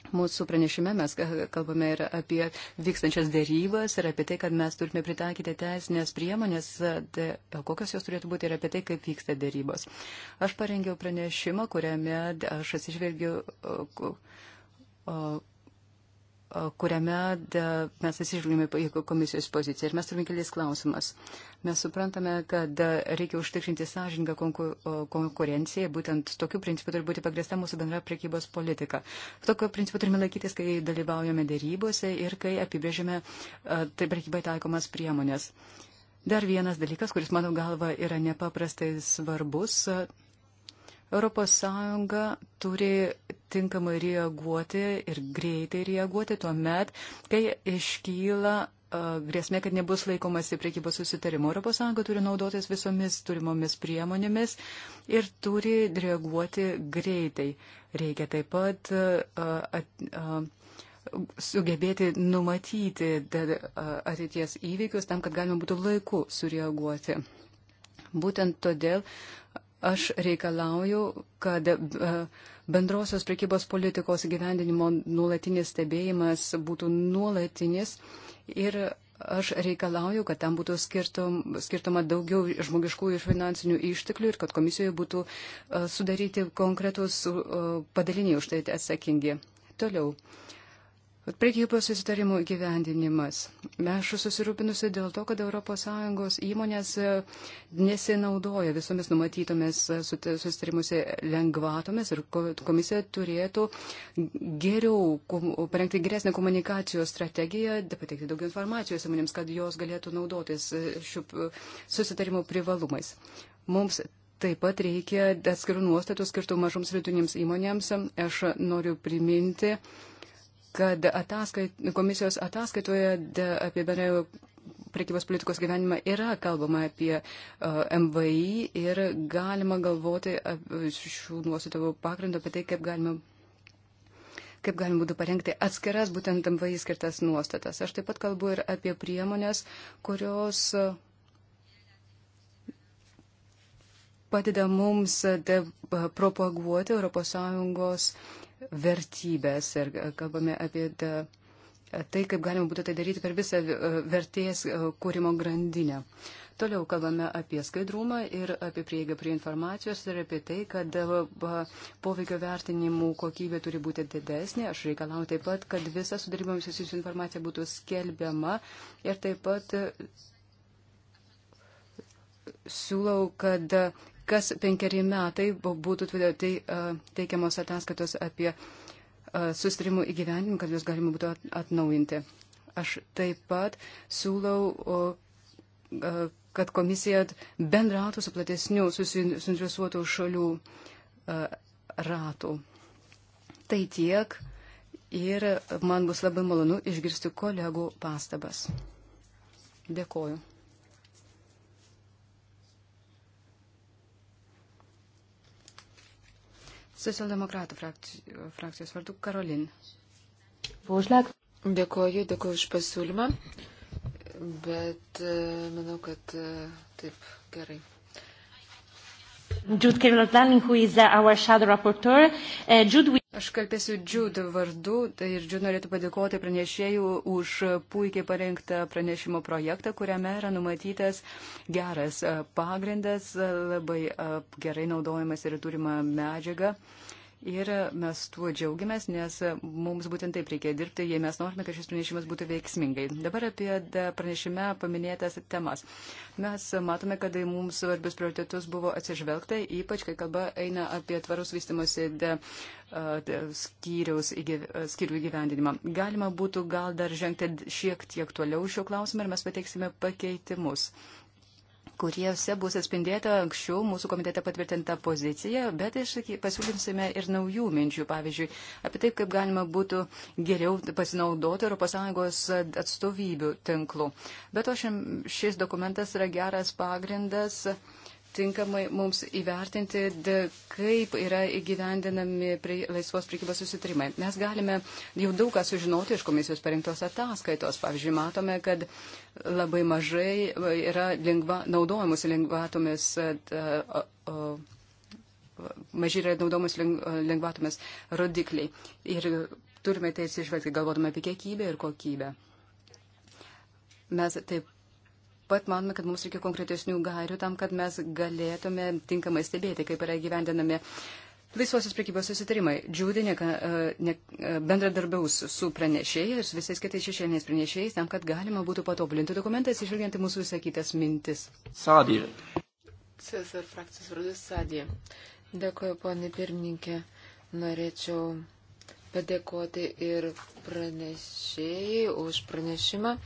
Mūsų pranešime mes kalbame ir apie vykstančias dėrybas, ir apie tai, kad mes turime pritaikyti teisinės priemonės, tai, kokios jos turėtų būti, ir apie tai, kaip vyksta dėrybos. Aš parengiau pranešimą, kuriame aš atsižvelgiu. O, o, E, kuriame mes atsižvelgime į komisijos poziciją. Ir mes turime kelias klausimas. Mes suprantame, kad reikia užtikrinti sąžininką konkurenciją. Būtent tokiu principu turi būti pagrėsta mūsų bendra prekybos politika. Tokiu principu turime laikytis, kai dalyvaujame dėrybose ir kai apibrėžiame e, tai prekybai taikomas priemonės. Dar vienas dalykas, kuris mano galva yra nepaprastai svarbus, ES turi tinkamai reaguoti ir greitai reaguoti tuo met, kai iškyla grėsmė, kad nebus laikomasi priekybos susitarimo. ES turi naudotis visomis turimomis priemonėmis ir turi reaguoti greitai. Reikia taip pat sugebėti numatyti ateities įvykius tam, kad galima būtų laiku sureaguoti. Būtent todėl aš reikalauju, kad e, bendrosios prekybos politikos gyvendinimo nuolatinis stebėjimas būtų nuolatinis ir aš reikalauju, kad tam būtų skirtum, skirtuma daugiau žmogiškų ir finansinių išteklių ir kad komisijoje būtų e, sudaryti konkretus e, padaliniai už tai atsakingi. Toliau. Uh, Prekybos susitarimų gyvendinimas. Aš susirūpinusi dėl to, kad ES įmonės e, nesinaudoja visomis numatytomis e, susitarimuose lengvatomis ir komisija turėtų geriau, parengti geresnę komunikacijos strategiją, pateikti daugiau informacijos įmonėms, kad jos galėtų naudotis e, šių susitarimų privalumais. Mums Taip pat reikia atskirų nuostatų skirtų mažoms vidutinėms įmonėms. Aš noriu priminti, kad ataskait, komisijos ataskaitoje apie bendrąją prekybos politikos gyvenimą yra kalbama apie uh, MVI ir galima galvoti šių nuostatų pagrindu apie tai, kaip galima kaip galima būtų parengti atskiras būtent MVI skirtas nuostatas. Aš taip pat kalbu ir apie priemonės, kurios padeda mums propaguoti ES vertybės ir e, kalbame apie e, tai, kaip galima būtų tai daryti per visą e, vertės kūrimo grandinę. Toliau kalbame apie skaidrumą ir apie prieigą prie informacijos ir apie tai, kad poveikio vertinimų kokybė turi būti didesnė. Aš reikalauju taip pat, kad visa sudarybams susijusi informacija būtų skelbiama ir taip pat siūlau, kad kas penkeri metai būtų tai, teikiamos ataskaitos apie sustarimų įgyvendinimą, kad juos galima būtų atnaujinti. Aš taip pat siūlau, kad komisija bendrautų su platesniu suinteresuotų šalių ratų. Tai tiek ir man bus labai malonu išgirsti kolegų pastabas. Dėkoju. Socialdemokratų frakcijos, frakcijos vardu Karolin. Užlek. Dėkoju, dėkoju už pasiūlymą, bet e, manau, kad e, taip gerai Jude Carol Darling, who is uh, our shadow rapporteur. Uh, Jude, we... Aš kalbėsiu Jude vardu tai ir Jude norėtų padėkoti pranešėjų už puikiai parengtą pranešimo projektą, kuriame yra numatytas geras uh, pagrindas, uh, labai gerai naudojamas ir turima medžiaga. Uh, Ir mes tuo džiaugiamės, nes mums būtent taip reikia dirbti, jei mes norime, kad šis pranešimas būtų veiksmingai. Dabar apie pranešime paminėtas temas. Mes matome, kad į mums svarbius prioritetus buvo atsižvelgta, ypač kai kalba eina apie tvarus vystimosi skyrių įgyvendinimą. Galima būtų gal dar žengti šiek tiek toliau šio klausimą ir mes pateiksime pakeitimus kuriuose bus atspindėta anksčiau mūsų komitete patvirtinta pozicija, bet pasiūlysime ir naujų minčių, pavyzdžiui, apie taip, kaip galima būtų geriau pasinaudoti ES atstovybių tinklų. Bet o šis dokumentas yra geras pagrindas tinkamai mums įvertinti, kaip yra įgyvendinami prie, laisvos prikybos susitarimai. Mes galime jau daug ką sužinoti iš komisijos parinktos ataskaitos. Pavyzdžiui, matome, kad labai mažai yra lengva, naudojimus lengvatomis. Uh, uh, maži yra naudomus lengvatomis rodikliai. Ir turime tai atsižvelgti, galvodami apie kiekybę ir kokybę. Mes taip pat manome, kad mums reikia konkretesnių gairių tam, kad mes galėtume tinkamai stebėti, kaip yra gyvendinami Laisvosios prekybos susitarimai. Džiūdė e, ne, ne, bendradarbiaus su pranešėjais ir su visais kitais šešėliniais pranešėjais tam, kad galima būtų patobulinti dokumentą, atsižvelgiant į mūsų visakytas mintis. Sadė. Cesar frakcijos vardas Sadė. Dėkuoju, ponė pirmininkė. Norėčiau padėkoti ir pranešėjai už pranešimą.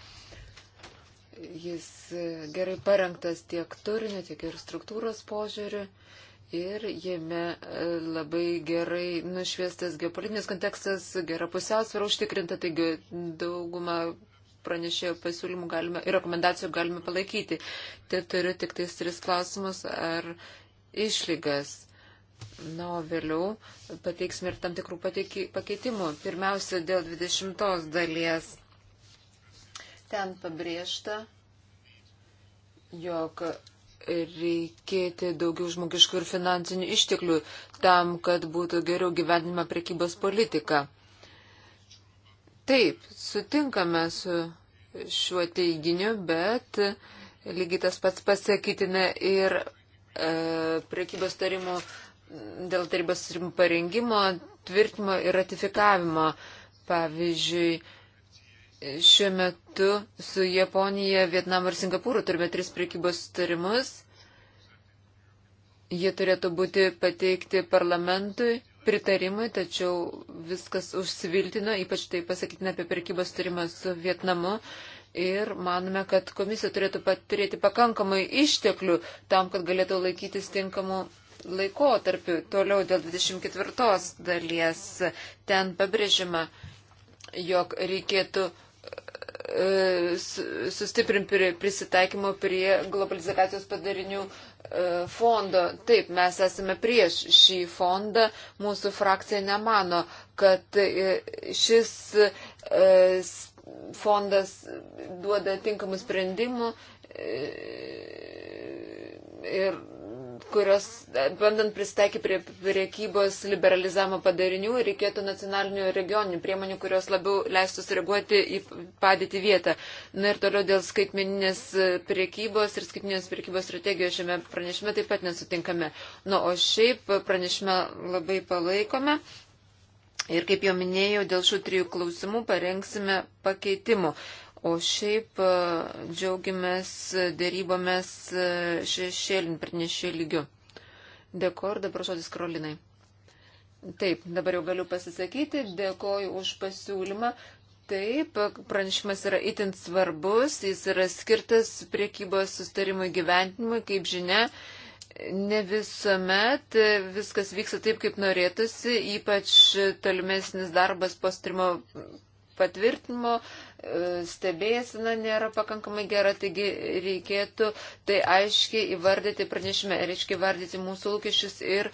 Jis e, gerai parengtas tiek turiniu, tiek ir struktūros požiūriu. Ir jame e, labai gerai nušviestas geopolitinis kontekstas, gera pusiausvėra užtikrinta, taigi daugumą pranešėjo pasiūlymų galime, ir rekomendacijų galime palaikyti. Tai turiu tik tais tris klausimus ar išlygas. Na, o vėliau pateiksime ir tam tikrų pateiki, pakeitimų. Pirmiausia, dėl 20 dalies Ten pabrėžta, jog reikėti daugiau žmogiškų ir finansinių išteklių tam, kad būtų geriau gyvenima prekybos politika. Taip, sutinkame su šiuo teiginiu, bet lygiai tas pats pasakytina ir e, prekybos tarimų dėl tarybos parengimo, tvirtimo ir ratifikavimo. Pavyzdžiui, šiuo metu su Japonija, Vietnamu ir Singapūru turime tris prekybos sutarimus. Jie turėtų būti pateikti parlamentui pritarimui, tačiau viskas užsiviltino, ypač tai pasakytina apie prekybos sutarimą su Vietnamu. Ir manome, kad komisija turėtų turėti pakankamai išteklių tam, kad galėtų laikytis tinkamų laikotarpių. Toliau dėl 24 dalies ten pabrėžima, jog reikėtų E, sustiprinti prisitaikymo prie globalizacijos padarinių e, fondo. Taip, mes esame prieš šį fondą. Mūsų frakcija nemano, kad e, šis fondas duoda tinkamų sprendimų ir kurios, bandant pristaikyti prie priekybos liberalizavimo padarinių, reikėtų nacionalinių regioninių priemonių, kurios labiau leistų sureaguoti į padėtį vietą. Na ir toliau dėl skaitmeninės priekybos ir skaitmeninės priekybos strategijos šiame pranešime taip pat nesutinkame. Na, nu, o šiaip pranešime labai palaikome. Ir kaip jau minėjau, dėl šių trijų klausimų parengsime pakeitimų. O šiaip e, džiaugiamės e, dėrybomės e, šešėlin pranešė lygiu. Dėkoju, dabar žodis Karolinai. Taip, dabar jau galiu pasisakyti, dėkoju už pasiūlymą. Taip, pranešimas yra itin svarbus, jis yra skirtas priekybos sustarimui gyventimui, kaip žinia. Ne visuomet viskas vyksta taip, kaip norėtųsi, ypač tolimesnis darbas postrimo patvirtinimo, e, stebėsena nėra pakankamai gera, taigi reikėtų tai aiškiai įvardyti pranešime, reiškia įvardyti mūsų lūkesčius ir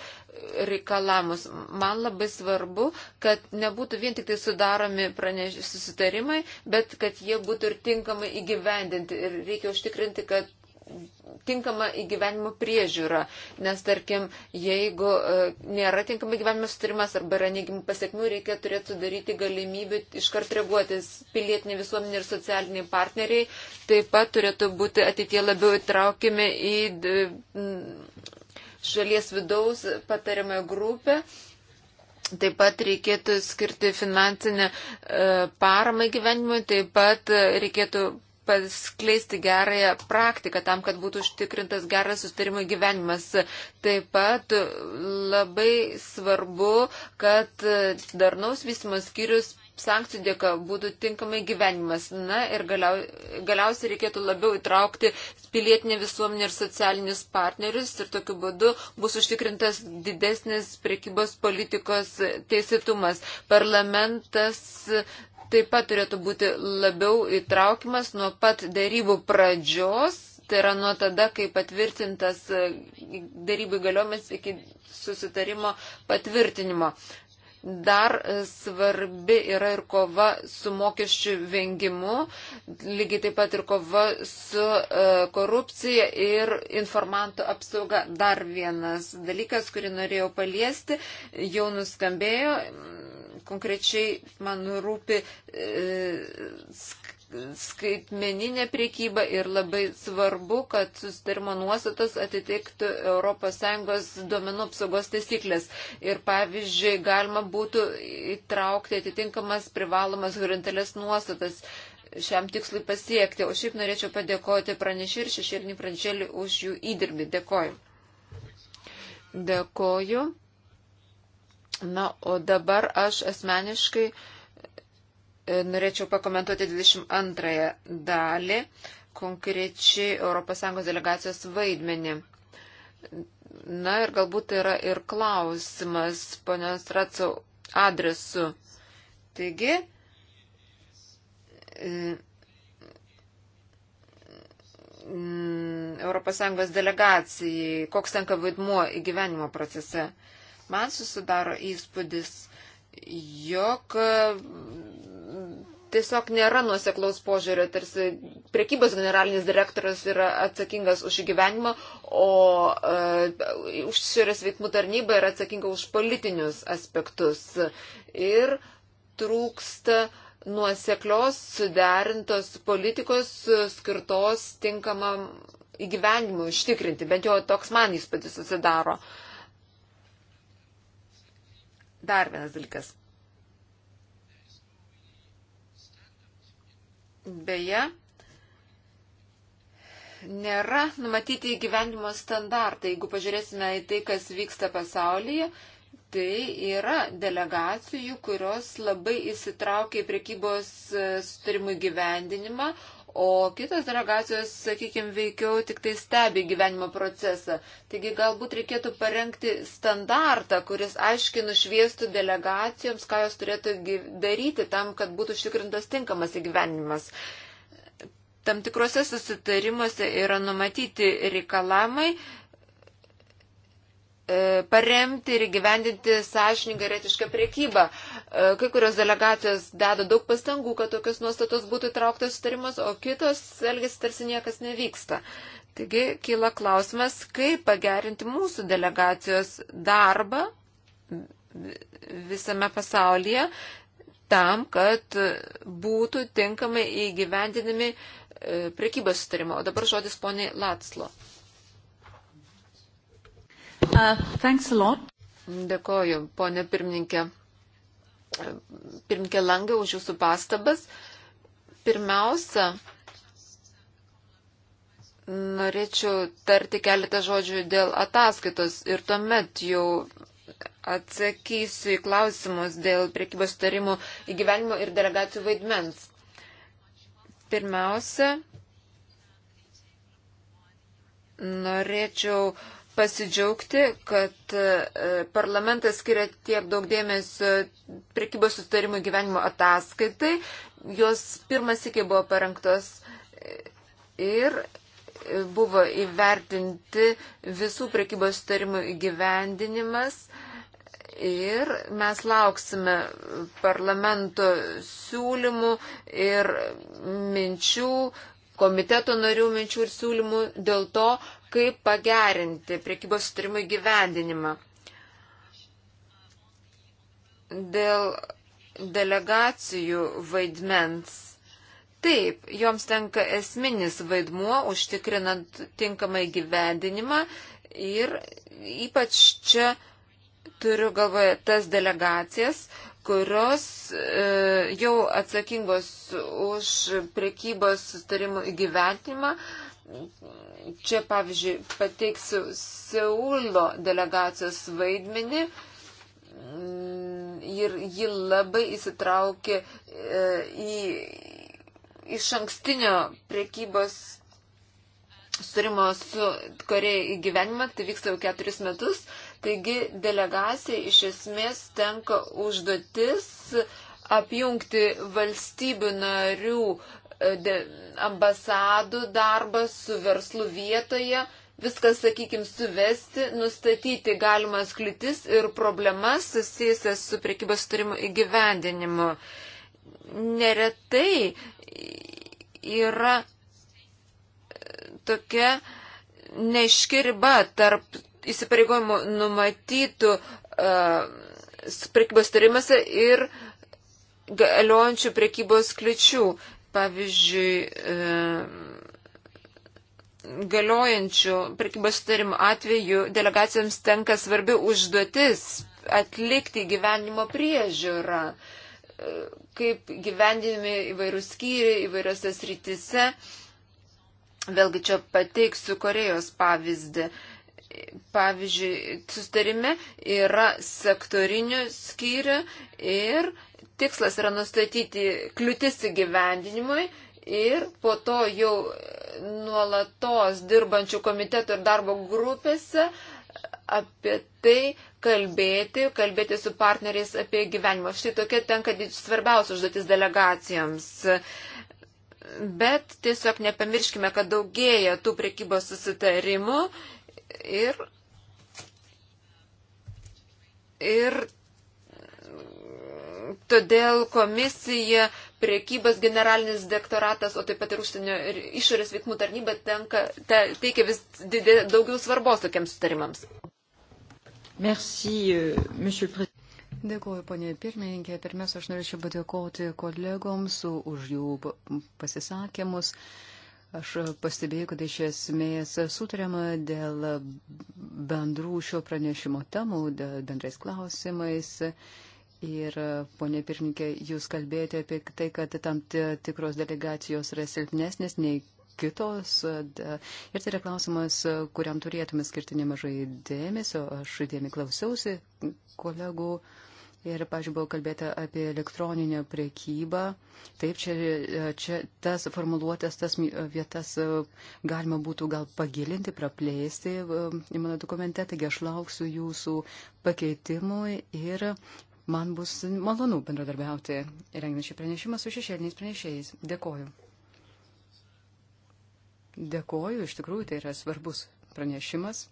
reikalamus. Man labai svarbu, kad nebūtų vien tik tai sudaromi praneš, susitarimai, bet kad jie būtų ir tinkamai įgyvendinti. Ir reikia užtikrinti, kad tinkama įgyvenimo priežiūra, nes tarkim, jeigu e, nėra tinkama įgyvenimo sutarimas arba yra neigiamų pasiekmių, reikia turėti sudaryti galimybę iškart reaguoti pilietinė visuomenė ir socialiniai partneriai, taip pat turėtų būti ateitie labiau įtraukiami į šalies vidaus patariamąją grupę. Taip pat reikėtų skirti finansinę e, paramą gyvenimui, taip pat reikėtų paskleisti gerąją praktiką tam, kad būtų užtikrintas geras sustarimo gyvenimas. Taip pat labai svarbu, kad darnaus vystimo skyrius sankcijų dėka būtų tinkamai gyvenimas. Na ir galiau, galiausiai reikėtų labiau įtraukti pilietinę visuomenę ir socialinius partnerius ir tokiu būdu bus užtikrintas didesnis prekybos politikos teisėtumas. Parlamentas taip pat turėtų būti labiau įtraukimas nuo pat darybų pradžios, tai yra nuo tada, kai patvirtintas e, darybų galiomis iki susitarimo patvirtinimo. Dar e, svarbi yra ir kova su mokesčių vengimu, lygiai taip pat ir kova su e, korupcija ir informantų apsauga. Dar vienas dalykas, kurį norėjau paliesti, jau nuskambėjo konkrečiai man rūpi e, skaitmeninė priekyba ir labai svarbu, kad susitarimo nuostatas atitiktų ES duomenų apsaugos taisyklės. Ir pavyzdžiui, galima būtų įtraukti atitinkamas privalomas horizontalės nuostatas šiam tikslui pasiekti. O šiaip norėčiau padėkoti pranešį ir šešėlinį pranešėlį už jų įdirbį. Dėkoju. Dėkoju. Na, o dabar aš asmeniškai e, norėčiau pakomentuoti 22 dalį, konkrečiai ES delegacijos vaidmenį. Na ir galbūt tai yra ir klausimas ponios Raco adresu. Taigi, ES mm, delegacijai, koks tenka vaidmuo įgyvenimo procese. Man susidaro įspūdis, jog mm, tiesiog nėra nuoseklaus požiūrio, tarsi priekybos generalinis direktoras yra atsakingas už gyvenimą, o e, užsienės veikmų tarnyba yra atsakinga už politinius aspektus. Ir trūksta nuoseklios, suderintos politikos e, skirtos tinkamam įgyvenimui užtikrinti, bent jau toks man įspūdis susidaro. E, Dar vienas dalykas. Beje, nėra numatyti įgyvendimo standartai. Jeigu pažiūrėsime į tai, kas vyksta pasaulyje, tai yra delegacijų, kurios labai įsitraukia į prekybos e, sutarimų gyvendinimą, o kitos delegacijos, sakykime, veikiau tik tai stebi gyvenimo procesą. Taigi galbūt reikėtų parengti standartą, kuris aiškiai nušviestų delegacijoms, ką jos turėtų daryti tam, kad būtų užtikrintas tinkamas įgyvenimas. Tam tikrose susitarimuose yra numatyti reikalavimai, E, paremti ir gyvendinti sąžininką ir etišką priekybą. E, kai kurios delegacijos deda daug pastangų, kad tokios nuostatos būtų įtrauktos sutarimas, o kitos elgesi tarsi niekas nevyksta. Taigi kyla klausimas, kaip pagerinti mūsų delegacijos darbą visame pasaulyje tam, kad būtų tinkamai įgyvendinami e, prekybos sutarimo. O dabar žodis poniai Latslo. Uh, Dėkoju, ponė pirmininkė. Pirmininkė Langa už jūsų pastabas. Pirmiausia, norėčiau tarti keletą žodžių dėl ataskaitos ir tuomet jau atsakysiu į klausimus dėl priekybos tarimų įgyvenimo ir delegacijų vaidmens. Pirmiausia, norėčiau uh, pasidžiaugti, kad e, parlamentas skiria tiek daug dėmesio prekybos sustarimų gyvenimo ataskaitai. Jos pirmas iki buvo parengtos e, ir buvo įvertinti visų prekybos sustarimų įgyvendinimas. Ir mes lauksime parlamento siūlymų ir minčių, komiteto narių minčių ir siūlymų dėl to, kaip pagerinti priekybos sutarimų gyvendinimą. Dėl delegacijų vaidmens. Taip, joms tenka esminis vaidmuo užtikrinant tinkamą įgyvendinimą ir ypač čia turiu galvoje tas delegacijas, kurios e, jau atsakingos už prekybos sustarimų įgyventimą, čia, pavyzdžiui, pateiksiu Seulo delegacijos vaidmenį mm, ir ji labai įsitraukė e, į iš ankstinio priekybos surimo su Koreja įgyvenimą, tai vyksta jau keturis metus, taigi delegacijai iš esmės tenka užduotis apjungti valstybių narių uh, E, ambasadų darbas su verslu vietoje, viskas, sakykime, suvesti, nustatyti galimas kliūtis ir problemas susijusias su priekybos sutarimu įgyvendinimu. Neretai yra e, tokia neiški riba tarp įsipareigojimų numatytų uh, priekybos tarimuose ir galiojančių priekybos kliučių. Pavyzdžiui, e, galiojančių prekybos sutarimų atveju delegacijoms tenka svarbi užduotis atlikti gyvenimo priežiūrą, e, kaip gyvendinami įvairūs skyriai įvairiose srityse. Vėlgi čia pateiksiu Korejos pavyzdį. Pavyzdžiui, sustarime yra sektorinių skyrių ir e, tikslas yra nustatyti kliūtis įgyvendinimui ir po to jau nuolatos dirbančių komitetų ir darbo grupėse apie tai kalbėti, kalbėti su partneriais apie gyvenimą. Štai tokia tenka svarbiausia užduotis delegacijoms. Bet tiesiog nepamirškime, kad daugėja tų prekybos susitarimų ir, ir Todėl komisija, priekybos generalinis dektoratas, o taip pat ir užsienio ir išorės veikmų tarnyba tenka, te, teikia vis didė, daugiau svarbos tokiems sutarimams. Merci, uh, Dėkuoju, ponė pirmininkė. Pirmiausia, aš norėčiau padėkoti kolegoms už jų pasisakymus. Aš pastebėjau, kad iš esmės sutarėma dėl bendrų šio pranešimo temų, dėl bendrais klausimais. Uh, Ir, ponė pirmininkė, jūs kalbėjote apie tai, kad tam tikros delegacijos yra silpnesnės nei kitos. Ir tai yra klausimas, kuriam turėtume skirti nemažai dėmesio. Aš dėmesį klausiausi kolegų. Ir, pažiūrėjau, buvo kalbėta apie elektroninę priekybą. Taip, čia, čia tas formuluotės, tas vietas galima būtų gal pagilinti, praplėsti į mano dokumente. Taigi aš lauksiu jūsų pakeitimui ir Man bus malonu bendradarbiauti renginant šį pranešimą su šešėliniais pranešėjais. Dėkoju. Dėkoju, iš tikrųjų tai yra svarbus pranešimas.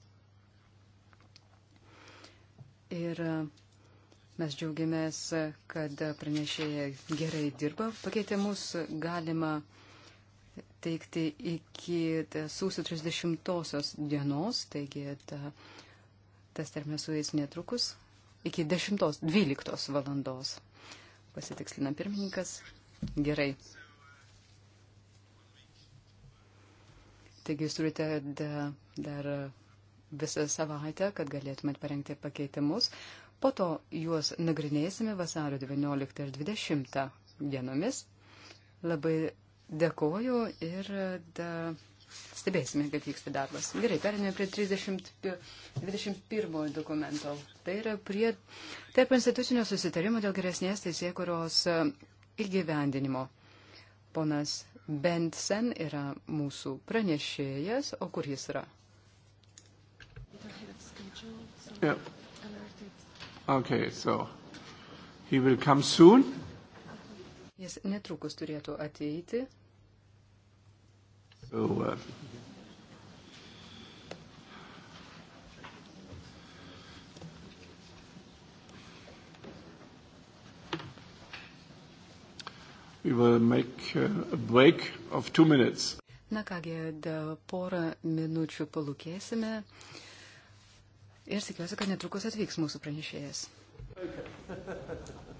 Ir e, mes džiaugiamės, kad pranešėjai gerai dirba. Pakeitimus galima teikti iki sausio 30 dienos, taigi ta, tas terminas su jais netrukus iki 10.12 valandos. Pasitikslina pirmininkas. Gerai. Taigi jūs turite dar visą savaitę, kad galėtumėt parengti pakeitimus. Po to juos nagrinėsime vasario 19 ir 20 dienomis. Labai dėkoju ir da, stebėsime, kaip vyksta darbas. Gerai, perėmė prie 30, 21 dokumento. Tai yra prie tarp institucinio susitarimo dėl geresnės teisėkuros e, įgyvendinimo. Ponas Bentsen yra mūsų pranešėjas, o kur jis yra? Yeah. Okay, so he will come soon. Jis netrukus turėtų ateiti. So, uh, we will make uh, a break of two minutes. Na kągi, porą minučių palūkėsime ir tikiuosi, kad netrukus atvyks mūsų pranešėjas. Okay.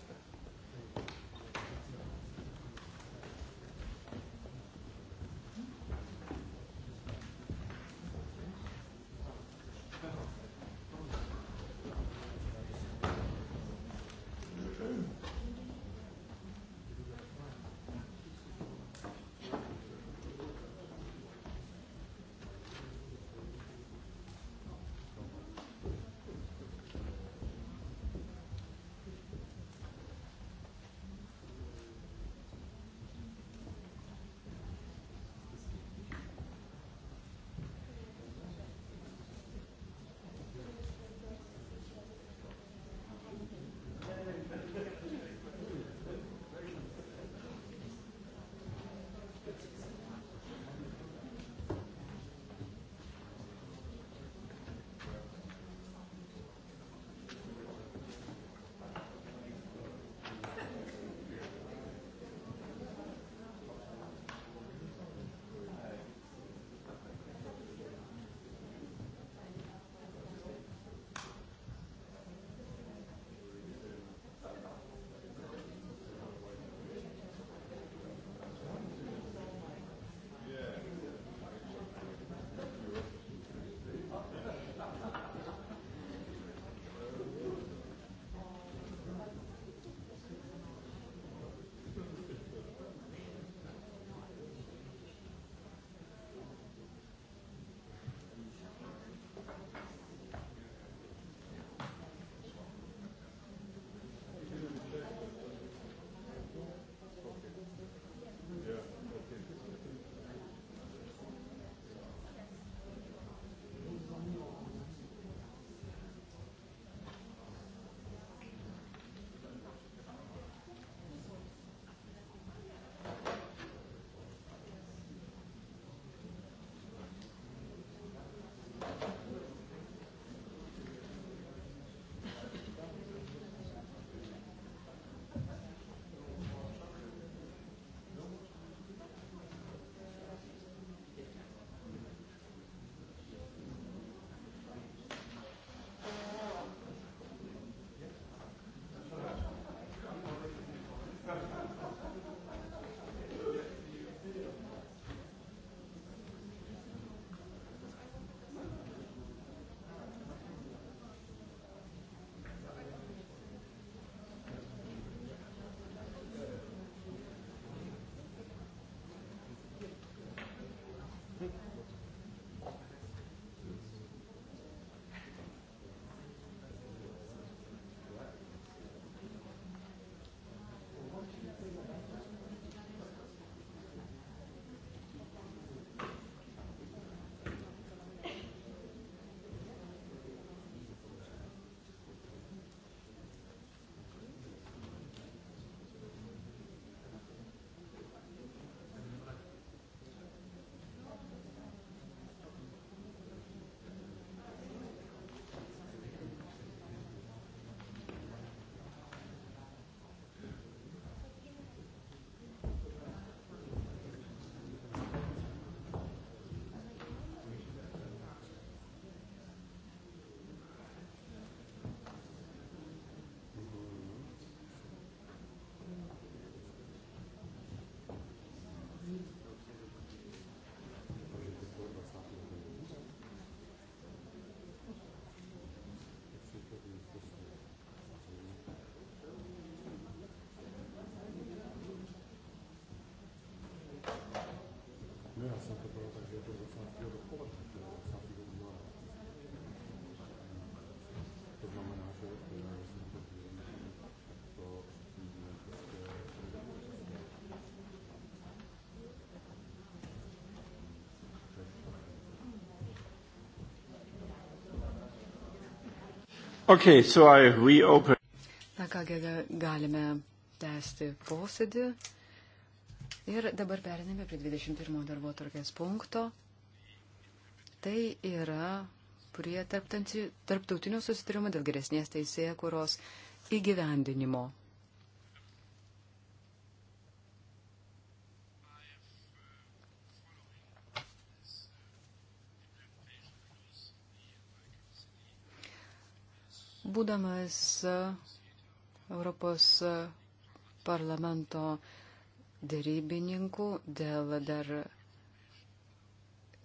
Okay, so I reopen. Na kągi, galime tęsti posėdį. Ir dabar periname prie 21 darbo tvarkės punkto. Tai yra prie tarptautinių susitarimų dėl geresnės teisėje, kurios įgyvendinimo. Būdamas Europos parlamento dėrybininkų dėl dar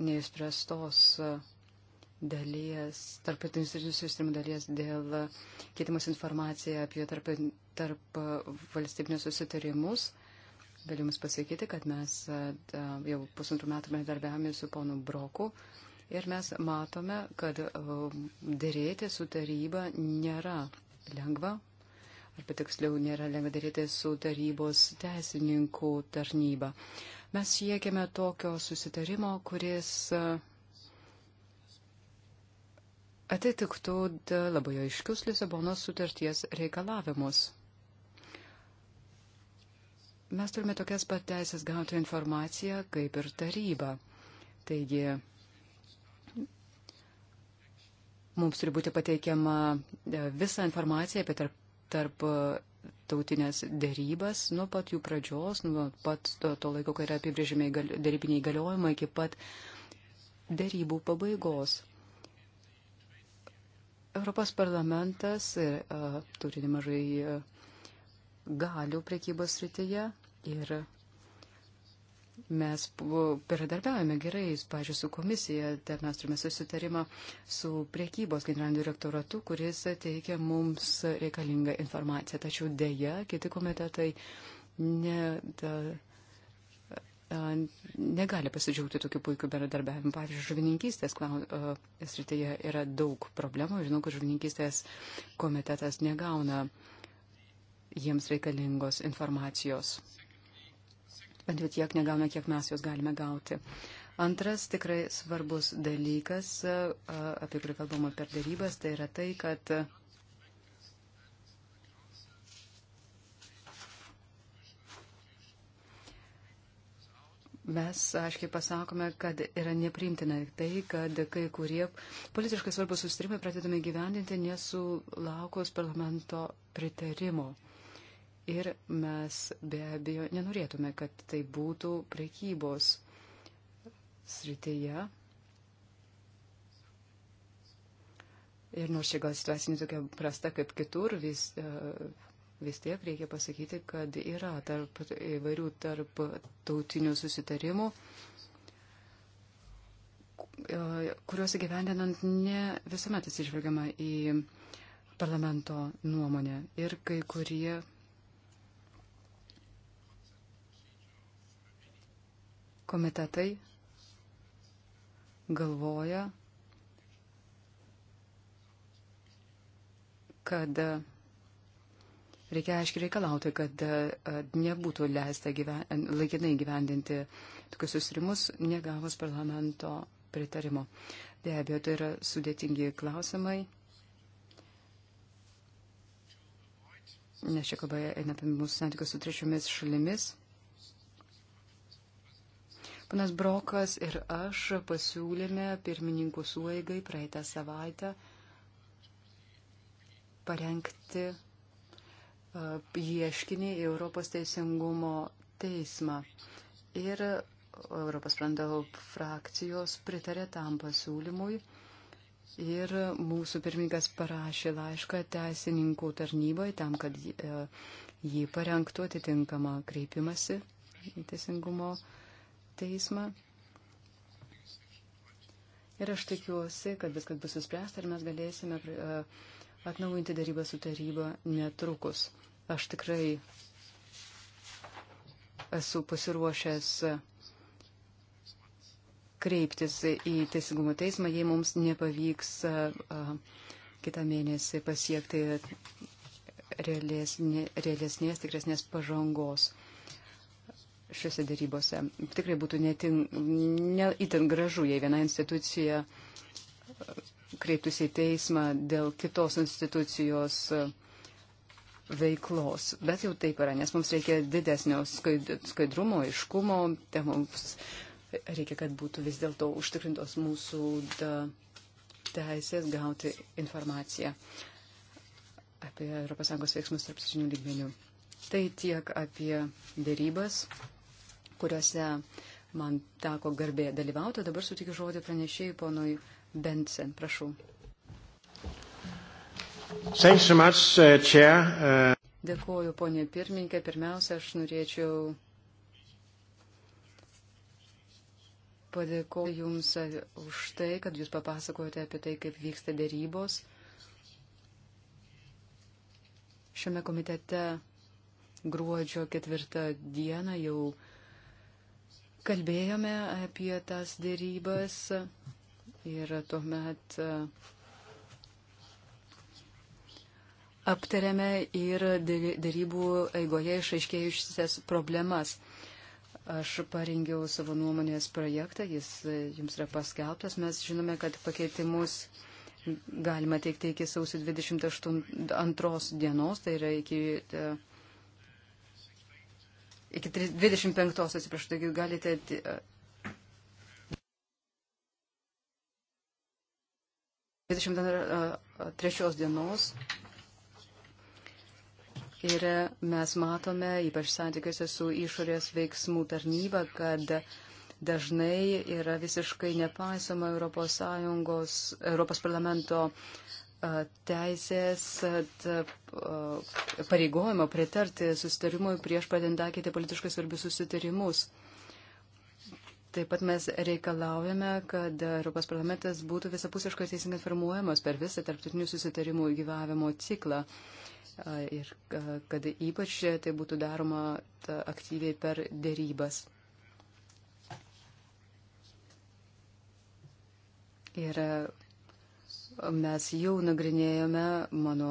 neįspręstos dalies, tarp institucijų dalies dėl keitimus informaciją apie tarp, tarp valstybinius susitarimus. Galiu Jums pasakyti, kad mes jau pusantrų metų bendarbiavame su ponu Broku Ir mes matome, kad um, dėrėti su taryba nėra lengva, arba tiksliau nėra lengva dėrėti su tarybos teisininkų tarnyba. Mes siekiame tokio susitarimo, kuris uh, atitiktų labai aiškius Lisabonos sutarties reikalavimus. Mes turime tokias pat teisės gauti informaciją kaip ir taryba. Taigi, Mums turi būti pateikiama e, visa informacija apie tarp, tarp e, tautinės dėrybas nuo pat jų pradžios, nuo pat to, to laiko, kai yra apibrėžimi dėrybiniai įgaliojimai, iki pat dėrybų pabaigos. Europos parlamentas uh, turi nemažai uh, galių prekybos rytyje ir uh, Mes bendradarbiavame gerai, pažiūrėjau, su komisija, ten mes turime susitarimą su priekybos generaliniu direktoratu, kuris teikia mums reikalingą informaciją. Tačiau dėja, kiti komitetai ne, da, negali pasidžiaugti tokiu puikiu bendradarbiavimu. Pavyzdžiui, žuvininkystės srityje yra daug problemų. Žinau, kad žuvininkystės komitetas negauna jiems reikalingos informacijos bent jau tiek negauna, kiek mes juos galime gauti. Antras tikrai svarbus dalykas, apie kurį kalbama per darybas, tai yra tai, kad mes aiškiai pasakome, kad yra nepriimtina tai, kad kai kurie politiškai svarbus sustarimai pradedami gyvendinti nesulaukus parlamento pritarimo. Ir mes be abejo nenorėtume, kad tai būtų prekybos srityje. Ir nors čia gal situacija netokia prasta kaip kitur, vis, e, vis tiek reikia pasakyti, kad yra tarp įvairių tarp tautinių susitarimų, e, kuriuos įgyvendinant ne visuomet atsižvelgiama į parlamento nuomonę. Ir kai kurie komitetai galvoja, kad reikia aiškiai reikalauti, kad e, nebūtų leista gyven, laikinai gyvendinti tokius susirimus, negavus parlamento pritarimo. Be abejo, tai yra sudėtingi klausimai, nes čia kalba eina apie mūsų santykius su trečiomis šalimis. Panas Brokas ir aš pasiūlėme pirmininkų suėgai praeitą savaitę parengti e, ieškinį į Europos teisingumo teismą. Ir Europos sprendavo frakcijos pritarė tam pasiūlymui. Ir mūsų pirmininkas parašė laišką teisininkų tarnybai tam, kad e, jį parengtų atitinkamą kreipimąsi į teisingumo teismą teismą. Ir aš tikiuosi, kad viskas bus įspręsta ir mes galėsime e, atnaujinti darybą su taryba netrukus. Aš tikrai esu pasiruošęs kreiptis į Teisingumo teismą, jei mums nepavyks e, e, kitą mėnesį pasiekti realesnės, tikresnės pažangos šiuose darybose. Tikrai būtų neįtin gražu, jei viena institucija e, kreiptųsi į teismą dėl kitos institucijos e, veiklos. Bet jau taip yra, nes mums reikia didesnio skaidrumo, iškumo, tai mums reikia, kad būtų vis dėlto užtikrintos mūsų da, teisės gauti informaciją apie ES veiksmus tarptautinių lygmenių. Tai tiek apie dėrybas kuriuose man teko garbė dalyvauti. Dabar sutikiu žodį pranešėjai ponui Bensen. Prašau. So much, uh, chair, uh... Dėkuoju, ponė pirmininkė. Pirmiausia, aš norėčiau padėkoti Jums uh, už tai, kad Jūs papasakojate apie tai, kaip vyksta dėrybos. Šiame komitete gruodžio ketvirtą dieną jau uh, kalbėjome apie tas dėrybas ir tuomet e, aptarėme ir dėrybų eigoje išaiškėjusias problemas. Aš parengiau savo nuomonės projektą, jis e, jums yra paskelbtas, mes žinome, kad pakeitimus galima teikti iki sausio 28 dienos, tai yra iki. Uh, iki 25, atsiprašau, taigi galite. trečios dienos ir mes matome, ypač santykiuose su išorės veiksmų tarnyba, kad dažnai yra visiškai nepaisoma Europos, Sąjungos, Europos parlamento uh, teisės pareigojimo pritarti susitarimui prieš padendakyti politiškai svarbius susitarimus. Taip pat mes reikalaujame, kad Europos parlamentas būtų visapusiškai teisingai informuojamas per visą tarptautinių susitarimų gyvavimo ciklą. Ir kad ypač tai būtų daroma ta, aktyviai per dėrybas. Ir Mes jau nagrinėjome mano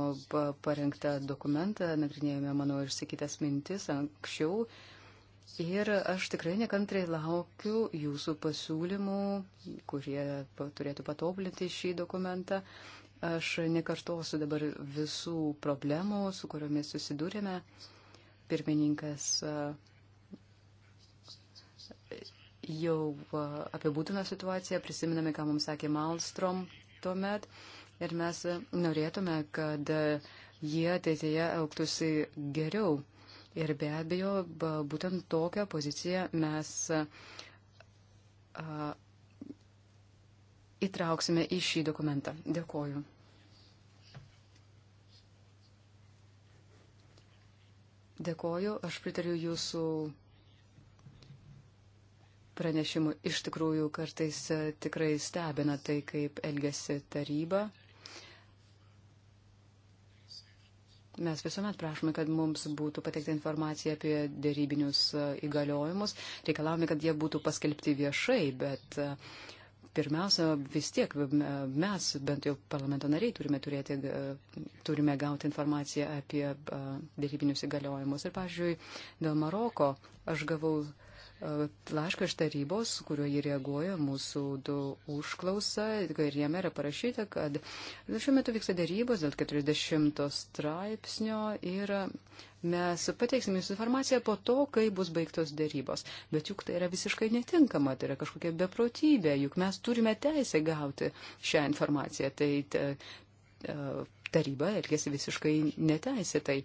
parengtą dokumentą, nagrinėjome mano išsakytas mintis anksčiau ir aš tikrai nekantrai laukiu jūsų pasiūlymų, kurie turėtų patobulinti šį dokumentą. Aš nekartosiu dabar visų problemų, su kuriomis susidūrėme. Pirmininkas e, jau e, apibūdino situaciją, prisiminame, ką mums sakė Malstrom tuomet ir mes norėtume, kad jie ateityje elgtųsi geriau. Ir be abejo, būtent tokią poziciją mes a, įtrauksime į šį dokumentą. Dėkoju. Dėkoju, aš pritariu jūsų pranešimu. Iš tikrųjų, kartais e, tikrai stebina tai, kaip elgesi taryba. Mes visuomet prašome, kad mums būtų pateikta informacija apie dėrybinius e, įgaliojimus. Reikalavome, kad jie būtų paskelbti viešai, bet e, pirmiausia, vis tiek mes, bent jau parlamento nariai, turime, turėti, turime gauti informaciją apie dėrybinius įgaliojimus. Ir, pavyzdžiui, dėl Maroko aš gavau laišką iš tarybos, kuriuo jį reaguoja mūsų du užklausą ir jame yra parašyta, kad šiuo metu vyksta darybos dėl 40 straipsnio ir mes pateiksime jums informaciją po to, kai bus baigtos darybos. Bet juk tai yra visiškai netinkama, tai yra kažkokia beprotybė, juk mes turime teisę gauti šią informaciją. Tai ta, e, e, taryba elgėsi visiškai neteisėtai.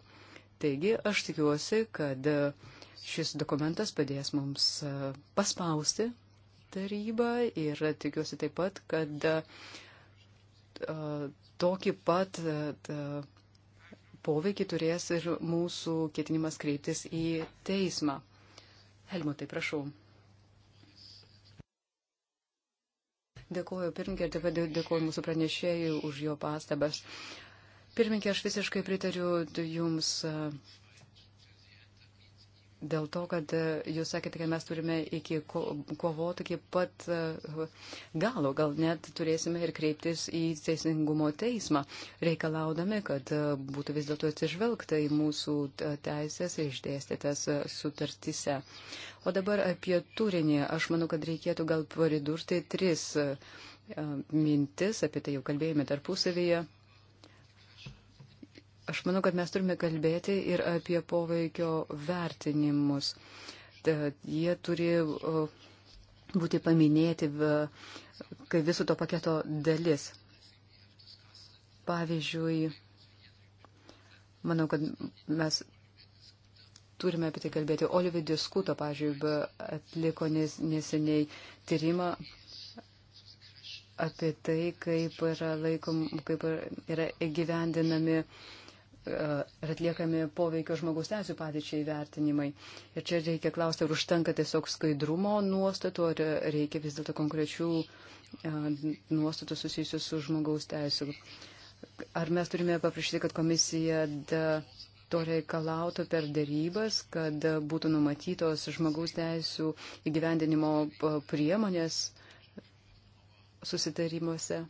Taigi aš tikiuosi, kad uh, Šis dokumentas padės mums e, paspausti tarybą ir tikiuosi taip pat, kad e, e, tokį pat poveikį turės ir mūsų ketinimas kreiptis į teismą. Helmutai, prašau. Dėkuoju pirmininkė ir taip pat dėkuoju mūsų pranešėjui už jo pastabas. Pirmininkė, aš visiškai pritariu jums. Uh, Dėl to, kad e, jūs sakėte, kad mes turime iki kovoti iki pat e, galo, gal net turėsime ir kreiptis į teisingumo teismą, reikalaudami, kad e, būtų vis dėlto atsižvelgta į mūsų teisės išdėstytas sutartise. O dabar apie turinį. Aš manau, kad reikėtų gal pridurti tris mintis, apie tai jau kalbėjome tarpusavyje. Aš manau, kad mes turime kalbėti ir apie poveikio vertinimus. Tad jie turi būti paminėti kaip viso to paketo dalis. Pavyzdžiui, manau, kad mes turime apie tai kalbėti. Olivi Diskuto, pavyzdžiui, atliko neseniai tyrimą apie tai, kaip yra, laikom, kaip yra įgyvendinami uh, ir atliekami poveikio žmogus teisų padėčiai vertinimai. Ir čia reikia klausti, ar užtenka tiesiog skaidrumo nuostatų, ar reikia vis dėlto konkrečių e, nuostatų susijusių su žmogaus teisų. Ar mes turime paprašyti, kad komisija da, to reikalautų per dėrybas, kad būtų numatytos žmogaus teisų įgyvendinimo e, priemonės susitarimuose?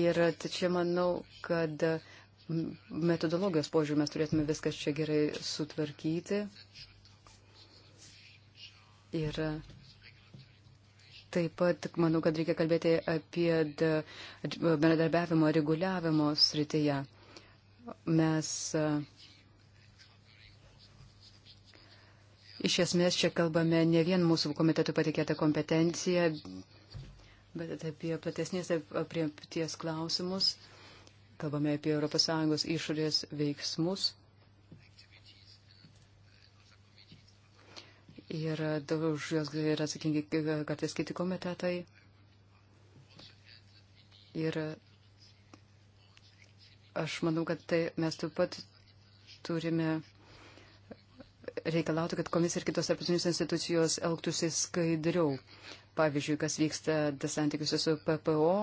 Ir čia manau, kad metodologijos požiūrį mes turėtume viskas čia gerai sutvarkyti. Ir taip pat manau, kad reikia kalbėti apie bendradarbiavimo reguliavimo srityje. Mes e, iš esmės čia kalbame ne vien mūsų komitetų patikėtą kompetenciją, bet apie platesnės apriepties klausimus. Kalbame apie ES išorės veiksmus. Ir už juos yra atsakingi kartais kiti komitetai. Ir aš manau, kad tai mes taip pat turime reikalauti, kad komisija ir kitos tarptautinės institucijos elgtųsi skaidriau pavyzdžiui, kas vyksta santykiuose su PPO.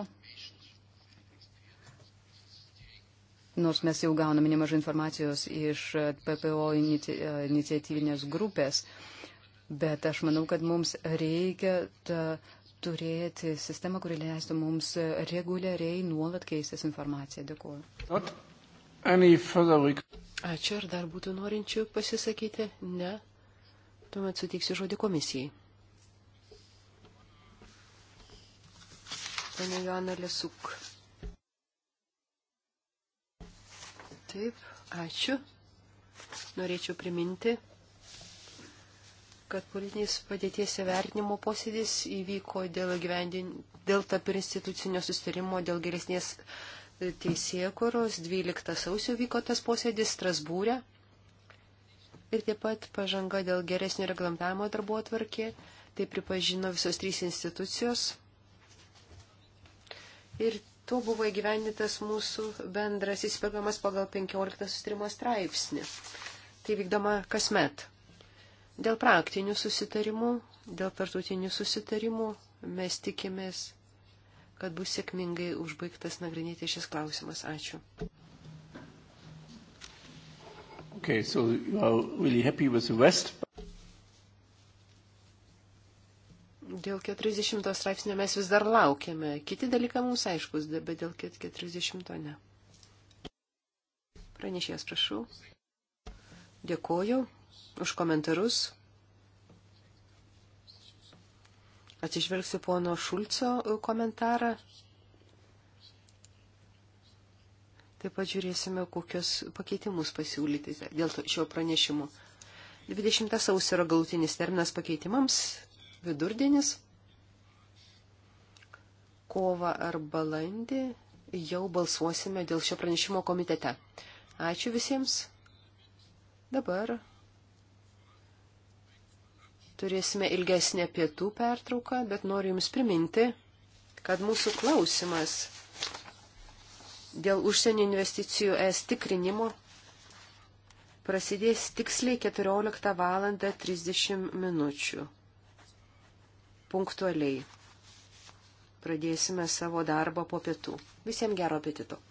Nors mes jau gauname nemažai informacijos iš PPO inici iniciatyvinės grupės, bet aš manau, kad mums reikia ta, turėti sistemą, kuri leistų mums reguliariai nuolat keistis informaciją. Dėkuoju. Ačiū, ar dar būtų norinčių pasisakyti? Ne. Tuomet suteiksiu žodį komisijai. ponė Joana Lesuk. Taip, ačiū. Norėčiau priminti, kad politinis padėties įvertinimo posėdis įvyko dėl, gyvendin... dėl tarp institucinio sustarimo, dėl geresnės e, teisėkuros. 12 sausio vyko tas posėdis Strasbūrė. Ir taip pat pažanga dėl geresnio reglamentavimo darbo atvarkė. Tai pripažino visos trys institucijos ir tuo buvo įgyvendintas mūsų bendras įspėgamas pagal 15 sustrimo straipsnį. Tai vykdoma kasmet. Dėl praktinių susitarimų, dėl tartutinių susitarimų mes tikimės, kad bus sėkmingai užbaigtas nagrinėti šis klausimas. Ačiū. Okay, so you are really happy with the West. Dėl 40 straipsnio mes vis dar laukiame. Kiti dalykai mums aiškus, bet dėl 40 ne. Pranešėjas, prašau. Dėkoju už komentarus. Atsižvelgsiu pono Šulco e, komentarą. Taip pat žiūrėsime, kokios pakeitimus pasiūlyti dėl šio pranešimo. 20 sausio yra galutinis terminas pakeitimams, vidurdienis, kovą ar balandį jau balsuosime dėl šio pranešimo komitete. Ačiū visiems. Dabar turėsime ilgesnę pietų pertrauką, bet noriu Jums priminti, kad mūsų klausimas dėl užsienio investicijų es tikrinimo prasidės tiksliai 14 val. 30 minučių punktualiai. Pradėsime savo darbą po pietų. Visiems gero apetito.